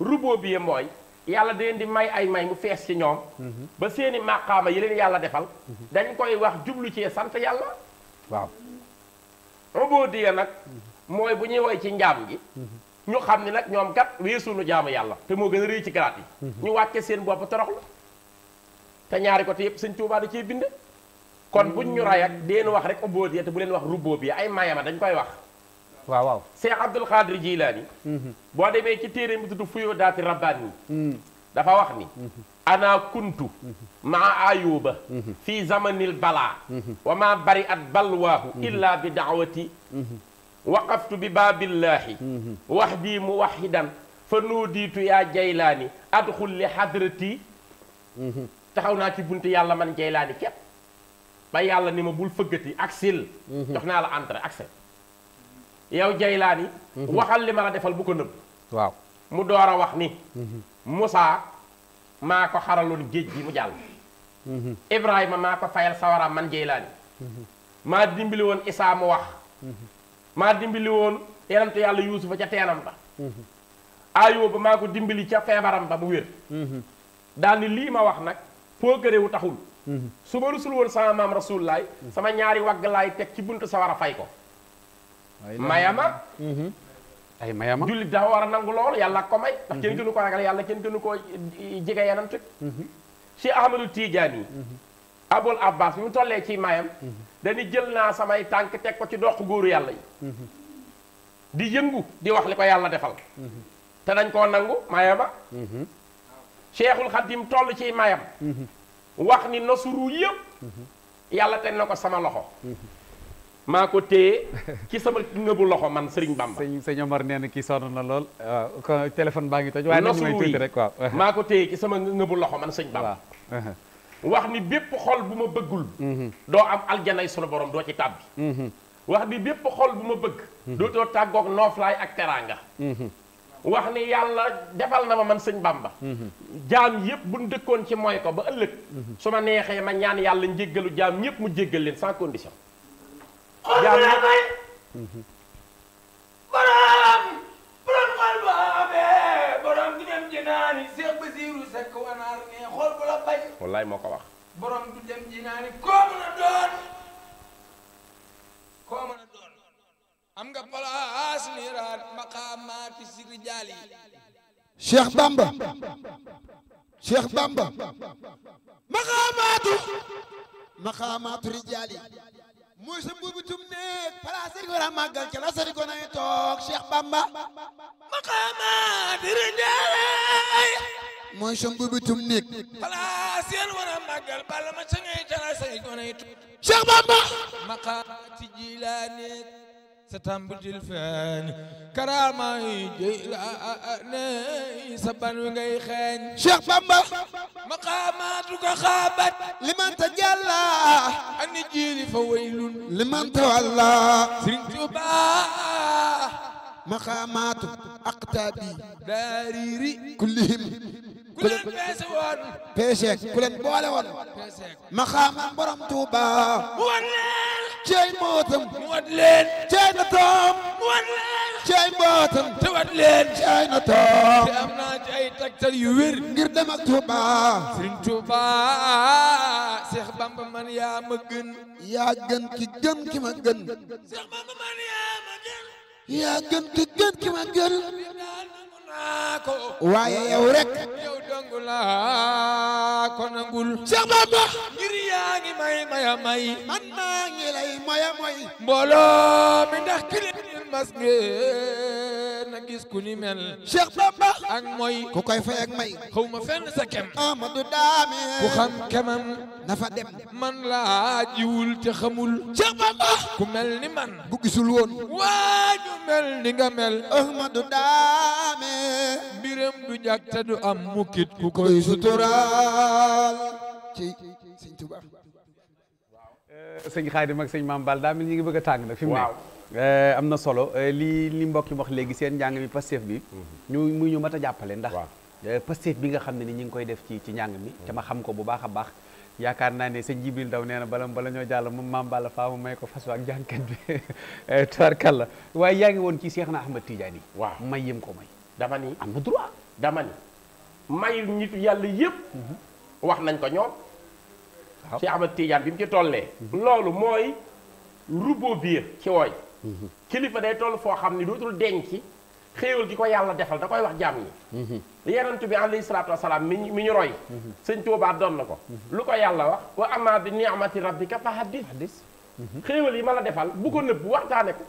rubboo biir mooy yàlla da leen di may ay may mu fees ci ñoom ba seeni màqaama yi leen yàlla defal dañ koy wax jublu ci sant yàlla waaw ubudiya nag mooy bu ñuy woy ci njaam gi ñu xam ni nag ñoom kat weesu nu jaamu yàlla te moo gën a rëy ci garaat yi ñu wàcce seen bopp toroxlu te ñaari côté yëpp sëñ Tuubaa da cee bind kon buñ ñu ray ak deen wax rek ubudiya te bu leen wax rubóob yi ay mayama dañ koy wax واو واو سي عبد جيلاني بو ديمي سي تيريم رباني دا انا كنت مع ايوب في زمن البلاء وما برئت بلواه الا بدعوتي وقفت بباب الله وحدي موحدا فنوديت يا جيلاني ادخل لحضرتي تخاونا سي بونت يالا مان جيلاني كيف؟ بيا يالا نيما بول فغتي اكسيل جخنا لا انتر اكسيل yow jaylaani mhm. waxal li ma la defal bu ko neub waw mu doora wax ni musa mhm. mako xaralon geejgi mu jall mhm. Ibrahima mako fayal sawara man jaylaani ma dimbali won isa mu wax ma dimbali won yonentu yalla yusufa ca tenam ba Ayuba maa dimbali ca febaram ba bu wer dal ni ma wax wu taxul sama sama ñaari wagg laay ci buntu sawara fay ko mayama mhm. ay mayama jullit da war a nangu lool yàlla ko may ndax kenn gënu ko ragal yàlla kenn gënu ko eh, jege yanant Cheikh mhm. Ahmadou Tidiane yi mhm. Abul Abbas bi mu tollee ci mayam dañu jël naa samay tànk teg ko ci dox góoru yàlla yi di yëngu di wax li ko yàlla defal te dañ koo nangu mayama Cheikhul Khadim toll ci mayam wax ni nosuru yëpp yàlla teg na ko sama loxo maa ko téye ci sama ngëbu loxo man Serigne Bamba. sëñ sëñ Omar nee na kii sonn na lool euh, téléphone baa ngi toj. waaye nañu may tuuti rek waaw maa ko téye ci sama ngëbu loxo man Serigne Bamba. wax ni bépp xol bu ma bëggul. Mm-hmm. doo am aljanay sunu borom doo ci tàbbi. Mm-hmm. wax ni bépp xol bu ma bëgg. Mm-hmm. dootoo tàggoog nooflaay ak teraanga. wax ni yàlla defal na ma man sëñ Bamba. jaam yëpp bu ñu dëkkoon ci mooy ko ba ëllëg. su ma neexee ma ñaan yàlla njéggalu jaam ñëpp mu jéggal leen condition. jaam na may
borom borom xol bu amee borom du dem jinaani Seex Basiiru Sekk wanaar ne xol bu la bañ
wallaay moo ko wax
borom du dem jinaani koo mën a doon koo mën a doon am nga palaas niiraat maqaamaati si rijaal yi Cheikh Bamba Cheikh Bamba maqaamaatu maqaamaatu rijaal yi muy sa mbuubitum néeg place yi war a màggal ci la sari gone toog Cheikh Bamba maqaamaat yi rinjaay
mooy sa mbuubitum néeg
place yi war a màggal bala ma sa ngay ca la sari gone toog Cheikh Bamba maqaamaat yi jilaane
ستنبج فان كرامة
جيلاني سبان وغي خان شيخ بامبا مقاماتك خابت لمن تجلى أن جيل فويل لمن تولى سرين توبا مقامات أقتابي داريري كلهم ku leen peese woon peeseek ku leen boole woon maxaama borom tuuba mu wan leen ceey mootam mu wan leen ceey na toom mu wan leen ceey mootam te wan leen ceey na toom te am naa ci ay tegtal yu wér ngir dem ak tuuba sëriñ tuuba seex bamba man yaa ma gën yaa gën ki gën ki ma gën seex bamba man yaa ma gën yaa gën ki gën ki ma gën waaye yow rek yow dong laa ko nangul Cheikh Bamba ngir yaa ngi may maya may man maa ngi lay maya may mbooloo mi ndax kilin mas na gis ku ni mel Cheikh Bamba ak mooy ku koy fay ak may xaw ma sa kem Amadou Dame ku xam kemam na fa dem man laa jiwul te xamul Cheikh Bamba ku mel ni man bu gisul woon waa ñu mel ni nga mel Amadou Dame mbiram du ñàkk te du am mukkit ku koy suturaal
ci sëñ Tuuba
eh, sëñ Xaadim ak sëñ Maam Bal daa ngi bëgg a tàng nag fi mu eh, solo eh, li li mbokk yi wax léegi seen njàng mi Pastef bi mhm. ñu muy ñu mat a jàppale ndax Pastef bi nga xam ne ni ñu ngi koy def ci ci njàng mi te ma xam ko bu baax a baax yaakaar naa ne sëñ Jibril Ndaw nee na bala bala ñoo jàll moom maam Balla faa mu may ko fas ak jànkat bi
tubarkalla
waaye yaa ngi woon ci Seexna Ahmad Tijaani waaw may yëm ko may dama ni am na droit yàlla yëpp mhm. wax nañ ko ñoom ci Ahmad tiijaan bi mu ci tollee mhm. loolu mooy rubo biir ci wooy mhm. kilifa day toll foo xam ni dootul denc xéewal di ko yàlla defal da koy wax jaam ñi yenentu bi alayhi salaatu wasalaam mi mi ñu roy sëñ Tuubaa doon na ko lu ko yàlla wax wa amma bi ni'mati rabbika fa haddis xéewal yi ma la defal bu ko nëbb waxtaane ko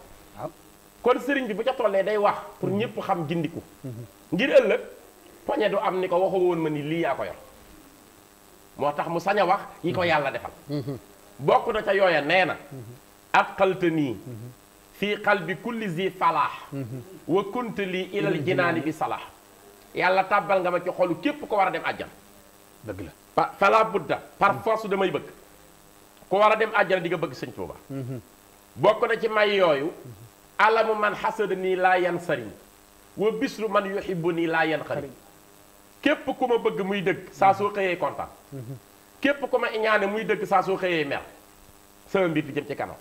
kon serigne bi bu ca tollee day wax pour mhm. ñepp xam gindiku mhm. ngir ëlëk poñe du am ni ko waxu won ma ni li ya ko yor motax mu saña wax yi ko mhm. yalla defal bokku na ca yoyé nee aqaltani fi qalbi kulli zi falah wa li ila al jinan bi salah yalla tabal nga ma ci xolu kep ko wara dem deug la fala budda par force bëgg ko wara dem diga bëgg bokku na ci may yoyu Alam man hasadani la yansari wa bisru man yuhibbuni la yanqari kep ku ma bëgg muy deug sa so xeye kontaan mhm. kep ku ma muy deug sa so xeye mer sama mbir di jëm ci kanam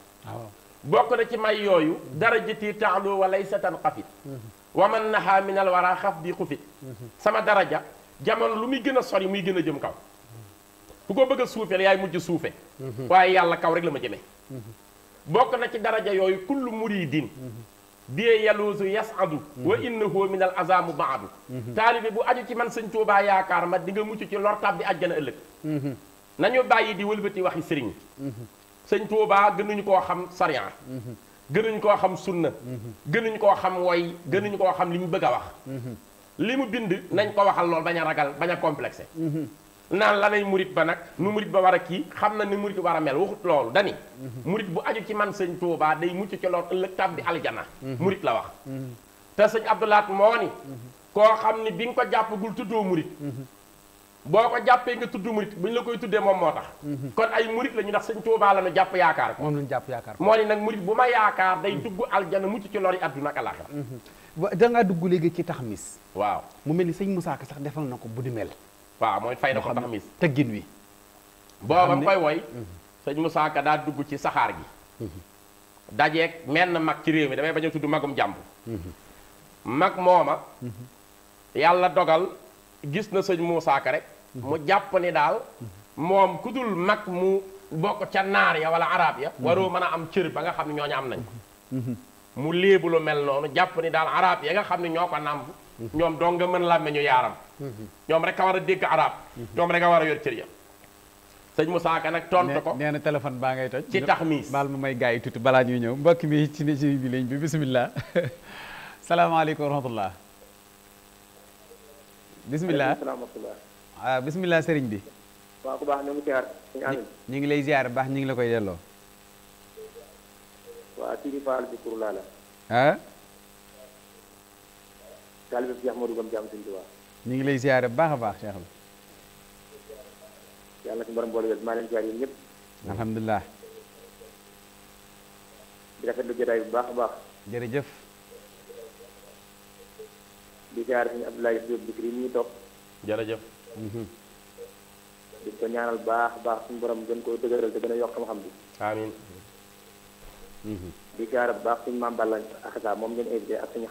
bokk na ci may yoyu darajati ta'lu wa qafit mhm. wa man naha min al wara xaf di mhm. sama daraja jamono lu mi gëna sori muy gëna jëm kaw ku ko beug a yaay mujj waye yalla kaw rek la ma bokk na ci daraja yooyu kullu muridin bie yaluusu yasadu wa innahu min al azamu baadu taalibe bu aju ci man sëñ Tuubaa yaakaar ma di nga mucc ci lor tab bi àjjana ëllëg nañu bàyyi di wax waxi sëriñ sëñ Tuubaa gënuñu koo xam sariya gënuñu koo xam sunna gënuñu koo xam woy gënuñu koo xam li ñu bëgg a wax li mu bind nañ ko waxal lool bañ a ragal bañ a complexé nan la lay mourid ba nak nu mourid ba wara ki xamna ni mourid wara mel waxut loolu dani mourid mhm. bu aju ci man seigne touba day muccu ci lool tab di aljana mourid mhm. la wax mhm. te seigne abdoulat mo ni ko xamni ni bi nga ko japp gul tuddo mourid boko jàppee nga tudd mourid buñ la koy tuddé mom motax kon ay mourid la ñu ndax sëñ Tuubaa la nu japp yaakar mom moom japp yaakar mo ni nak mourid bu ma yaakaar day dugg aljana muccu ci lor yi àdduna ak
da nga dugg legi ci taxmis waaw mu melni seigne Moussa
Ka sax defal nako budi mel waaw mooy fay na ko taxmis tëggin wi booba koy woy sëñ Moussa Ka daa dugg ci saxaar gi mhm. dajeeg menn mag ci réew mi damay bañ a tudd magum jàmb mhm. mag mooma mhm. yàlla dogal gis na sëñ Moussa Ka rek mu jàpp ni daal moom ku dul mag mu bokk ca naar ya wala araab ya waroo mën a am cër ba nga xam ne ñooñu am nañ mu léebulu mel noonu jàpp ni daal arab ya nga xam ne ñoo ko nàmp ñoom dong nga mën làmme ñu yaaram ñom rek ka war dégg arab ñom mhm. rek a war yor cër ya seigne Moussa Ka nak tontu ko
néna téléphone ba ngay toj ci tax bal baal ma may gaay tuti bala ñu ñew mbokk mi ci ni ci bi liñ bi bisimilah salaamaaleykum wa rahmatullah bismillah ah bismillah sëriñ bi
wa ku baax ñu ngi ziar
ñu ngi lay ziar baax ñu ngi la koy delloo
waaw Sidi Fall bi bi Gam
ñu ngi lay ziare baax a baax Cheikh bi.
yàlla su borom boole yëpp maa leen ziare yéen ñëpp. alhamdulilah. di rafetlu jotaay bu baax a baax. jërëjëf. di ziare suñu Abdoulaye Diop Bikri yi toog. jërëjëf. di ko ñaanal baax baax suñu borom gën koo dëgëral te gën a yokk xam-xam bi. amiin. di bu baax suñu Balla moom ngeen invité ak suñu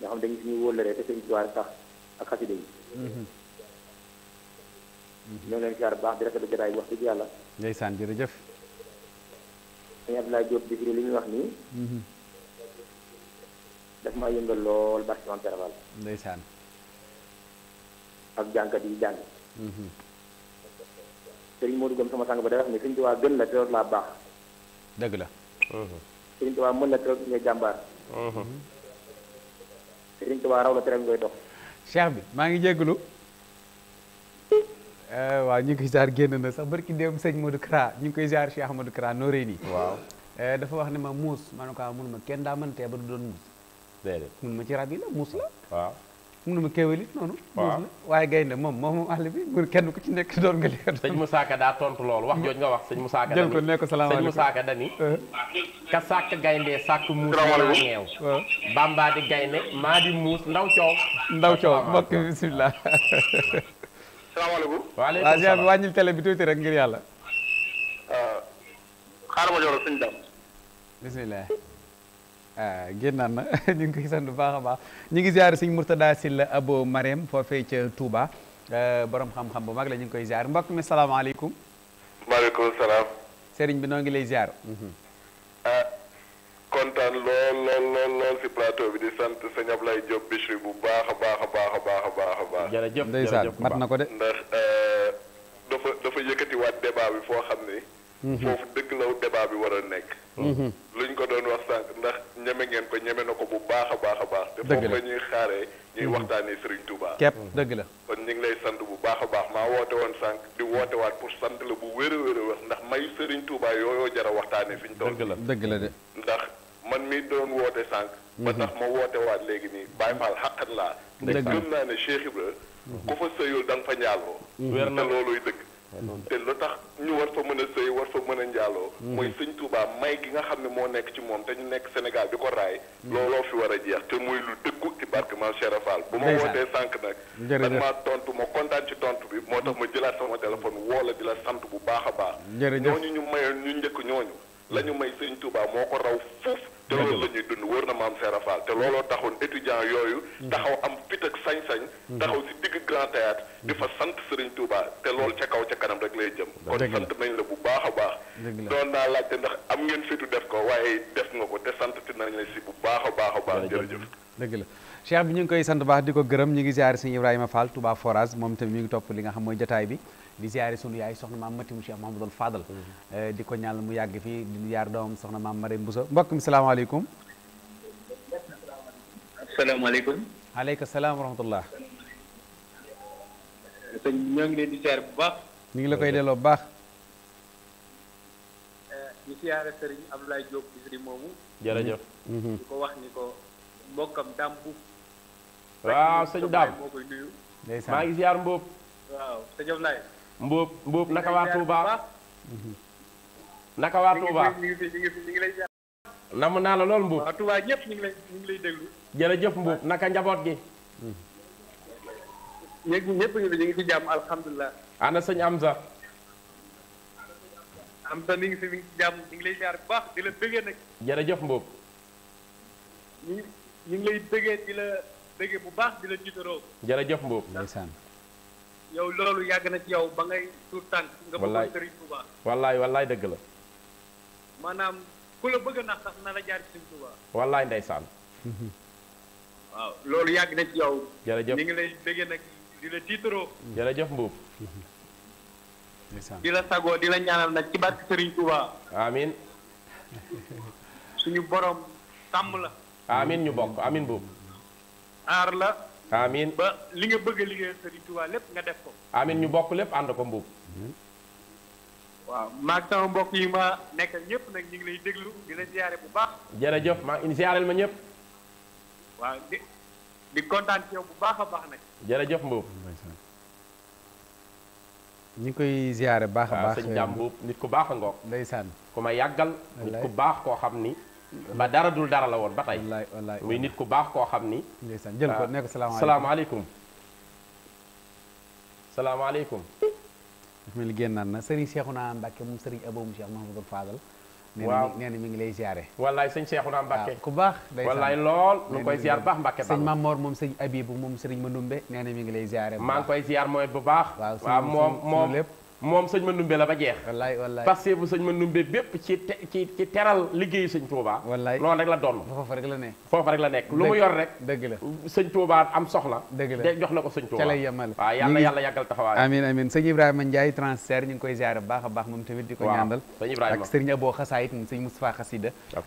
nga xam dañu suñu wóllëree te sëriñ Tuubaa tax ak xasida yi
mhm.
Mhm. ñoo
leen siyaar baax di rafetlu jotaay bi wax dëgg yàlla
ndeysaan jërëjëf
sëñ Abdoulaye Diop di firi li muy wax nii mhm. daf maa yëngal lool barke Maam Cheikh Fall ndeysaan ak jànkat yi jàng sëriñ Modou Gom sama sang ba day wax ni sëriñ Tuubaa gën la te laa dëgg la sëriñ Tuubaa mën la te nga jàmbaar Sëriñ Tuubaa raw la teram koy
bi maa ngi jégalu eh, waaw ñu ngi koy jaar génn na sax barki déem sëñ Modou Kra ñu ngi koy jaar Cheikh Modou Kra noo rëy nii waaw eh, dafa wax ne ma muus ma ne ko ah, mun ma kenn daa mën tee ba du doon muus mun ma ci rab yi la muus la mu ne ma kéwél it noonu. waaw waaye gaynde moom moom moom àll bi mu kenn ku ci
nekk doon nga li. sëñ daa tontu loolu wax wax sëñ Moussa Ka. jël ko ne ko salaamaaleykum sëñ uh-huh. gaynde sàkk muus. salaamaaleykum ñeew. gaynde maa di ndaw coow.
ndaw coow mbokk bi bisimilah. salaamaaleykum. waaleykum salaam waaw bi wàññil télé rek ngir yàlla.
Uh, xaaral ma jox la sëñ Dame.
bisimilah. Ah, génnaan na ñu ngi koy sant bu baax a baax ñu ngi ziar sëñ Mourtada Silla Abo Marème foofee ca Touba eh, borom xam-xam bu mag la ñu ngi koy ziar mbokk mi salaamaaleykum.
maaleykum salaam.
bi noo ngi lay ziar. Mhm. ah kontaan lool a ko de.
ndax eh, dafa dafa yëkkatiwaat débat bi foo xam ni. Mhm. foofu dëgg law débat bi war a nekk mhm. luñ ko doon wax sànq ndax ñeme ngeen ko ñeme na ko bu baax a baax a baax te foofu la ñuy xaaree ñuy mhm. waxtaanee Serigne Touba képp dëgg la kon ñu lay sant bu baax a baax maa woote woon sànq di woote waat pour sant la bu wér a wér a wax ndax may Serigne Touba yooyoo jara waxtaanee fi ñu
toll dëgg la dëgg la de
ndax man mi doon woote sànq ba tax ma woote waat léegi nii Baye Fall xaqan laa ndax gëm naa ne Cheikh Ibra ku fa sëyul da nga fa njaaloo na looluy dëgg te lu tax ñu war fa mën a sëy war fa mën a njaaloo mm-hmm. mooy sëñ Touba may gi nga xam ne moo nekk ci moom te ñu nekk Sénégal di ko raay mm-hmm. looloo fi war a jeex te muy lu dëggu ci barke Maam Cheikh bu ma wootee sànq nag man tontu ma kontaan ci tontu bi moo tax ma jëlaat sama téléphone woo la di la sant bu baax a baax ñooñu ñu mayoon ñu njëkk ñooñu la ñu may sëñ Touba moo ko raw foofu te loolu la ñuy dund wër na maam Serap Fall te looloo taxoon étudiant yooyu. Hmm. taxaw am fit ak sañ-sañ. Hmm. taxaw si digg Grand Théâtre hmm. di fa sant Serigne Touba te loolu ca kaw ca kanam rek lay jëm. kon sant nañ la bu baax a baax. doon naa laajte ndax am ngeen fitu def ko waaye def nga ko te sant nañ la si bu baax a baax a baax. jërëjëf
dëgg la
Cheikh bi ñu ngi koy sant baax di ko gërëm ñu ngi ziare Serigne Ibrahima Fall Touba Forage moom tamit mi ngi topp li nga xam mooy jotaay bi. di ziare sunu yaay soxna maam mati mu Cheikh Mahamadul Fadal mm-hmm. eh, di ko ñaanal mu yàgg fii di yaar doomam soxna maam Marie Mbusa mbokk mi salaamaaleykum
salaamaaleykum
aleyka salaam wa rahmatullah
sëñ ñoo ngi leen di ziare bu baax
ñu ngi la koy delloo bu baax
ñu eh, ziare sëriñ Abdoulaye Diop Bichri moomu jërëjëf mm-hmm. di ko wax ni ko mbokkam daam bu
waaw sëñ daam moo
koy nuyu maa ngi ziar mboob waaw sëñ Abdoulaye
mboob mboob naka waa Touba naka waa Touba namm naa la lool mboob
Touba ñëpp ñu ngi lay ñu ngi lay déglu
jërëjëf mboob naka njaboot gi
ñëpp ñëpp ñu ngi ci jàmm alhamdulilah
ana sëñ Amza
Amza mi ngi fi mi ngi ngi lay jaar bu baax di la bëggee nag jërëjëf mboob ñu ngi lay bëggee di la bëggee bu baax di la jiitaroo
jërëjëf mboob ndeysaan
yow loolu yàgg na ci yow ba ngay tuur tànk nga bëgg sëriñ Touba
wallaay wallaay dëgg la
maanaam ku la bëgg nax na la jaar sëriñ Touba
wallaay ndeysaan
waaw loolu yàgg na ci
yow lay di la di la di la ñaanal ci barke Touba amin suñu borom la amin ñu bokk amin boobu aar la amiin ba li nga bëgg a liggéeyal Serigne Touba lépp nga def ko. amiin ñu bokk lépp ànd ko mbuub.
waaw maag sama mbokk yi ma nekk ñëpp nag ñu ngi lay déglu di la ziare bu baax.
jërëjëf maa ngi ziareel ma ñëpp.
waaw kontaan ci yow baax a baax nag.
jërëjëf mbuub.
ñu ngi koy ziare baax a baax. waaw sëñ mbuub
nit ku baax a ngoog. ndeysaan ku ma yàggal. nit ku baax koo xam ni. ba dara dul dara la woon ba tey. muy nit ku baax koo xam ni. ndeysaan
jël ko ah, nekk salaamaaleykum
salaamaaleykum.
dafa mel ni génnaan na Serigne Cheikhouna Mbacke moom Serigne Aboum Cheikh Mahamadou Fadal. waaw nee na mi ngi lay ziare.
wallaay sëñ Cheikhouna Mbacke. ku baax ndeysaan wallaay lool.
ñu koy ziar baax Mbacke baax sëñ Mamor
moom sëñ Abibou moom Serigne Mandoumbe nee na mi ngi lay ziare. maa ngi koy ziar mooy bu baax. waaw moom moom lépp. moom sëñ Mandoumbe la ba jeex. wallaay wallaay passé bu sëñ Mandoumbe bépp ci teral liggéeyu sëñ Touba. wallaay loolu rek la doon. foofa rek la nekk foofa rek la nekk. lu mu yor rek. dëgg la sëñ Touba am soxla. dëgg la jox na ko sëñ Touba.
sëñ Ibrahima Ndiaye transfert ñu ngi koy ziare baax a baax moom tamit. di ko ñaanal sëñ Ibrahima boo sëriñ Abo Xasaayit moom sëñ Moustapha Xasida. Eh, ñu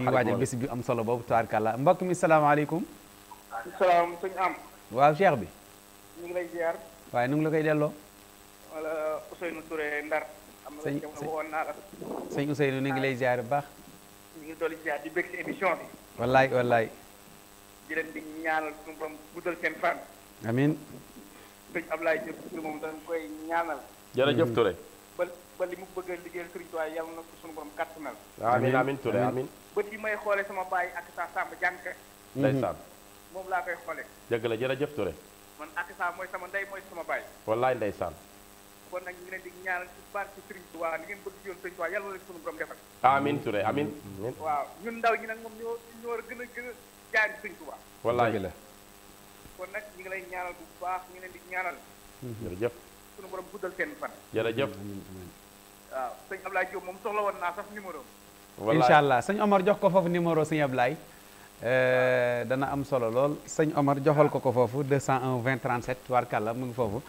ngi waajal bés bi am solo boobu tabarkàlla mbokk mi salaamaaleykum.
salaam sëñ am. waaw cheikh wala Ousseynou Touré Ndar. am na jamono waxoon naa la.
sëñ Ousseynou ñu ngi lay ziar bu baax.
ñu ngi dolli ziar di bëgg si émission bi.
wallaay wallaay.
di di ñaanal suñu borom guddal seen fan. amiin. sëñ Ablaye Diop Touré moom dañ koy ñaanal. jërëjëf li mu bëgg a liggéeyal Sëriñ Tuubaa yàlla na ko suñu borom kàttanal. amiin amiin Touré may xoolee sama baay ak sa Samba jànke. Mm-hmm. ndeysaan. moom laa koy xoolee.
dëgg la jërëjëf Touré.
man ak sa mooy sama ndey mooy sama baay.
wallaay ndeysaan.
kon nag ñu ngi leen di ñaanal ci barke na leen sunu borom defal
amin Touré amin
waaw ñun moom ñoo la kon nag ñu ngi lay ñaanal mm-hmm. soxla woon naa sax numéro
incha allah Omar jox ko foofu numéro sëñ Ablaye euh, dana am solo lool sëñ Omar joxal ko ko foofu 201 20 37 warkalla mu ngi foofu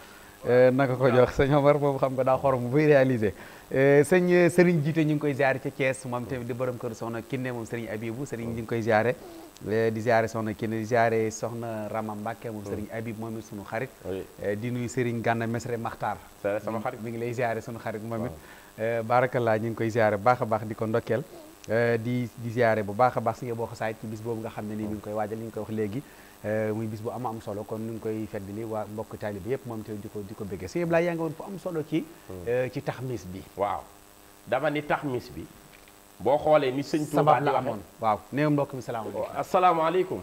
Eh,
naka ko jox sëñ
Omar moom xam nga daa xorom buy réalisé eh, sëñ eh, Serigne Jiite ñu ngi koy ziare ca Thiès moom tamit di borom kër soxna Kiné moom Serigne Abibou Serigne ñu ngi koy ziare di ziare soxna Kiné di ziare soxna Rama Mbacke moom Serigne Abib moom it sunu xarit di nuyu Serigne Gànna Mesre Maxtaar sama xarit mi ngi lay ziare sunu xarit moom it barakallah ñu ngi koy ziare baax a baax di ko ndokkeel di di ziare bu baax a baax si nga boo xasaay ci bis boobu nga xam ne nii mi ngi koy waajal li ñu koy wax léegi Euh, muy bis bu am am solo kon ñu ngi koy feddali waa mbokk taalibe yépp moom tamit di ko di ko bëggee sëñ Ablaye yaa ngi woon fu am
solo ci hmm. euh, ci taxmis bi waaw dama ni taxmis bi boo xoolee ni sëñ Tuubaa la amoon waaw néew mbokk mi salaamaaleykum asalaamaaleykum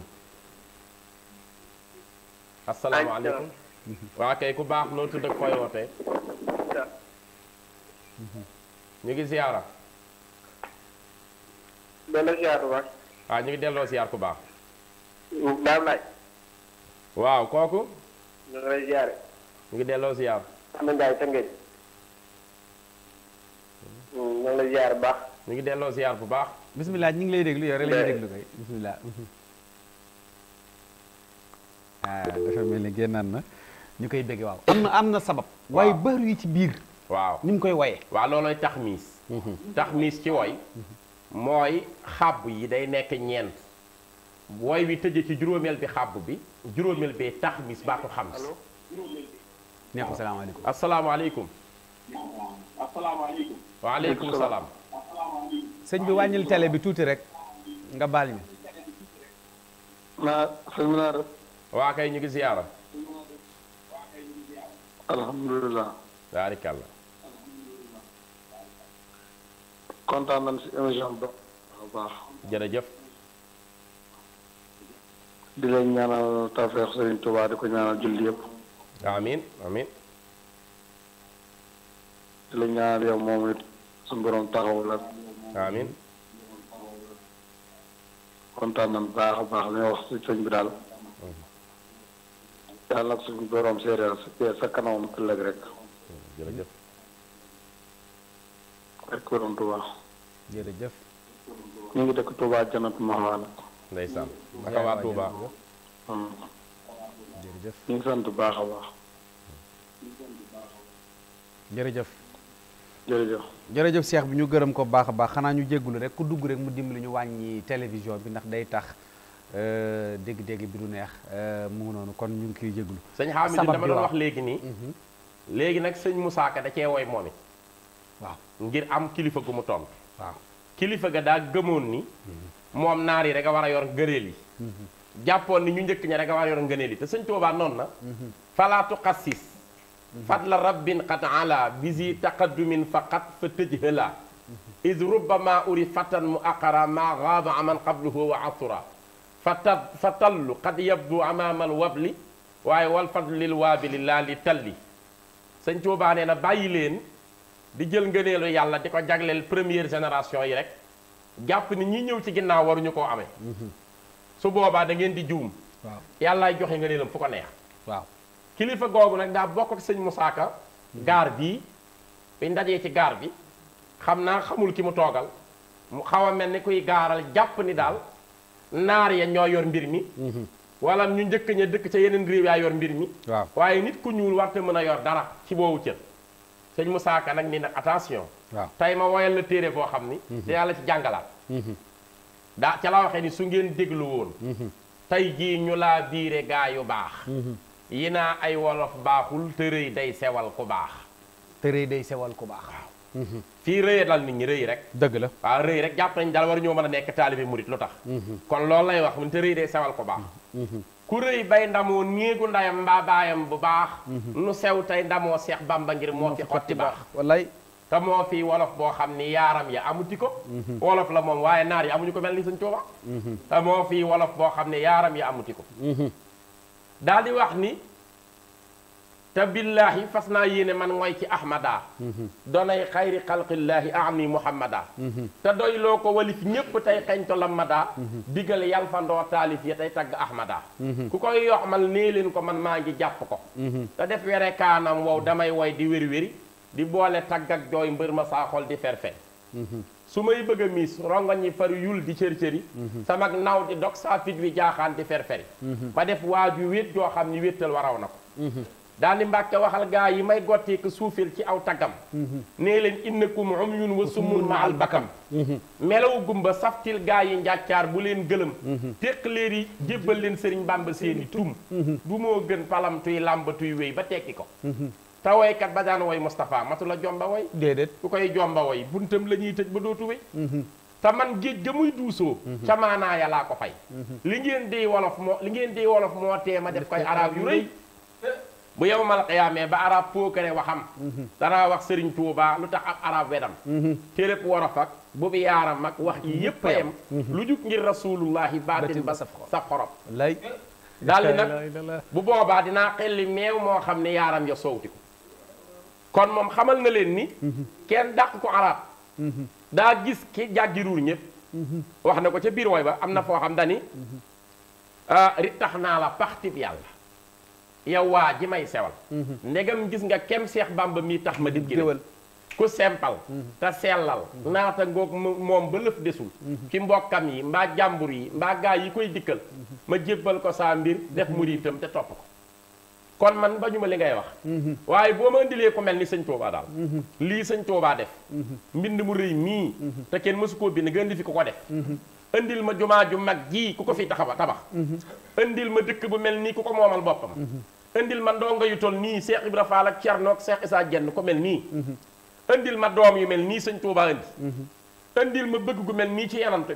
asalaamaaleykum waa kay ku baax loo tudd ak koy wootee ñu ngi ziyaara
delloo
ziyaar ku baax waaw kooku. ñu ngi lay ziare. ñu ngi delloo ziar.
Hmm, bu baax.
ñu ngi delloo ziar bu baax.
bisimilah ñu ngi lay déglu yow rek la ñuy déglu kay bisimilah. ah dafa mel ni génnaan na ñu koy bëgg waaw. am na am na sabab. waaye bari ci
biir.
waaw ni mu koy woyee. waaw loolooy tax miis. Mhm. tax miis ci woy. Mhm. mooy xàbb yi day nekk ñeent. moy wi tëjee ci juromel bi xabbu bi juróomeel bee tax mis baatu xams neex assalamu alaykum wa alaykum assalam sëñ bi wañil
télé bi touti rek nga bal ñu na sëñ bi naa def
kay ñu ngi ziyaara
alhamdulilah
baarikàlla content nañ ci émission bi baax jërëjëf di leen ñaanal
tawfeex Serigne Touba di ko ñaanal julli yëpp. amiin amiin. di la ñaanal yow moom it suñu borom taxaw la. amiin. kontaan baax a baax li wax si sëñ bi daal. yàlla nag suñu boroom séeréer sa kanamam ëllëg rek. jërëjëf. rek borom Touba. jërëjëf. ñu ngi dëkk Touba Janatu Mahwa nag. ndeysaan. naka waa Touba. jërëjëf a baax. jërëjëf. jërëjëf
jërëjëf bi ñu gërëm ko baax a baax xanaa ñu jéggulu rek ku dugg rek mu dimbali ñu wàññi télévision bi ndax day tax euh, dégg-dégg bi du neex euh, mu noonu kon ñu ngi koy jéggulu sëñ Hamidou dama doon wax
léegi nii mhm. léegi nag sëñ Moussa Ka da cee woy moom it waaw ngir am kilifa gu mu tomb waaw kilifa ga daa gëmoon ni mhm. moom naar yi rek a war a yor gëreel yi jàppoon ni ñu njëkk ña rek a war yor ngëneel yi te sëñ Tuubaa noonu na falaatu xassis fadla rabbin xat ala bisi taqaddumin faqat fa tëj rubbama uri fatan mu ma gaaba aman qabluhu wa asura fa ta yabdu amaamal wabli waaye wal fadlil waabili laa li talli sëñ Tuubaa nee na bàyyi leen di jël ngëneelu yàlla di ko jagleel génération yi rek jàpp ni ñi ñëw ci ginnaaw waruñu koo amee su boba da ngeen di joom waaw yalla joxe nga leelam fu ko neex waaw kilifa gogou nak da bokk ak seigne Moussa Ka gar bi bi ndaje ci gar bi xamna xamul ki mu togal mu xawa melni kuy garal japp ni dal nar ya ño yor mbir mi mhm. walam ñu njëkk ñe dëkk ci yeneen réew ya yor mbir mi waaye nit ku ñuul warte mëna yor dara ci boobu ci seigne Moussa Ka nak ni nag attention waaw tey ma woyal le téré bo xamni da mhm. ci jàngalaat mhm. daa ca la waxee ni su ngeen déglu woon mhm. tey jii ñu laa biire gaa yu baax mhm. yi naa ay wolof baaxul te rëy day sewal ku baax te rëy day sewal ko baax waaw mhm. fii rëya dal nit ñi rëy rek dëgg la waaw rëy rek jàpp nañ dal war ñoo mën a nekk mu di lu tax kon loolu lay wax mun te rëy day sewal ku baax ku rëy bay ndamoo néegu ndayam mbaa baayam bu baax nu sew tey ndamoo Seex Bamba ngir moo fi xotti baax wallaay te moo fi wolof boo xam ni yaaram ya amuti ko mhm. wolof la moom waaye naar yi amuñu ko mel ni sëñ Tuuba mhm. te moo fi wolof boo xam ne yaaram ya amuti ko mhm. daal di wax ni te billaahi fas naa yéene man mooy ci ahmada donay xayri xalqillaahi ami muhammada te doy ko walif ñépp tey xeñto lamada digal yal fa ndoo taalif ya tey tagg ahmada ku koy yoxmal nee leen ko man maa ngi jàpp ko te def were kaanam wow damay woy di wéri wéri di boole tagg ak jooy mbër ma saa xol di ferfe su may bëgg a miis rongoñ yi far yul di cër-cëri sama naw di dog saa fit wi jaaxaan di ferferi ma def waaju wét joo xam ni wéttal waraw na ko daal di mbàkke waxal gaa yi may gotteeku suufil ci aw taggam nee leen innakum umyun wa summun ma al bakam melaw gumba saftil gaa yi njàccaar bu leen gëlëm téq leer yi jébbal leen sëriñ bàmba seeni tum du moo gën palam tuy làmba ba tekki ko te woykat ba daan woy Moustapha matu la jomba woy déedéet ku koy jomba woy buntam la ñuy tëj ba dootu wéy mhm. te man géej ga muy duusoo mhm. ca maanaa laa ko fay mhm. li ngeen di wolof moo li ngeen di wolof moo tee def koy arab yu rëy bu yow mal xiyaamee ba arab pookare waxam danaa wax sëriñ Tuubaa lu tax ab arab wedam téeréb worof ak bu bu yaaram ak wax yi yépp yem lu jug ngir rasulullahi baatin ba saf xorom lay
di nag
bu boobaa dinaa xelli meew moo xam ne yaaram ya soowti kon mom xamal na len ni ken dak ko arab da gis ki jàggiruur ñep wax na ko ci bir way ba amna fo xam dani ah, ri naa la bi yalla yow wa ji may sewal negam gis nga kem cheikh bamba mi tax ma dib géwél ku sempal ta sellal naata ngok mom ba leuf desul ci mbokkam yi mba jambur yi mba gaay yi koy dikkal ma jebal ko sa mbir def muritam te top ko kon man bañuma li ngay wax mhm. waaye boo ma indilee ko mel ni sañ Touba daal mhm. lii sañ Touba def mhm. mbind mu rëy mii te kenn mësu koo bind nga indi fi ko ko def indil ma jumaa ju mag jii ku ko fi taxaw tabax indil ma dëkk bu mel nii ku ko moomal boppam indil ma ndongo yu toll nii Cheikh Ibra Fall ak Thierno ak Cheikh Issa Dieng ko mel nii indil ma doom yu mel nii sëñ Touba indi indil ma bëgg gu mel nii ci yanant bi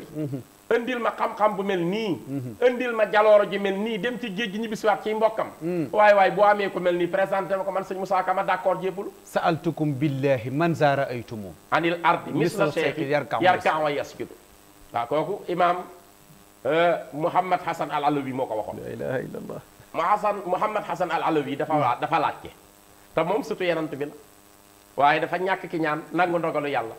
indil ma xam-xam bu mel nii indil ma jalooro ji mel nii dem ci géej gi ñibbisiwaat ciy mbokkam waaye waaye boo amee ko mel nii présenté ma ko man sëñ Moussa Kama d'accord jéppalu sa'altukum
billahi man zaara
aytumum anil ardi misla cheikhi yarkan wa yasjudu waaw kooku imam euh, Mouhamad Hassan al Alawi moo ko waxoon la ilaha illallah mu Hassan Mouhamad Hassan al Alawi dafa hmm. dafa laajte te moom surtout yenant bi la waaye dafa ñàkk ki ñaan nangu ndogalu yàlla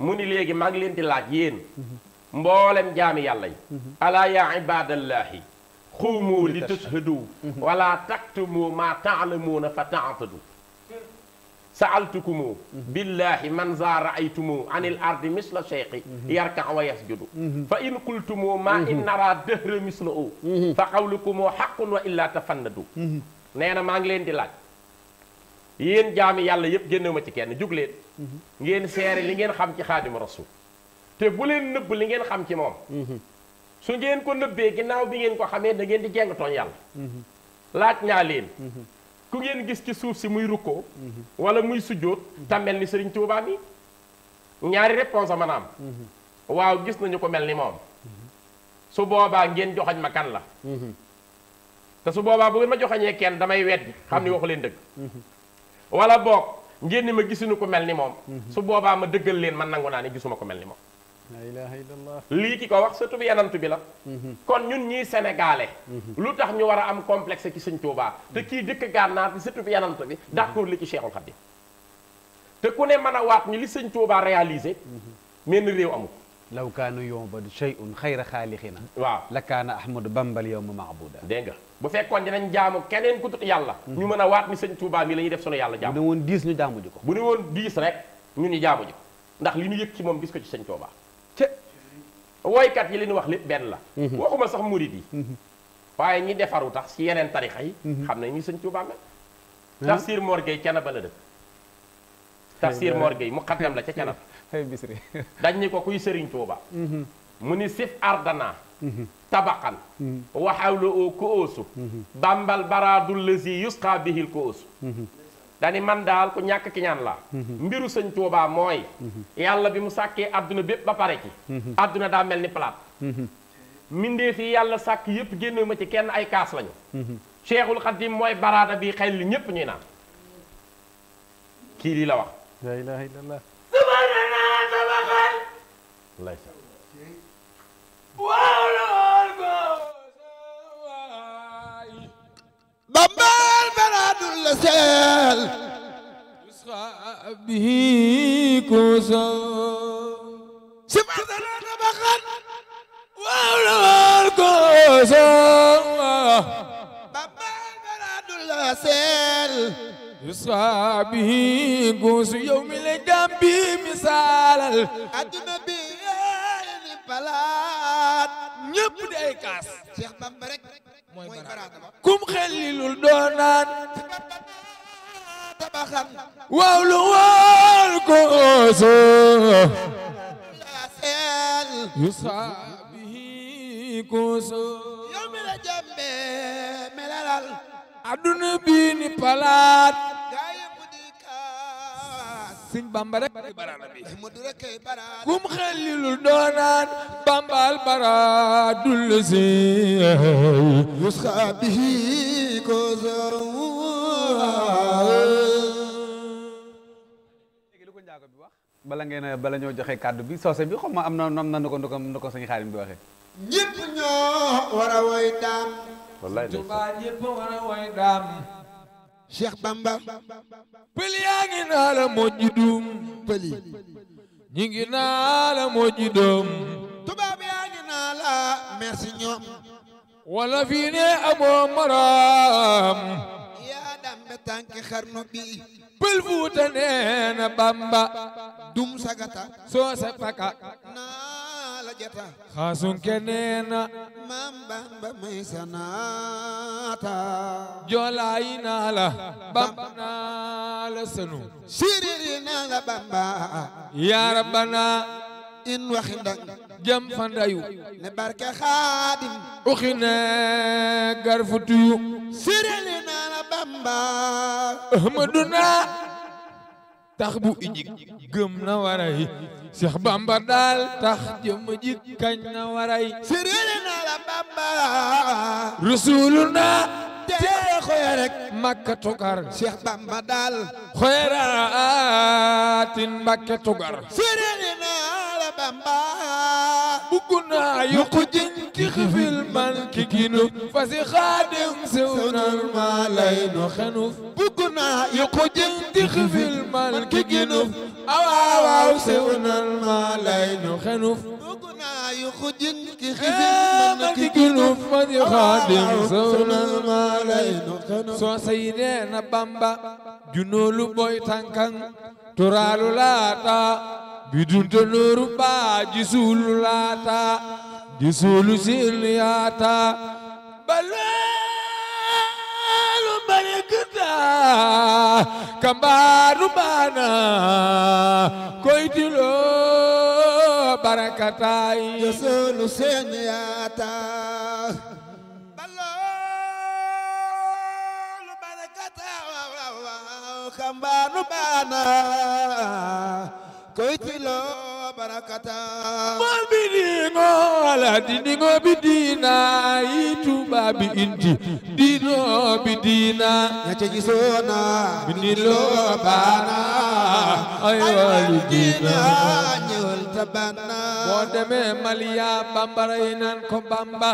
ni léegi maa leen di laaj yéen hmm. mbolam جامي yalla yi ala ya ibadallahi qumu litashhadu wala taktumu ma ta'lamuna fata'tadu سألتكم بالله من ذا رأيتم عن الأرض مثل شيخ يركع ويسجد فإن قلتم ما إن نرى دهر مثله فقولكم حق وإلا تفندوا نينا ما نغلين دلاج ين جامي يالا يب جنو ما تكين جوغلين ين سيري لين خام تي خادم الرسول te bu leen nëbb li ngeen xam ci moom su ngeen ko nëbbee ginnaaw bi ngeen ko xamee dangeen di jeng tooñ yàlla laaj naa leen ku ngeen gis ci suuf si muy rukkoo wala muy sujjóot tamel ni sëriñ Tuubaa mi ñaari réponse a mën am waaw gis nañu ko mel ni moom su boobaa ngeen joxoñ ma kan la su boobaa bu ngeen ma joxoñee kenn damay weddi xam ni waxu leen dëgg wala boog ngeen ni ma gisuñu ko mel ni moom su boobaa ma dëggal leen man nangu naa ne gisuma ko mel ni moom la ilaha lii ki ko wax surtout bi yanant bi la mhm. kon ñun ñii sénégalais mhm. lu tax ñu war a am complexe ci sëñ Tuubaa te kii dëkk gànnaar bi surtout bi yanant bi mhm. d'accord li ci Cheikhul Khadim te ku ne mën a waat ñu li sëñ Tuubaa réalisé mel ni réew amul law
kaanu yu'badu shay'un xayra xaalixina waaw la kaana ahmadu bambal yawma maabuda dégg nga
bu fekkoon dinañ jaamu keneen ku dut yàlla ñu mën a waat ni sëñ Tuubaa mi la ñuy def sunu yàlla jaamu bu ne woon diis ñu jaamu ji ko bu ne woon diis rek ñu ñu jaamu ndax li ñu yëg ci moom gis ko ci sëñ Tuubaa ca woykat yi li ñu wax lépp benn la mhm. waxuma sax murit yi mhm. waaye ñi defaru tax si yeneen tarixa yi mhm. xam nañ ñu sëñ Tuubaa mel ah. tafsir morgay canaba la dëkk tafsir morgay mu xaddam la ca canab dañ ni ko kuy sëriñ Tuubaa mu ni sif ardana tabaqan waxawla oo ko oosu bambal baraadul lazi yusqa bihil ko dani man daal ku ñàkk kiñaan ñaan la mhm. mbiru sëñ Tuubaa mooy mhm. yàlla bi mu sàkkee àdduna bépp ba pare ci mhm. àdduna daa mel ni palaat mbindeef yi yàlla sàkk yépp génne ci kenn ay kaas lañu Cheikhul Xadim mooy baraada bi xel li ñépp ñuy naan kii lii la wax la ilaha illallah
subhanana sabaxal lay waaw lool ko seel bihi kusa si ma sana tabaxan waaw la wal kusa baba baradu la seel mi le gambi misalal adduna bi eh, ni palaat ñëpp di kaas Cheikh Bamba rek mooy kum xellilul doo naan tabaxan waaw wal ko so la sel
yusabihi
melalal aduna bi ni palaat sëñ bamba rek barana bi kum xelilul doonaan bambal bara dul si yusxa bihi ko léegi
lu bi wax bala ngeen bala ñoo joxe kàddu bi soose bi xaw ma am na am na nu ko nu bi waxee
ñëpp ñoo war a woy daam wallaay ñëpp war a Cheikh Bamba pël yaa ngi naa la mojj duum pël yi naa la mojj doom tubaab yaa ngi naa la merci ñoom wala fii ne amoo moroom yaa dambe tànki xarnu bi pël fuuta nee na Bamba dum sagata soo sa
la jata xaasunke
neena maam bamba may sanata joolaayi naa la bamba naa la sanu siriri naa la bamba yaa rabbana in waxi jam fa ne barke xaadim uxi ne garfutuyu siriri naa la bamba ahmaduna tax bu ijik gëm na waray Seex Bamba daal tax jëm ji kañ na waray sirina la Bamba rasuluna tee xoya rek Mbakke tugar Cheikh Bamba daal xoyraatin Mbakke tugar firene naa la Bamba bugg naa yuqu xifil man ki ginu fasi xaadim siw nan maa lay no xenu bugg naa yuqu xifil man ki ginu awaaw siw nan maa lay no so sayidena bamba junolu boy tankan toralu laata bidunto noru ba jisulu laata jisulu siliyata balalu barikta kambaru bana koitilo barakata jisulu siliyata baana koy ci loo barakata mol bi ɗingol diɗigo bi dina yituɓa bi inti ɗino bi dina ñateji sona bindilo bana ayoli dina ñewol tabanna wodeme maliya bambara yinan ko bamba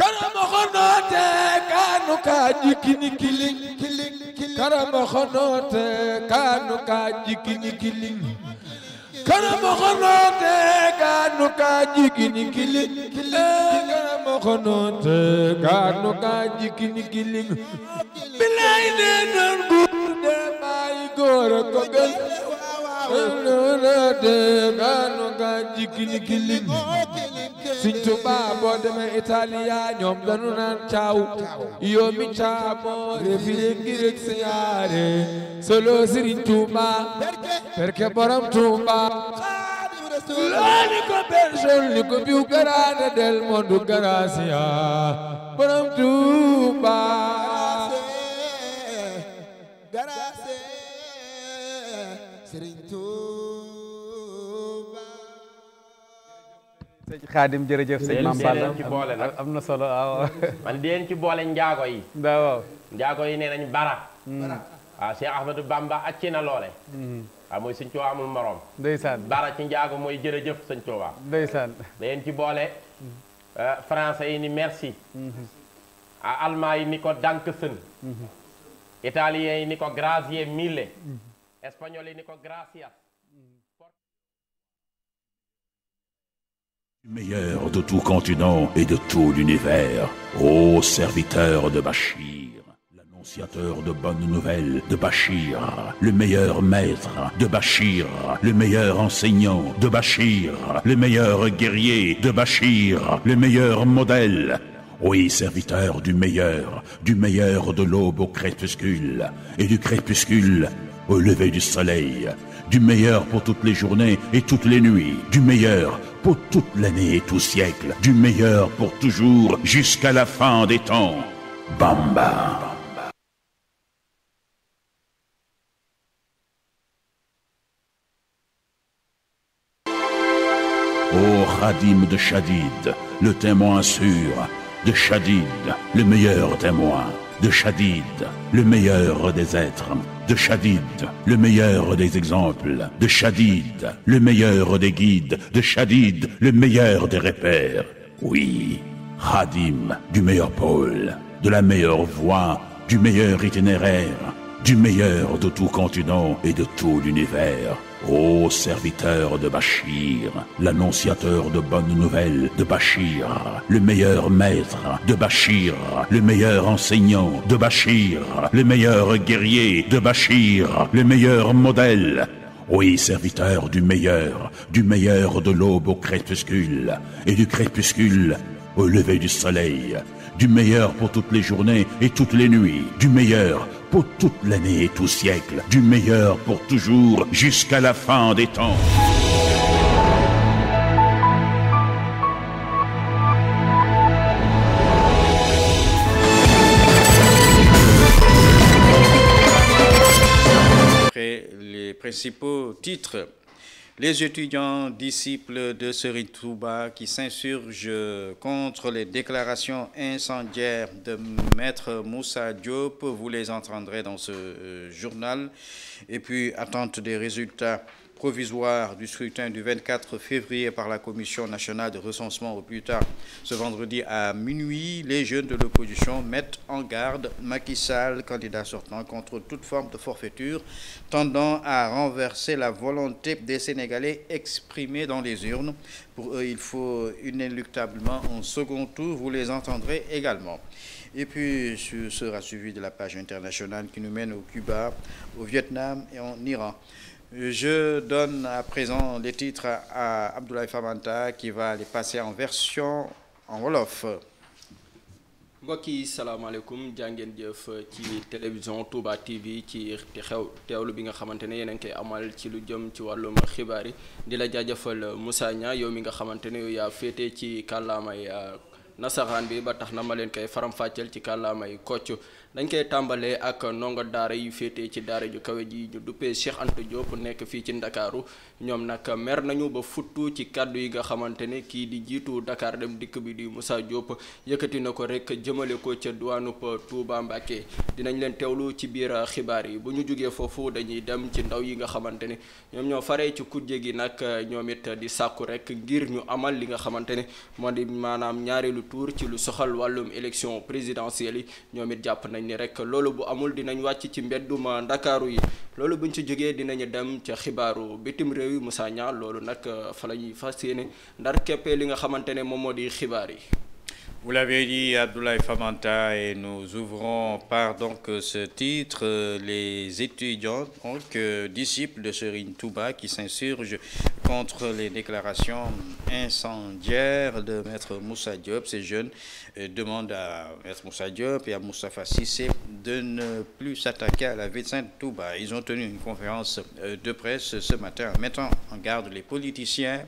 karamo honote kanu ka jikkini kiling kiling karamo honote kanu ka jikkini kiling karamo xononte kanu ka eh, bilay de non guur de baay góor gili gili boo demee Italia ñoom dañu naan caaw yoomi caamo refire siyaare solo Sëriñ Tuubaa perke borom Tuubaa looni ko benson ni ko biu garaane del mondo garasia borom Tuubaa
sëñ
Xaadim jërëjëf sëñ Mame Balla ci boole nag
am na solo waaw man deen ci boole njaago yi waaw njaago yi ne nañ bara waaw hmm. ah, Cheikh Ahmadou Bamba acci na loole waaw hmm. ah, mooy sëñ Tuubaa amul morom ndeysaan bara ci njaago mooy jërëjëf sëñ Tuubaa ndeysaan deen ci boole hmm. eh, français yi ni merci ah, allemand yi ni ko dank sën italien yi ni ko grazie mille espagnol
meilleur de tout continent et de tout l'univers, ô serviteur de Bachir, l'annonciateur de bonnes nouvelles de Bachir, le meilleur maître de Bachir, le meilleur enseignant de Bachir, le meilleur guerrier de Bachir, le meilleur modèle. Oui, serviteur du meilleur, du meilleur de l'aube au crépuscule, et du crépuscule au lever du soleil, du meilleur pour toutes les journées et toutes les nuits, du meilleur pour toute l'année et tout siècle, du meilleur pour toujours jusqu'à la fin des temps. Bamba. Ô Radim de Shadid, le témoin sûr, de Shadid, le meilleur témoin, de Shadid, le meilleur des êtres de Chadid, le meilleur des exemples, de Chadid, le meilleur des guides, de Chadid, le meilleur des repères. Oui, Hadim, du meilleur pôle, de la meilleure voie, du meilleur itinéraire, du meilleur de tout continent et de tout l'univers. Ô serviteur de Bachir, l'annonciateur de bonnes nouvelles de Bachir, le meilleur maître de Bachir, le meilleur enseignant de Bachir, le meilleur guerrier de Bachir, le meilleur modèle. Oui, serviteur du meilleur, du meilleur de l'aube au crépuscule, et du crépuscule au lever du soleil, du meilleur pour toutes les journées et toutes les nuits, du meilleur pour toute l'année et tout siècle, du meilleur pour toujours, jusqu'à la fin des temps.
les principaux titres les étudiants disciples de Seritouba Touba qui s'insurgent contre les déclarations incendiaires de Maître Moussa Diop, vous les entendrez dans ce euh, journal, et puis attente des résultats provisoire du scrutin du 24 février par la Commission nationale de recensement au plus tard ce vendredi à minuit, les jeunes de l'opposition mettent en garde Macky Sall, candidat sortant, contre toute forme de forfaiture tendant à renverser la volonté des Sénégalais exprimée dans les urnes. Pour eux, il faut inéluctablement un second tour. Vous les entendrez également. Et puis, ce sera suivi de la page internationale qui nous mène au Cuba, au Vietnam et en Iran. Je donne à présent les titres à Abdoulaye Famanta qui va les passer en version en Wolof.
mbokk salam salaamaaleykum jàngeen jëf ci télévision Touba TV ci xew teewlu bi nga xamante amal ci lu jëm ci wàllum xibaar yominga di Moussa Niang yow mi nga xamante ne yow ci euh, bi ba faram-fàcceel ci kàllaamay kocc dañ koy tàmbalee ak ndongo daara yu féetee ci daara ju kawe ji ñu duppee Cheikh Anta Diop nekk fii ci ndakaaru ñoom nag mer nañu ba futtu ci kàddu yi nga xamante ne kii di jiitu ndakaar dem dikk bi di Moussa Diop yëkkati na ko rek jëmale ko ca duwaanub Touba Mbacké dinañ leen teewlu ci biir xibaar yi bu ñu jógee foofu dañuy dem ci ndaw yi nga xamante ne ñoom ñoo faree ci kujje gi nag ñoom it di sàkku rek ngir ñu amal li nga xamante ne moo di maanaam ñaareelu tour ci lu soxal wàllum élection présidentielle yi ñoom it jàpp nañ ni rek loolu bu amul dinañ wàcc ci mbedduma ndakaaru yi loolu buñ ci jógee dinañu dem ca xibaaru bitim réew yi Moussa Niang loolu nag euh, fa la ñuy fas yéene ndar keppee li nga xamante
ne moom moo di xibaar yi. Vous l'avez dit, Abdoulaye Famanta, et nous ouvrons par donc euh, ce titre. Euh, les étudiants, donc disciples de Serine Touba, qui s'insurgent contre les déclarations incendiaires de Maître Moussa Diop, ces jeunes euh, demande à Moussa Diop et à Moustapha Sissé de ne plus s'attaquer à la ville de Saint-Touba. Ils ont tenu une conférence euh, de presse ce matin mettant en garde les politiciens.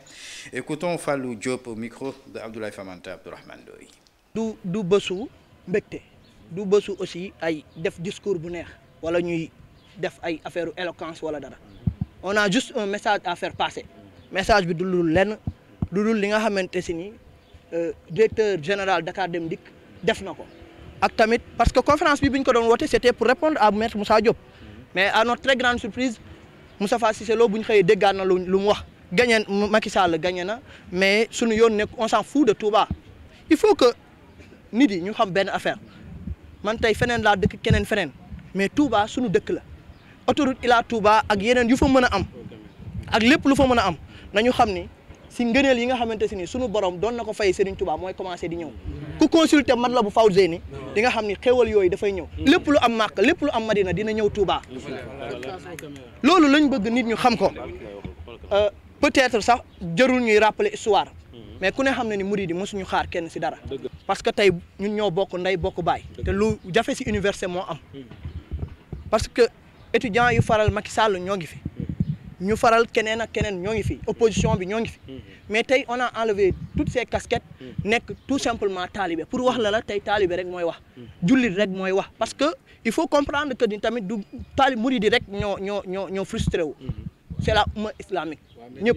Écoutons Fallou Diop au micro d'Abdoulaye Famanta Abdourahmane Doy.
Nous du du aussi ay def discours bu neex wala ñuy def on a juste un message à faire passer message bi du lenn euh, directeur général Dakar Demdik def nako ak tamit parce que conférence bi buñ ko don woote c'était pour répondre à maître Moussa Diop mais à notre très grande surprise Moustapha Cissé Lo buñ ñu xëyee déggaat na lu mu wax gagné Macky Sall gagné na mais suñu yoon nek on s'en fout de Touba il faut que nous ñu xam ben affaire man tay fenen la dëkk kenen fenen mais Touba suñu dëkk la autoroute Ila Touba ak yenen yu fa mëna am ak lepp lu fa mëna am nañu xam ni si ngëneel yi nga xamante si ni sunu borom doon na ko fay Serigne Touba mooy commencé di ñëw ku consulté mat la bu faw ni di xam ni xéwal yooyu dafay ñëw lépp lu am màkk lépp lu am madina dina ñëw Touba loolu lañu bëgg nit ñu xam ko euh, peut-être sax jërul ñuy rappeler histoire mais ku ne xam ne ni murid yi mosuñu xaar kenn si dara parce que tey ñun ñoo bokk ndey bokk baay te lu jafe si université moo am parce que étudiants yu faral Macky Sall ñoo ngi fi ñu faral kenen ak fi opposition bi ñongi fi mm-hmm. mais tay on a enlevé toutes ces casquettes mm-hmm. nek tout simplement talibé pour wax la la tey taalibe rek moy wax mm-hmm. jullit rek moy wax parce que il faut comprendre que ni tamit du talib murid rek ñoo ñoo ñoo ñoo frustré wu c'est la umma islamique ñep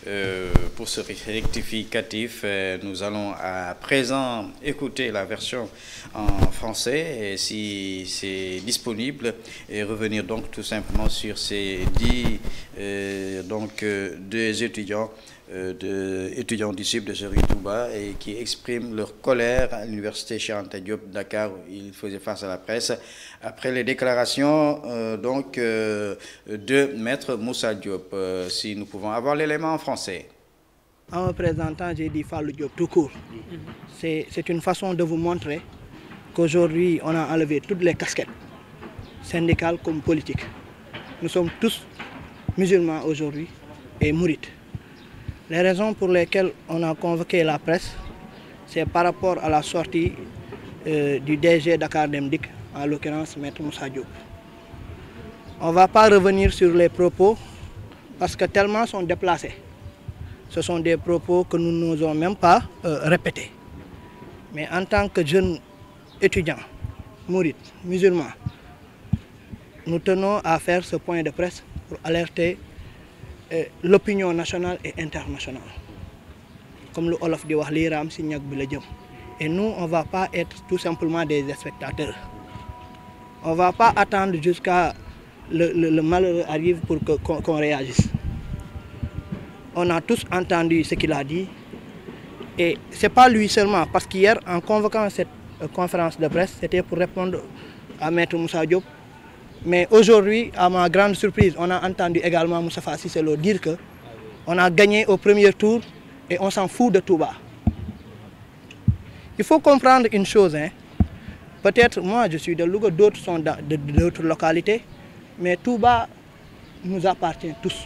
Euh, pour ce rectificatif, euh, nous allons à présent écouter la version en français, si c'est disponible, et revenir donc tout simplement sur ces dix euh, donc, deux étudiants euh, d'étudiants disciples de Serine Touba et qui expriment leur colère à l'université Charente Diop Dakar où ils faisaient face à la presse après les déclarations euh, donc euh, de maître Moussa Diop si nous pouvons avoir l'élément en français
en représentant j'ai dit Fallou Diop tout court c'est une façon de vous montrer qu'aujourd'hui on a enlevé toutes les casquettes syndicales comme politiques nous sommes tous musulmans aujourd'hui et mourites les raisons pour lesquelles on a convoqué la presse, c'est par rapport à la sortie euh, du DG Dakar Demdik, en l'occurrence Maître Moussa Diop. On ne va pas revenir sur les propos parce que tellement sont déplacés. Ce sont des propos que nous n'osons même pas répétés. Euh, répéter. Mais en tant que jeunes étudiant, mourite, musulman, nous tenons à faire ce point de presse pour alerter eh, l'opinion nationale et internationale. Comme le Olaf de Wahliram Signac Et nous, on ne va pas être tout simplement des spectateurs. On ne va pas attendre jusqu'à le, que le, malheur arrive pour qu'on réagisse. On a tous entendu ce qu'il a dit. Et ce n'est pas lui seulement, parce qu'hier, en convoquant cette euh, conférence de presse, c'était pour répondre à Maître Moussa Diop mais aujourd'hui, à ma grande surprise, on a entendu également Moussa Sisselo dire que on a gagné au premier tour et on s'en fout de Touba. Il faut comprendre une chose. Hein. Peut-être moi, je suis de Louga, d'autres sont d'autres localités, mais Touba nous appartient tous.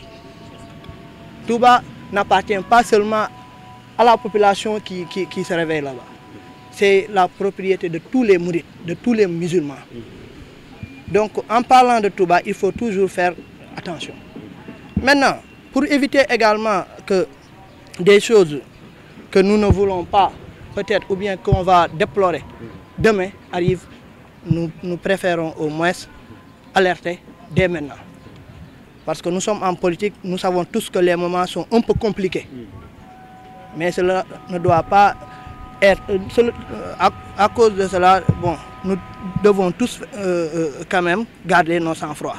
Touba n'appartient pas seulement à la population qui, se réveille là-bas. C'est la propriété de tous les mourides, de tous les musulmans. Donc en parlant de Touba, il faut toujours faire attention. Maintenant, pour éviter également que des choses que nous ne voulons pas, peut-être, ou bien qu'on va déplorer, demain arrivent, nous, nous préférons au moins alerter dès maintenant. Parce que nous sommes en politique, nous savons tous que les moments sont un peu compliqués. Mais cela ne doit pas euh, euh, à, cause de cela, bon, nous devons tous euh, quand même garder nos sang-froid.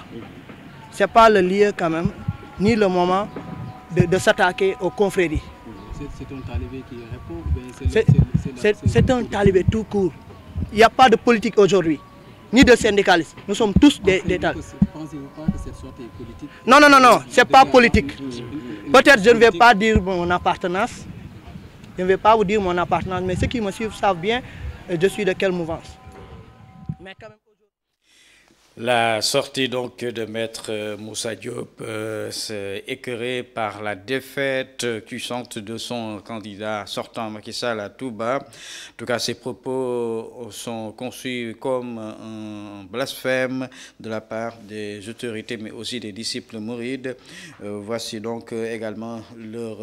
Ce n'est pas le lieu quand même, ni le moment de, s'attaquer aux confréries.
C'est un talibé qui répond C'est
un talibé tout court. Il n'y a pas de politique aujourd'hui, ni de syndicaliste. Nous sommes tous des, des talibés. pensez pas que c'est
politique
Non, non, non, non, ce n'est pas politique. Peut-être je ne vais pas dire mon appartenance, je ne vais pas vous dire mon appartenance, mais ceux qui me suivent savent bien euh, je suis de quelle mouvance. Mais
la sortie donc de Maître euh, Moussa Diop euh, s'est écœurée par la défaite cuissante euh, de son candidat sortant Macky Sall à Touba. En tout cas, ses propos sont conçus comme un blasphème de la part des autorités, mais aussi des disciples mourides. voici donc également leur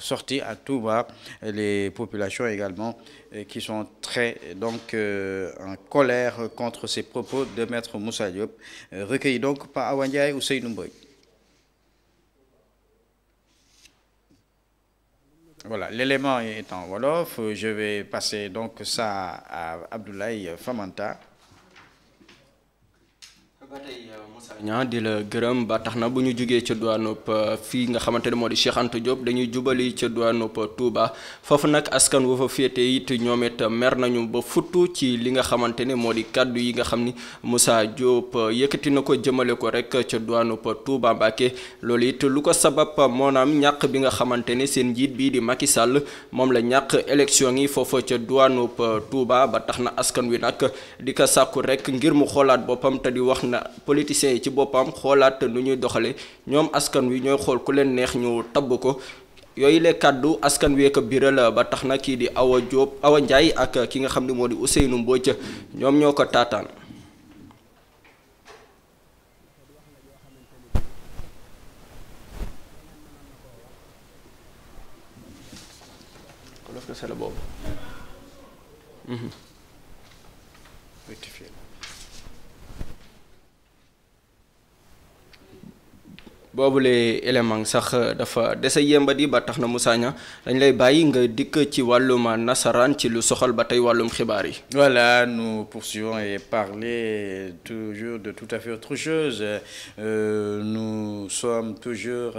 sortie à Touba. Les populations également qui sont très donc euh, en colère contre ces propos de maître Moussa Diop, euh, recueillis donc par Awandiaï ou Seynouboy. Voilà, l'élément est en Wolof. Je vais passer donc ça à Abdoulaye Famanta. ñaa
di la gërëm ba tax na bu ñu jugee ca douanop fii nga xamante ne moo di cheikh anta diop dañuy jubali ca pa touba foofu nag askan wu fa féete it ñoom it mer nañu ba futtu ci li nga xamante ne moo di kàddu yi nga xam ni moussa diop yëkkati na ko jëmale ko rek ca pa touba mbàkke loolu it lu ko sabab moonaam ñàq bi nga xamante ne seen njiit bii di Macky Sall moom la ñàq élection yi foofa ca douanop touba ba tax na askan wi nag di ko sàkku rek ngir mu xoolaat boppam te di wax na na yi ci boppam xoolaat nu ñuy doxale ñoom askan wi ñooy xool ku leen neex ñu tabb ko yooyu le kàddu askan weeka biral ba tax na kii di Awa Diop Awa Ndiaye ak ki nga xam ne moo di Ousseynou Mbodj ñoom ñoo ko taataan boobu mhm. voilà
nous poursuivons et parler toujours de tout à fait autre chose euh, nous sommes toujours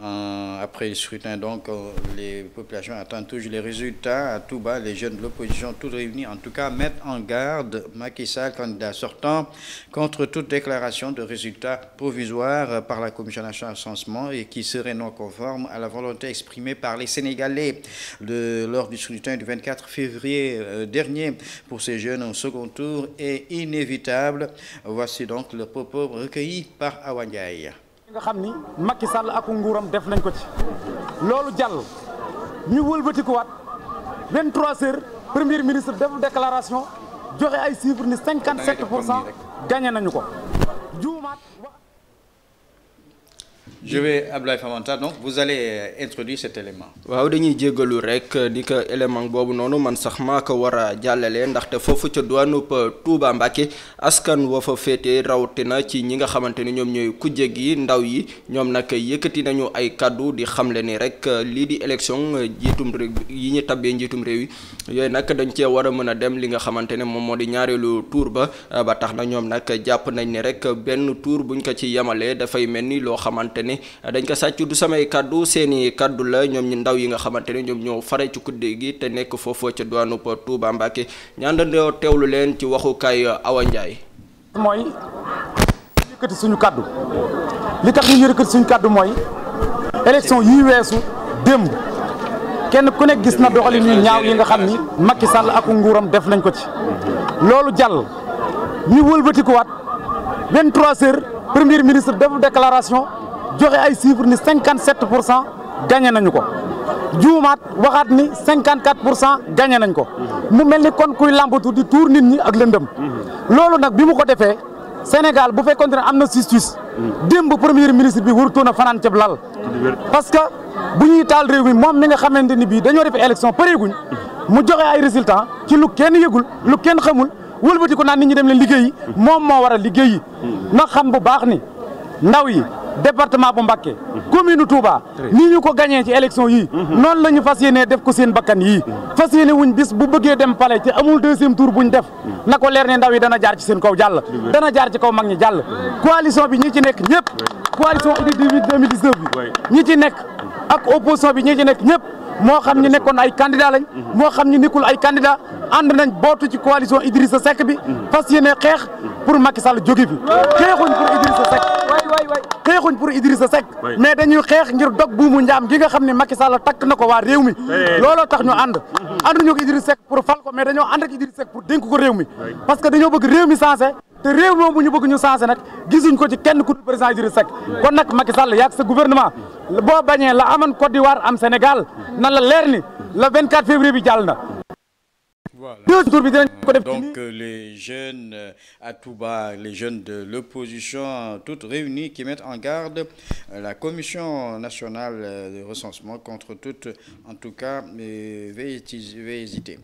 après le scrutin donc euh, les populations attendent toujours les résultats à bas, les jeunes de l'opposition tous réunis en tout cas mettent en garde Macky Sall candidat sortant contre toute déclaration de résultats provisoires par la commission nationale et qui serait non conforme à la volonté exprimée par les Sénégalais de, lors du scrutin du 24 février euh, dernier. Pour ces jeunes, au second tour est inévitable. Voici donc le propos recueilli par Awanyaï.
nga avons Macky 23 heures premier ministre de déclaration il ay chiffres 57 gagné
je vais Abdoulaye Famanta donc vous allez euh, introduire cet élément.
waaw dañuy jéggalu rek euh, di que élément bobu nonu man sax mako wara war a jàllale ndaxte foofu ca euh, Touba Mbacké askan wa fa féete rawtina ci ñi nga xamante ni ñoom ñooy kujje ndaw yi ñom nak yëkkati nañu ay cadeau di xamle ni rek li di élection jitum réew yi ñu tabbee njiitum réew yi yoy nak dañ ci wara mëna dem li nga xamanteni mom modi ñaarelu tour ba ba tax na ñom nak japp nañ ni rek benn tour buñ ko ci yemalee da fay melni lo xamanteni ne ah, dañ ko sàcc du samay kaddu seeni kaddu la ñoom ñi ndaw yi nga xamante ne ñoom ñoo fare ci kudde gi te nekk foofoo ca ah, douane pa Touba Mbacke ñaandandoo teewlu leen ci waxukaay Awa njaay mooy yëkkati
suñu kaddu li tax ñu yëkkati suñu kaddu mooy élection yi weesu démb kenn ku nekk gis na doxali ñu ñaaw yi nga xam ni Macky Sall ak nguuram def nañ ko ci loolu jàll ñu wëlbatikuwaat 23 heures premier ministre def déclaration joxe ay chiffres ni 57 pour cent gagné nañu ko juumaat waxaat ni 54 pour cent gagné nañ ko mu mel ni kon kuy làmbatu di tuur nit ñi ak lëndëm loolu nag bi mu ko defee Sénégal bu fekkoon ne am na justice démb premier ministre bi warutoon a fanaan cëb lal parce que bu ñuy taal réew mi moom mi nga xamante ni bii dañoo def élection pareeguñ mu joxe ay résultat ci lu kenn yëgul lu kenn xamul wëlbati ko naan nit ñi dem leen liggéeyi moom moo war a liggéeyi na xam bu baax ni ndaw yi département bu Mbacké commune Touba ni ñu ko gagné ci élection yi mhm. non lañu fassiyéné def ko seen bakkan yi mhm. fassiyéné yéene wuñ bis bu bëggé dem palais ci amul deuxième tour buñ def mhm. nako ko leer ndaw yi dana jaar ci seen kaw jall dana jaar ci kaw mag ñi jàll coalition bi ñi ci nek ñëpp coalition Idy 2019 bi ñi ci nek ak opposition bi ñi ci nek ñëpp mo xam ñu nekkoon ay candidat lañ mo xam ñu nekkul ay candidat and nañ bootu ci coalition Idrissa Seck bi fassiyéné xex pour Macky Sall jóge bi xexuñ pour Idrissa Seck xeexuñ pour Idrissa Seck mais dañuy xeex ngir dog buumu njaam gi nga xam ne Macky Sall takk na ko waa réew mi looloo tax ñu ànd ànduñu ko Idrissa Seck pour fal ko mais dañoo ànd ak Idrissa Seck pour dénk ko réew parce que dañoo bëgg réew mi sensé te réew moom bu ñu bëgg ñu sensé nag gisuñ ko ci kenn ku dul président Idrissa Seck kon nag Macky Sall yaag boo bañee la amoon Côte d'Ivoire am Sénégal na la leer ni le 24 février bi jàll na Donc
euh, les jeunes euh, à tout bas, les jeunes de l'opposition, toutes réunies qui mettent en garde euh, la Commission nationale de recensement contre toutes, en tout cas, hésiter.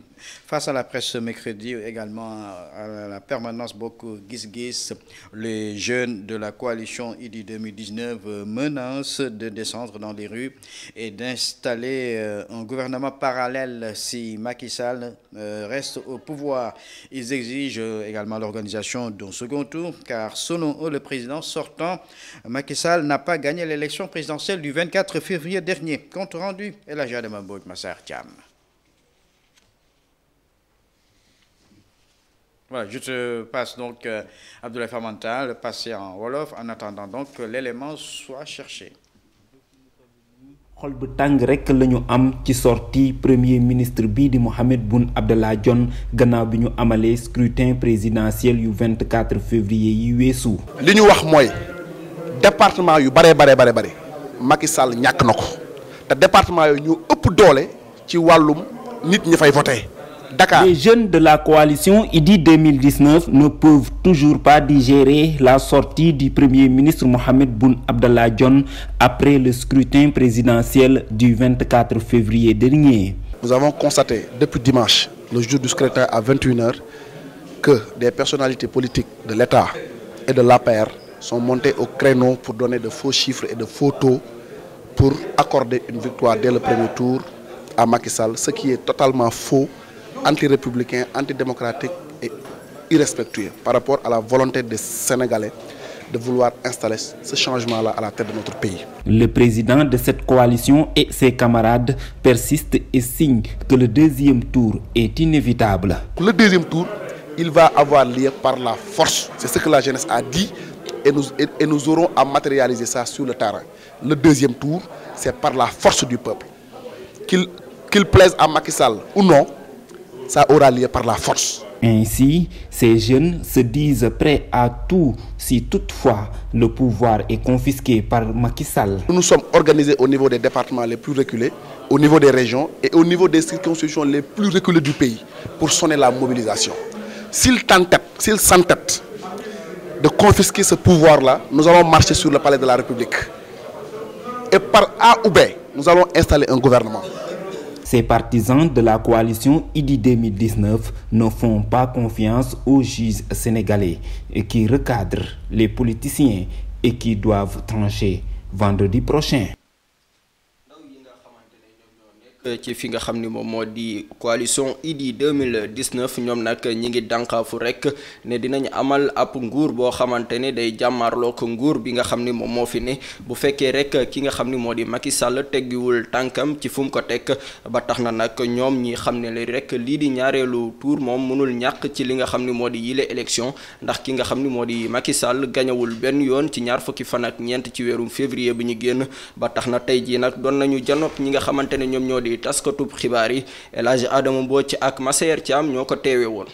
Face à la presse ce mercredi, également à la permanence Boko Gis les jeunes de la coalition IDI 2019 euh, menacent de descendre dans les rues et d'installer euh, un gouvernement parallèle si Macky Sall euh, reste au pouvoir. Ils exigent également l'organisation d'un second tour car selon eux, le président sortant, Macky Sall n'a pas gagné l'élection présidentielle du 24 février dernier. Compte rendu, et la Jade Massar Tcham. Voilà, je te passe donc euh, Abdoulaye Fermental, le passé en Wolof, en attendant donc que l'élément soit cherché.
xol bu rek la am sortie premier ministre Bidi Mohamed Boun Abdallah Dionne gannaaw bi ñu scrutin présidentiel du 24 février yi weesu. nous wax le
département yu baré baré baré baré Macky Sall ñàkk département yooyu ñu ëpp
doole ci wàllum nit ñi fay les jeunes de la coalition IDI 2019 ne peuvent toujours pas digérer la sortie du Premier ministre Mohamed Boun Abdallah John après le scrutin présidentiel du 24 février dernier.
Nous avons constaté
depuis dimanche, le jour du scrutin à 21h,
que des personnalités politiques de l'État et de l'APR sont montées au créneau pour donner de faux chiffres et de photos pour accorder une victoire dès le premier tour à Macky Sall, ce qui est totalement faux anti-républicain, antidémocratique et irrespectueux par rapport à la volonté des Sénégalais de vouloir installer ce changement-là à la tête de notre
pays. Le président de cette coalition et ses camarades persistent et signent que le deuxième tour est inévitable.
Le deuxième tour, il va avoir lieu par la force. C'est ce que la jeunesse a dit et nous, et, nous aurons à matérialiser ça sur le terrain. Le deuxième tour, c'est par la force du peuple. Qu'il plaise à Macky Sall
ou non, ça aura lieu par la force. Ainsi, ces jeunes se disent prêts à tout si toutefois le pouvoir est confisqué par Macky Sall.
Nous nous sommes organisés au niveau des départements les plus reculés, au niveau des régions et au niveau des circonscriptions les plus reculées du pays pour sonner la mobilisation. S'ils tentent, s'ils s'entêtent de confisquer ce pouvoir-là, nous allons marcher sur le palais de la République.
Et par A ou B, nous allons installer un gouvernement. Ces partisans de la coalition ID 2019 ne font pas confiance aux juges sénégalais qui recadrent les politiciens et qui doivent trancher vendredi prochain.
ci fi nga xam ni moom moo di coalition Idy 2019 ñoom nag ñi ngi dànkaafu rek ne dina ñu amal ab nguur boo xamante ne day ko nguur bi nga xam ni moom moo fi ne bu fekkee rek ki nga xam ni moo di Macky Sall teggiwul tànkam ci fu mu ko tek ba tax na nag ñoom ñi xam ne li rek lii di ñaareelu tour moom mënul ñàkk ci li nga xam ni moo di yile élection ndax ki nga xam ni moo di Macky Sall gañawul benn yoon ci ñaar fukki fan ak ñeent ci weerum février bi ñu génn ba tax yi taskatub xibaar yi El Hadj Adama Mbodj ak Massayer Thiam ñoo ko teewe woon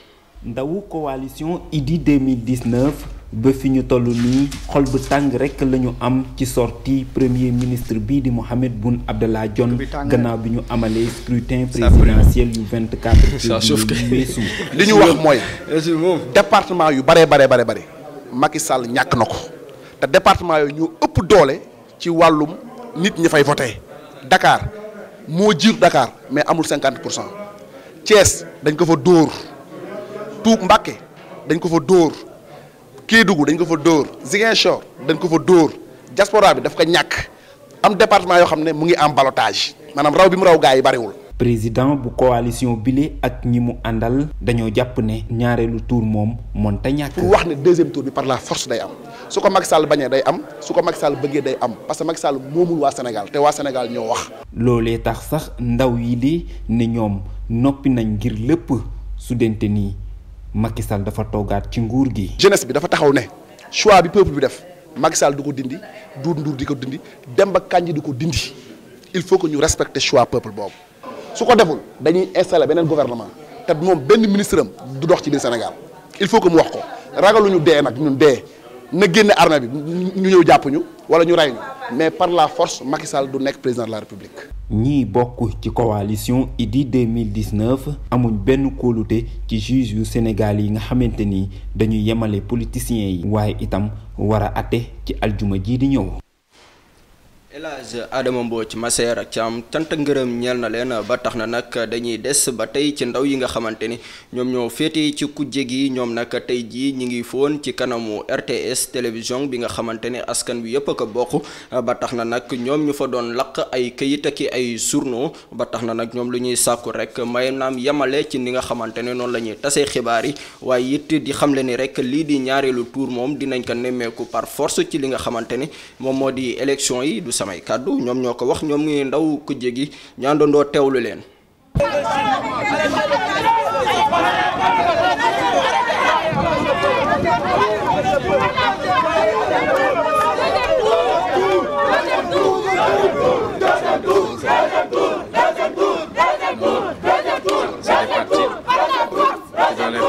ndawu
coalition idi 2019 ba fi ñu toll nii xol bu tàng rekk la am ci sortie premier ministre bii di Mohamed bun Abdallah john gannaaw bi ñu amalee scrutin présidentiel yu 24 weesu li ñu wax mooy
département yu bare bare bare bare Macky Sall ñàkk na ko te département yooyu ñu ëpp doole ci wàllum nit ñi fay voté Dakar mo jiitu Dakar mais amul 50 pour Thiès dañ ko fa dor tou Mbàkke dañ ko fa dor Kédougou dañ ko fa dóor Ziguinchor dañ ko fa dor diaspora bi daf ko ñak am département yo xam ne mu ngi am balotage manam raw bi mu raw gaay bari wul
président bu coalition bile ak ñi mu àndal dañoo jàpp ne ñaareelu tour moom monta ñàkk pour
wax ne deuxième tour bi par la force day am su ko Macky Sall bañee day am su ko Macky Sall bëggee day am parce que Macky Sall moomul waa Sénégal te waa Sénégal ñoo wax
loolee tax sax ndaw yi li ne ñoom noppi nañ ngir lépp su dente nii Macky Sall dafa toogaat ci nguur
gi
jeunesse bi dafa taxaw ne choix bi peuple bi def Macky Sall du ko dindi Doudou Ndour di ko dindi Demba Kandji di ko dindi il faut que ñu respecter choix peuple boobu su ko deful dañuy installer beneen gouvernement te moom benn ministre am du dox ci biir Sénégal il faut que mu wax ko ragaluñu dee nag ñun dee na génne armée bi ñu ñëw jàppuñu ñu wala ñu rey mais par la force Macky du nekk président de la République.
ñii bokk ci coalition Idy 2019 amuñ benn kóolute ci juge yu Sénégal yi nga xamante ni dañuy yemale politiciens yi waaye itam war a àtte ci aljuma jii di ñëw.
El Hadj Adama Mbodj Masseer ak Thiam cant ngërëm ñeel na leen ba tax na nag dañuy des ba tey ci ndaw yi nga xamante ni ñoom ñoo féete ci ku kujje gi ñoom nag tey jii ñu ngi foon ci kanamu RTS télévision bi nga xamante ni askan bi yëpp a ko bokk ba tax na nag ñoom ñu fa doon laq ay këyit ak ay journaux ba tax na nag ñoom lu ñuy sàkku rek may naam yemale ci ni nga xamante ne noonu la ñuy tasee xibaar yi waaye it di xamle ni rek lii di ñaareelu tour moom dinañ ko nemmeeku par ci li nga xamante ni samay kàddu ñoom ñoo ko wax ñoom ngi ndaw ku jégi ñu àndandoo teewlu leen
Dans les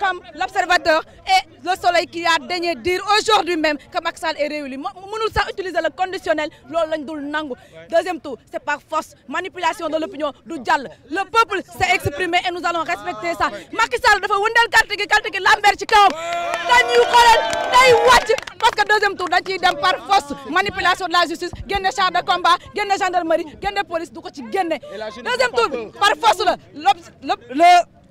comme l'Observateur et le Soleil qui a daigné dire aujourd'hui même que Macky est réélu mënul sa utiliser le conditionnel lañ dul nangu deuxième tour c'est par force manipulation de l'opinion du jàll le peuple s'est exprimé et nous allons respecter ça Macky Sall faut wëndeel carte gi carte gi lamber ci kawam dañuy parce que deuxième tour dañ par force manipulation de la justice génne char de combat a gendarmerie génne police du ko ci génne deuxième tour par force le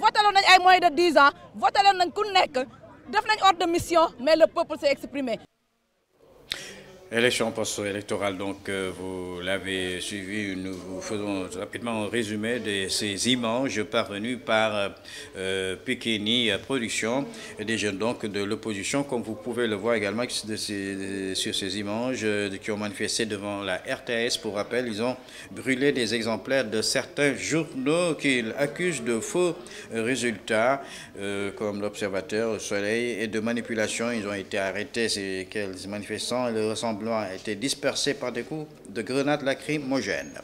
votaloon nañ moins de 10 ans votaloon nañ ku de mission mais le peuple s'est exprimé
Élection post-électorale, donc euh, vous l'avez suivi, nous vous faisons rapidement un résumé de ces images parvenues par euh, Pikini Production, des jeunes donc de l'opposition, comme vous pouvez le voir également euh, sur ces images euh, qui ont manifesté devant la RTS. Pour rappel, ils ont brûlé des exemplaires de certains journaux qu'ils accusent de faux résultats, comme l'Observateur, le Soleil, et de manipulation. Ils ont été arrêtés, ces manifestants, et le rassemblement a été dispersé par des coups de grenades lacrymogènes.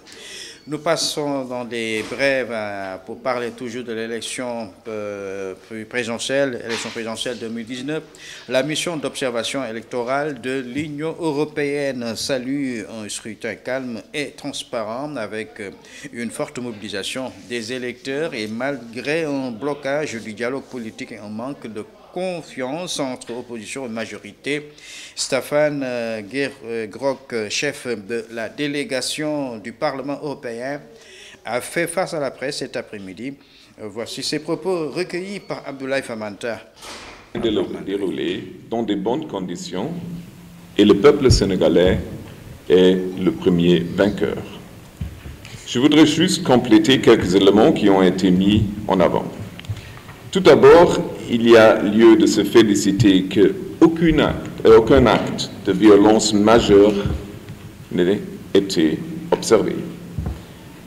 Nous passons dans des brèves euh, pour parler toujours de l'élection euh, présidentielle, présidentielle 2019. La mission d'observation électorale de l'Union européenne salue un scrutin calme et transparent avec euh, une forte mobilisation des électeurs et malgré un blocage du dialogue politique et un manque de confiance entre opposition et majorité. Stéphane euh, euh, Grock, euh, chef de la délégation du Parlement européen, a fait face à la presse cet après-midi. Voici ses propos recueillis par Abdoulaye Famanta.
Déroulé dans de bonnes conditions et le peuple sénégalais est le premier vainqueur. Je voudrais juste compléter quelques éléments qui ont été mis en avant. Tout d'abord, il y a lieu de se féliciter que acte, euh, aucun acte de violence majeure n'ait été observé.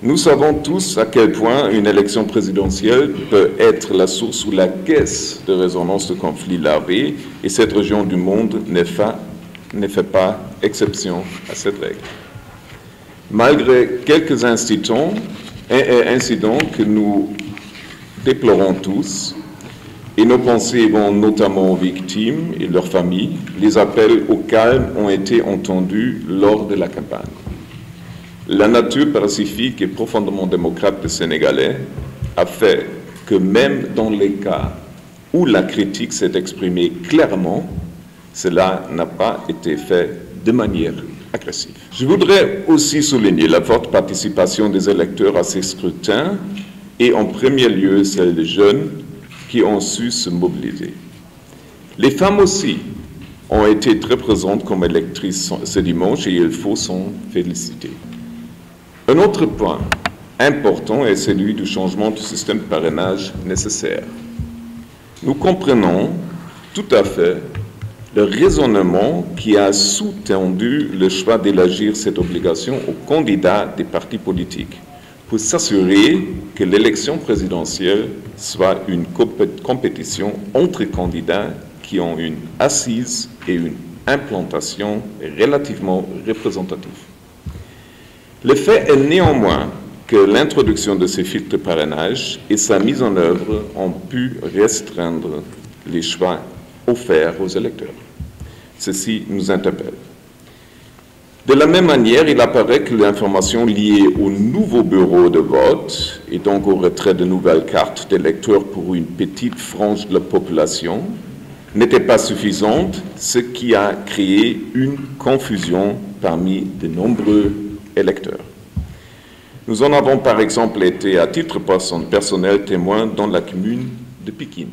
Nous savons tous à quel point une élection présidentielle peut être la source ou la caisse de résonance de conflits larvés, et cette région du monde ne fait pas exception à cette règle. Malgré quelques incidents, incidents que nous déplorons tous, et nos pensées vont notamment aux victimes et leurs familles. Les appels au calme ont été entendus lors de la campagne. La nature pacifique et profondément démocrate des Sénégalais a fait que même dans les cas où la critique s'est exprimée clairement, cela n'a pas été fait de manière agressive. Je voudrais aussi souligner la forte participation des électeurs à ces scrutins et en premier lieu celle des jeunes qui ont su se mobiliser. Les femmes aussi ont été très présentes comme électrices ce dimanche et il faut s'en féliciter. Un autre point important est celui du changement du système de parrainage nécessaire. Nous comprenons tout à fait le raisonnement qui a sous-tendu le choix d'élargir cette obligation aux candidats des partis politiques pour s'assurer que l'élection présidentielle soit une compétition entre candidats qui ont une assise et une implantation relativement représentatives. Le fait est néanmoins que l'introduction de ces filtres de parrainage et sa mise en œuvre ont pu restreindre les choix offerts aux électeurs. Ceci nous interpelle. De la même manière, il apparaît que l'information liée au nouveau bureau de vote et donc au retrait de nouvelles cartes d'électeurs pour une petite frange de la population n'était pas suffisante, ce qui a créé une confusion parmi de nombreux électeurs. Nous en avons par exemple été à titre personnel témoin dans la commune de Pékin.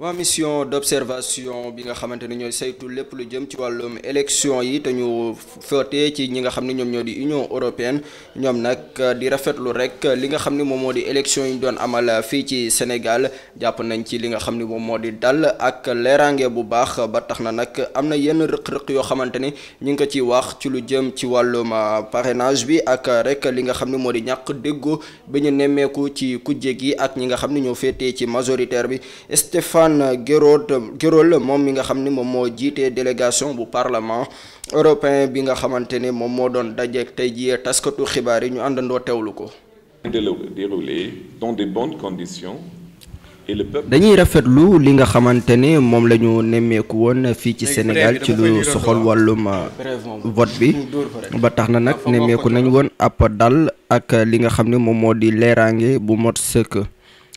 wa mission d'observation bi nga xamanteni ñoy saytu lepp lu jëm ci walum élection yi te ñu fété ci ñi nga xamni ñom ñoo di union européenne ñom nak di rafetlu rek li nga xamni mom modi moo élection yi doon amal fi ci Sénégal japp nañ ci li nga xamni mom modi dal ak lérangé bu baax ba taxna nak amna yenn rëq-rëq yo xamanteni ni ñu ngi ko wax ci lu jëm ci walum parrainage bi ak rek li nga xamni modi ñak di bi ñu néméku ci kujje gi ak ñi nga xamni ñoo fété ci majoritaire bi Stéphane Antoine Géraud Géraud mi nga xam ni moom moo jiitee délégation bu parlement européen bi nga xamante ne moom moo doon dajeek tey jii taskatu xibaar yi ñu àndandoo teewlu ko.
déroulé dans de bonnes conditions. dañuy
rafetlu li nga xamante ne moom la ñu nemmeeku woon fii ci Sénégal ci lu soxal wàllum euh, vote bi ba tax na nag nemmeeku nañ woon ab dal ak li nga xam ne moom moo di leeraange bu mot sëkk.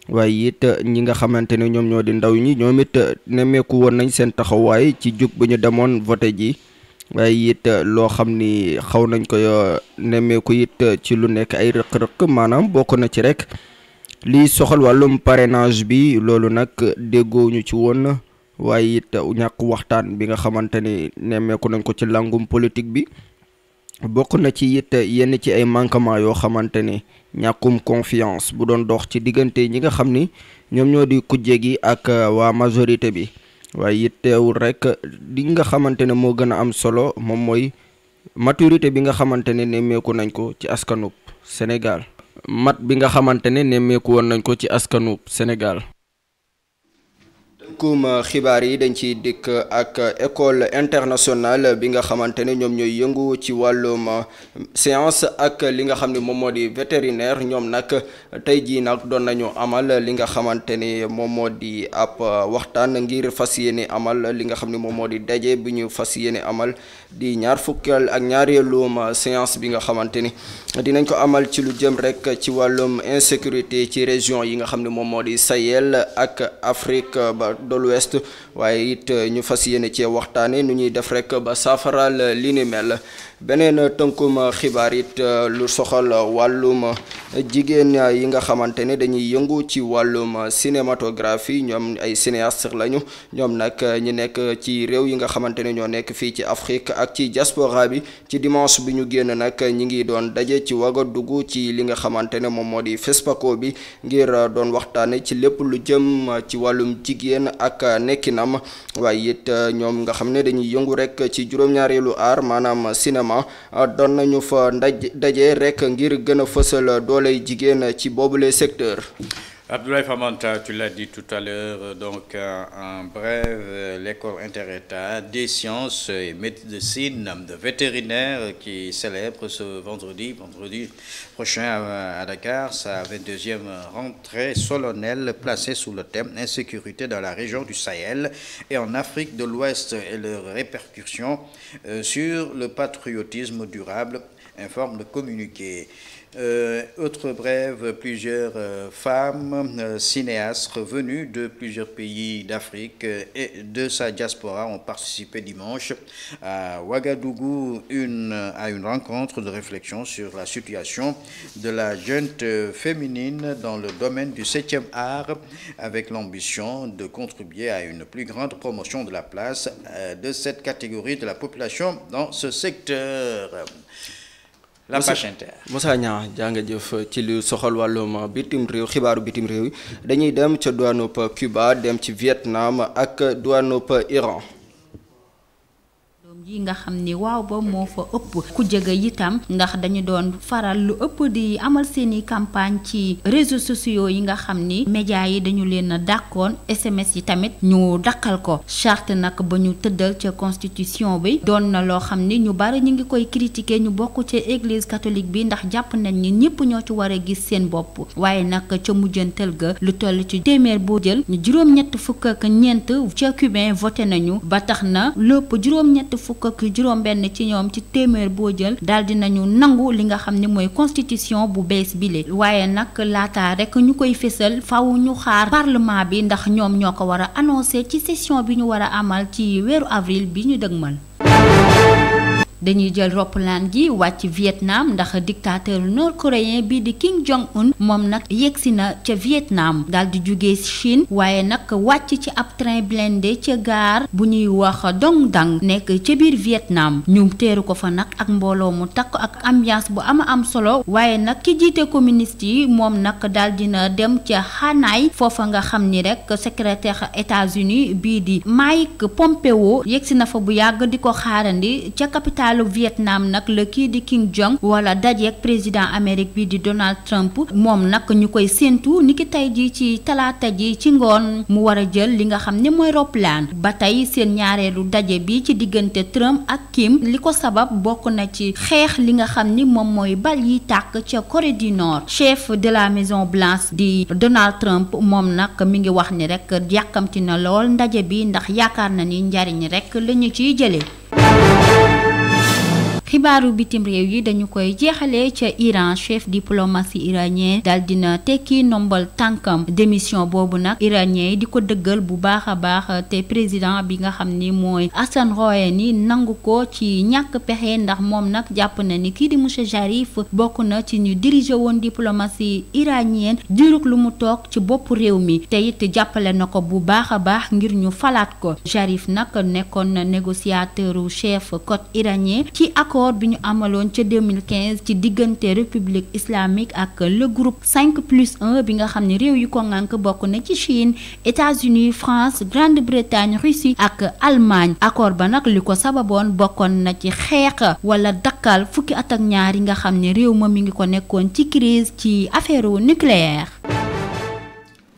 waaye it eh, ñi nga xamante ne ñoom ñoo di ndaw ñi ñoom it eh, nemmeeku woon nañ seen taxawaay ci jug bu ñu demoon vote ji waaye it eh, loo xam ni xaw nañ ko nemmeeku it ci lu nekk ay rëq-rëq maanaam bokk na ci rek li soxal wàllum parenage bi loolu nag déggoo ñu ci woon waaye it ñàkk waxtaan bi nga xamante ni nemmeeku nañ ko ci langum politique bi bokk na ci it yenn ci ay manquement yoo xamante ne ñàkkum confiance bu doon dox ci diggante ñi nga xam ni ñoom ñoo di kujje gi ak euh, waa majorité bi waaye it teewul rek li nga xamante ne moo gën a am solo moom mooy maturité bi nga xamante ne nemmeeku nañ ko ci askanub Sénégal mat bi nga xamante ne nemmeeku woon nañ ko ci askanub Sénégal tëkkum xibaar yi dañ ciy dikk ak école internationale bi nga xamante ne ñoom ñooy yëngu ci wàllum uh, science ak li nga xam ne moom moo di vétérinaire ñoom nag tey jii nag doon nañu amal li nga xamante ni moom moo di ab uh, waxtaan ngir fas yéene amal li nga xam ne moom moo di daje bi ñu fas yéene amal di ñaar fukkal ak ñaareelum uh, science bi nga xamante ni dinañ ko amal ci lu jëm rek ci wàllum insécurité ci région yi nga xam ne moom moo di Sahel ak Afrique ba de l'Ouest waaye it ñu fas yéene cee waxtaane nu ñuy def rek ba saafaral li ni mel beneen tënkum xibaar it euh, lu soxal wàllum jigéen yi nga xamante ne dañuy yëngu ci wàllum cinématographie ñoom ay cinéaste lañu ñoom nag ñi nekk ci réew yi nga xamante ne ñoo nekk fii ci Afrique ak ci jaspora bi ci dimanche bi ñu génn nag ñi ngi doon daje ci dugg ci li nga xamante ne moom moo di FESPACO bi ngir doon waxtaane ci lépp lu jëm ci wàllum jigéen ak nekkinam waaye it euh, ñoom nga xam ne dañuy yëngu rek ci juróom-ñaareelu aar maanaam Rama doon nañu fa ndaj daje rek ngir gën a fësal dooley jigéen ci boobule
secteur. Abdoulaye Famanta, tu l'as dit tout à l'heure, euh, donc euh, en bref, euh, l'école interétat des sciences et médecine de vétérinaires qui célèbre ce vendredi, vendredi prochain à, Dakar, sa 22e rentrée solennelle placée sous le thème insécurité dans la région du Sahel et en Afrique de l'Ouest et leurs répercussions sur le patriotisme durable, informe le communiqué. Euh, autre brève, plusieurs euh, femmes euh, cinéastes venues de plusieurs pays d'Afrique et de sa diaspora ont participé dimanche à Ouagadougou à une rencontre de réflexion sur la situation de la jeune féminine dans le domaine du 7e art avec l'ambition de contribuer à une plus grande promotion de la place de cette catégorie de la population dans ce secteur. la page inter
Moussa Niang jaa jëf ci lu soxal wàllum bitim réew xibaaru bitim réew yi dañuy dem ca douanub Cuba dem ci Vietnam ak douanub Iran
yi nga xam ni waaw ba moo fa ëpp ku jege itam ndax dañu doon faral lu ëpp di amal seeni campagne ci réseau sociaux yi nga xam ni médias yi dañu leen a dàkkoon SMS yi tamit ñu daqal ko charte nag ba ñu tëddal ca constitution bi doon na loo xam ni ñu bari ñu ngi koy critiquer ñu bokk ci église catholique bi ndax jàpp nañ ni ñëpp ñoo ci war a gis seen bopp waaye nag ca mujjantal ga lu toll ci téeméer boo jël juróom-ñett fukk ñeent ca cubain voté nañu ba tax na lépp fukk ak juróom-benn ci ñoom ci téeméer boo jël daal di nañu nangu li nga xam ne mooy constitution bu bees bile waaye nag laata rekk ñu koy fésal faw ñu xaar parlement bi ndax ñoom ñoo ko war a annoncé ci session bi ñu war a amal ci weeru avril bi ñu dëgmal. dañuy jël roppalaan gi wàcc Vietnam ndax dictateur nord coréen bii di Kim Jong Un moom nag yegsi na ca Vietnam dal di jóge Chine waaye nag wàcc ci ab train blindé ca gaar bu ñuy wax Dong Dang nekk ca biir Vietnam ñu teeru ko fa nag ak mbooloo mu takk ak ambiance bu ama am solo waaye nag ki jiite communiste yi moom nag daal na dem ca Hanoï foofa nga xam ni rek secrétaire états uni bii di Mike Pompeo yegsi na fa bu yàgg di ko xaarandi ca capitale wàllu Vietnam nag la kii di King Jong wala dajeek président Amérique bi di Donald Trump moom nag ñu koy séentu niki tey ji ci talaata ji ci ngoon mu war a jël li nga xam ne mooy roplaan ba tey seen ñaareelu daje bi ci diggante Trump ak Kim li ko sabab bokk na ci xeex li nga xam ni moom mooy bal yi tàkk ca Corée du Nord chef de la Maison Blanche di Donald Trump moom nag mi ngi wax ni rek yàkkamti na lool ndaje bi ndax yaakaar na ni njariñ rek lañu ciy jëlee xibaaru bitim réew yi dañu koy jeexalee ca Iran chef diplomatie iranien daal dina tekki nombal tànkam démission boobu nag iranien yi di ko dëggal bu baax a baax te président bi nga xam ni mooy Hassan Rouhani nangu ko ci ñàkk pexe ndax moom nag jàpp na ni kii di monsieur Jarif bokk na ci ñu diriger woon diplomatie iranienne diirug lu mu toog ci bopp réew mi te jàppale na ko bu baax a baax ngir ñu falaat ko Jarif nag nekkoon négociateur chef code iranien accord bi ñu amaloon ca 2015 ci diggante république islamique ak le groupe 5 plus 1 bi nga xam ne réew yu ko ngànk bokk na ci Chine États-Unis France Grande-Bretagne Russie ak Allemagne accord ba nag li ko sababoon bokkoon na ci xeex wala dakkal fukki at ak ñaar yi nga xam ne réew ma mi ngi ko nekkoon ci crise ci affaire nucléaire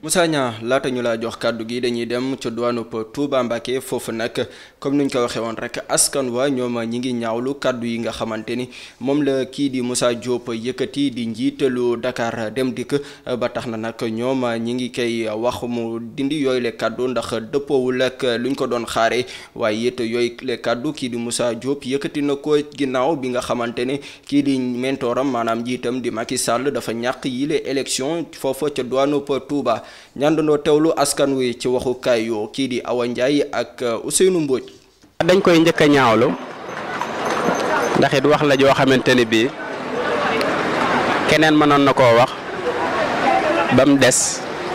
Moussa Niang laata ñu laa jox kàddu gi dañuy dem ca duwaanub Touba Mbacké foofu nag comme niñ ko waxee woon rek askan waa ñoom ñi ngi ñaawlu kàddu yi nga xamante ni moom la kii di Moussa Diop yëkkati di njiitalu Dakar dem dikk ba tax na nag ñoom ñi ngi koy wax mu dindi yooyu le kàddu ndax dëppoowul ak luñ ko doon xaaree waaye it yooyu le kàddu kii di Moussa Diop yëkkati na ko ginnaaw bi nga xamante ne kii di mentoram maanaam njiitam di Macky Sall dafa ñàkk yile élection foofa ca duwaanub Touba ñaandandoo teewlu askan wi ci waxukaay yu kii di Awa Ndiaye ak uh, Ousseynou Mbodj.
dañ koy njëkk a ñaawlu ndax wax la joo xamante ni bii keneen mënoon na koo wax ba des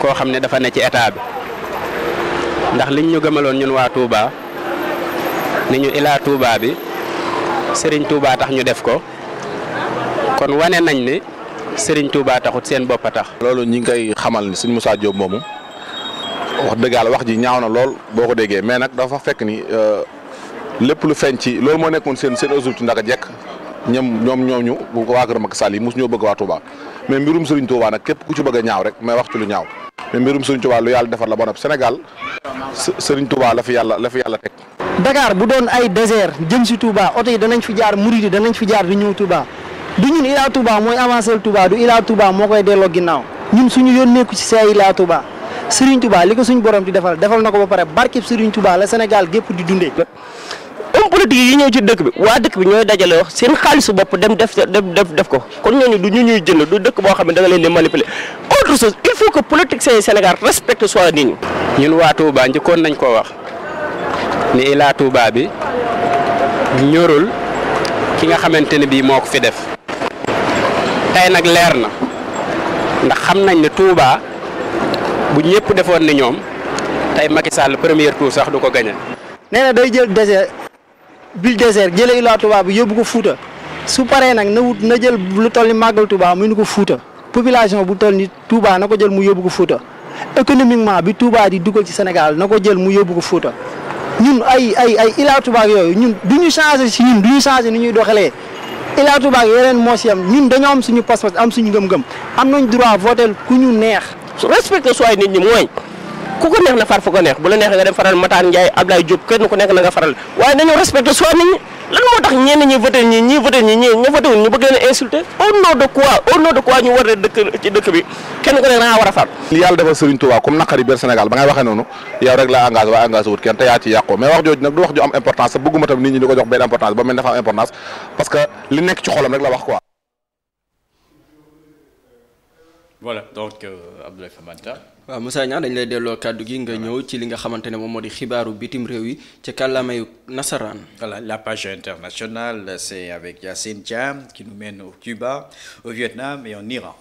koo xam ne dafa ne ci état bi ndax liñ ñu gëmaloon ñun waa tuubaa ni ñu ilaa Touba bi sëriñ Touba tax ñu def ko
kon wane nañ ni. Serigne Touba taxut seen bopp a tax. loolu ñi ngi koy xamal ni Serigne Moussa Diop moomu wax wax ji ñaaw na lool boo ko déggee mais nag dafa fekk ni euh, lépp lu feeñ ci loolu moo nekkoon seen seen résultat ndaka jekk ñoom ñoom ñooñu bu ko waa kër Macky Sall yi mosu ñoo bëgg waa Touba mais mbirum Serigne Touba nag képp ku ci bëgg a ñaaw rek mais wax lu ñaaw mais mbirum Serigne Touba lu yàlla defar la ba noppi Sénégal Serigne la yàlla la fi yàlla teg.
Dakar danañ fi jaar murid danañ fi jaar di ñëw Touba du ñun Ila Touba mooy avancé Touba du Ila Touba moo koy delloo ginnaaw ñun suñu yoon nekku ci say Ila Touba Serigne Touba li ko suñu borom di defal defal na ko ba pare barkib Serigne Touba la
Sénégal gépp di dundee. homme politique yi ñëw ci dëkk bi waa dëkk bi ñooy dajale wax seen xaalisu bopp dem def def def ko kon ñooñu du ñu ñuy jënd du dëkk boo xam ne da leen di manipuler autre chose il faut que politiciens yi Sénégal respecte soit nit ñun waa Touba njëkkoon nañ koo wax
ni bi ñorul ki nga xamante ne bii moo ko fi def. tay nag leer na ndax xam nañ ne Touba bu ñëpp defoon ni ñoom tey Macky Sall premier tour sax du ko gañe
nee day jël désert bil désert jëlee Ila Touba bi yóbbu ko Fuuta su paree nag na na jël lu toll ni màggal Touba mu nu ko Fuuta population bu toll ni Touba na ko jël mu yóbbu ko Fuuta economiquement bi Touba di dugal ci Sénégal na ko jël mu yóbbu ko Fuuta ñun ay ay ay Ila yooyu ñun du ñu changé si ñun du ñu changé ni ñuy doxalee. Ila Touba ak yeneen moo ñun dañoo am suñu passeport am suñu ngëm-ngëm am nañ droit voter ku ñu neex.
respecté su ay nit ñi mooy ku ko neex na far fu ko neex bu la neex nga dem faral Matar Ndiaye Ablaye Diop kenn ku nekk na nga faral waaye dañoo respecté su nit lan moo tax ñenn ñi voté ñi ñi voté ñi ñi nga voté ñu bëgg leen insulté au nom de quoi au nom de quoi ñu war a dëkk ci dëkk bi kenn ku ne dangaa war
a far yàlla dafa Serigne Touba comme naqari Sénégal ba ngay waxee noonu yow rek la engagé waaye engagé wut kenn te yaa ci yàqoo mais wax jooju nag du wax ju am importance sa bëgguma tam nit di ko jox benn importance ba mel dafa am importance parce que li nekk
ci xolam rek la waaw Moussa Niang dañ lay delloo kàddu gi nga ñëw ci li nga xamante moom moo di xibaaru bitim réew
yi ci kàllaamayu la page internationale c'est avec Yassine Thiam qui nous mène au Cuba au Vietnam et en Iran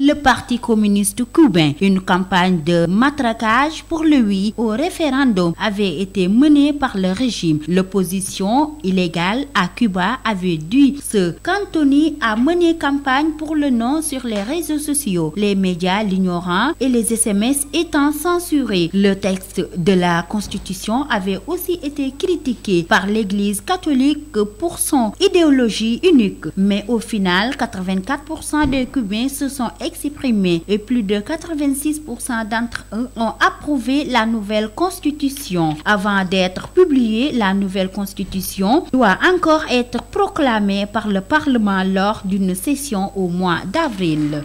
le Parti communiste cubain. Une campagne de matraquage pour le oui au référendum avait été menée par le régime. L'opposition illégale à Cuba avait dû se cantonner à mener campagne pour le non sur les réseaux sociaux, les médias l'ignorant et les SMS étant censurés. Le texte de la Constitution avait aussi été critiqué par l'Église catholique pour son idéologie unique. Mais au final, 84% des Cubains se sont exprimés et plus de 86% d'entre eux ont approuvé la nouvelle constitution. Avant d'être publiée, la nouvelle constitution doit encore être proclamée par le Parlement lors d'une session au mois d'avril.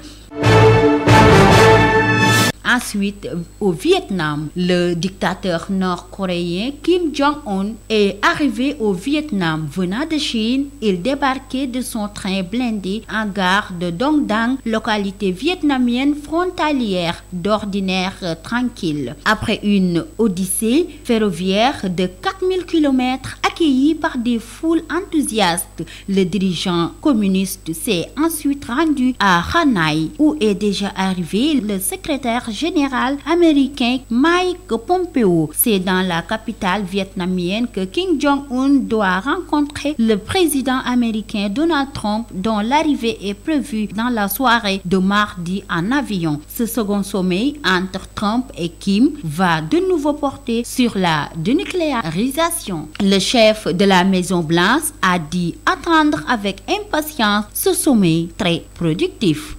Ensuite, au Vietnam, le dictateur nord-coréen Kim Jong-un est arrivé au Vietnam venant de Chine. Il débarquait de son train blindé en gare de Dong Dang, localité vietnamienne frontalière d'ordinaire tranquille. Après une odyssée ferroviaire de 4000 km accueilli par des foules enthousiastes, le dirigeant communiste s'est ensuite rendu à Hanoï où est déjà arrivé le secrétaire général américain Mike Pompeo. C'est dans la capitale vietnamienne que Kim Jong-un doit rencontrer le président américain Donald Trump dont l'arrivée est prévue dans la soirée de mardi en avion. Ce second sommet entre Trump et Kim va de nouveau porter sur la dénucléarisation. Le chef de la Maison Blanche a dit attendre avec impatience ce sommet très productif.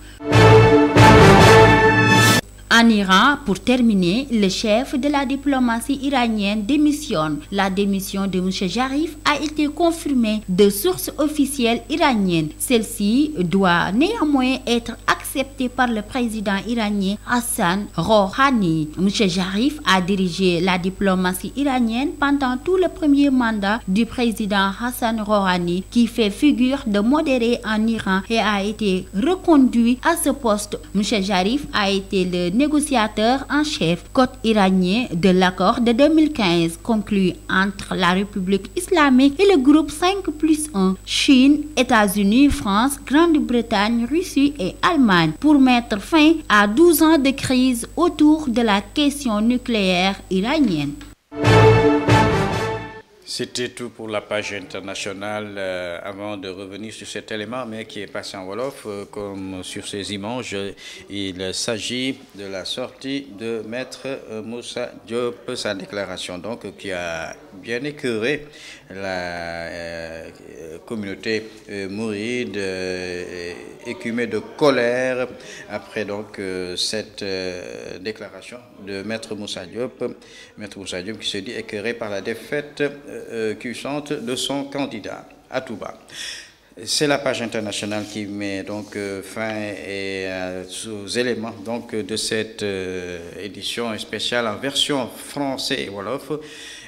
En Iran, pour terminer, le chef de la diplomatie iranienne démissionne. La démission de M. Jarif a été confirmée de sources officielles iraniennes. Celle-ci doit néanmoins être acceptée par le président iranien Hassan Rouhani. M. Jarif a dirigé la diplomatie iranienne pendant tout le premier mandat du président Hassan Rouhani qui fait figure de modéré en Iran et a été reconduit à ce poste. M. Jarif a été le négociateur en chef côte iranien de l'accord de 2015 conclu entre la République islamique et le groupe 5 plus 1, Chine, États-Unis, France, Grande-Bretagne, Russie et Allemagne, pour mettre fin à 12 ans de crise autour de la question nucléaire iranienne.
C'était tout pour la page internationale euh, avant de revenir sur cet élément, mais qui est passé en Wolof, euh, comme sur ces images. Il s'agit de la sortie de Maître euh, Moussa Diop, sa déclaration donc qui a bien écœuré la communauté mouride, écumée de colère après donc cette déclaration de Maître Moussa Diop. Maître Moussa Diop qui se dit écœuré par la défaite puissante euh, euh, de son candidat à Touba. C'est la page internationale qui met donc euh, fin et, sous aux éléments donc, de cette édition spéciale en version français et wolof.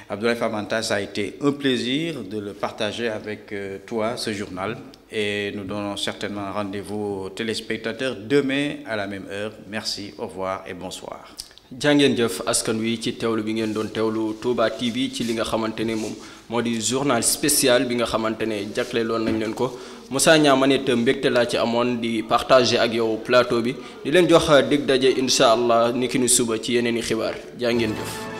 Abdoulaye Fabantas a été un plaisir de le partager avec toi, ce journal. Et nous donnons certainement rendez-vous aux téléspectateurs demain à la même heure. Merci, au revoir et bonsoir. jàngeen jëf askan wi ci teewlu bi ngeen doon teewlu Touba
TV ci li nga xamante ne moom moo di journal spécial bi nga xamante ne jagleeloon nañ leen ko Moussa Niang man it mbégte laa ci amoon di partager ak yow plateau bi di leen jox dégg daje incha allah niki nu suba ci yeneen i xibaar jàngeen jëf.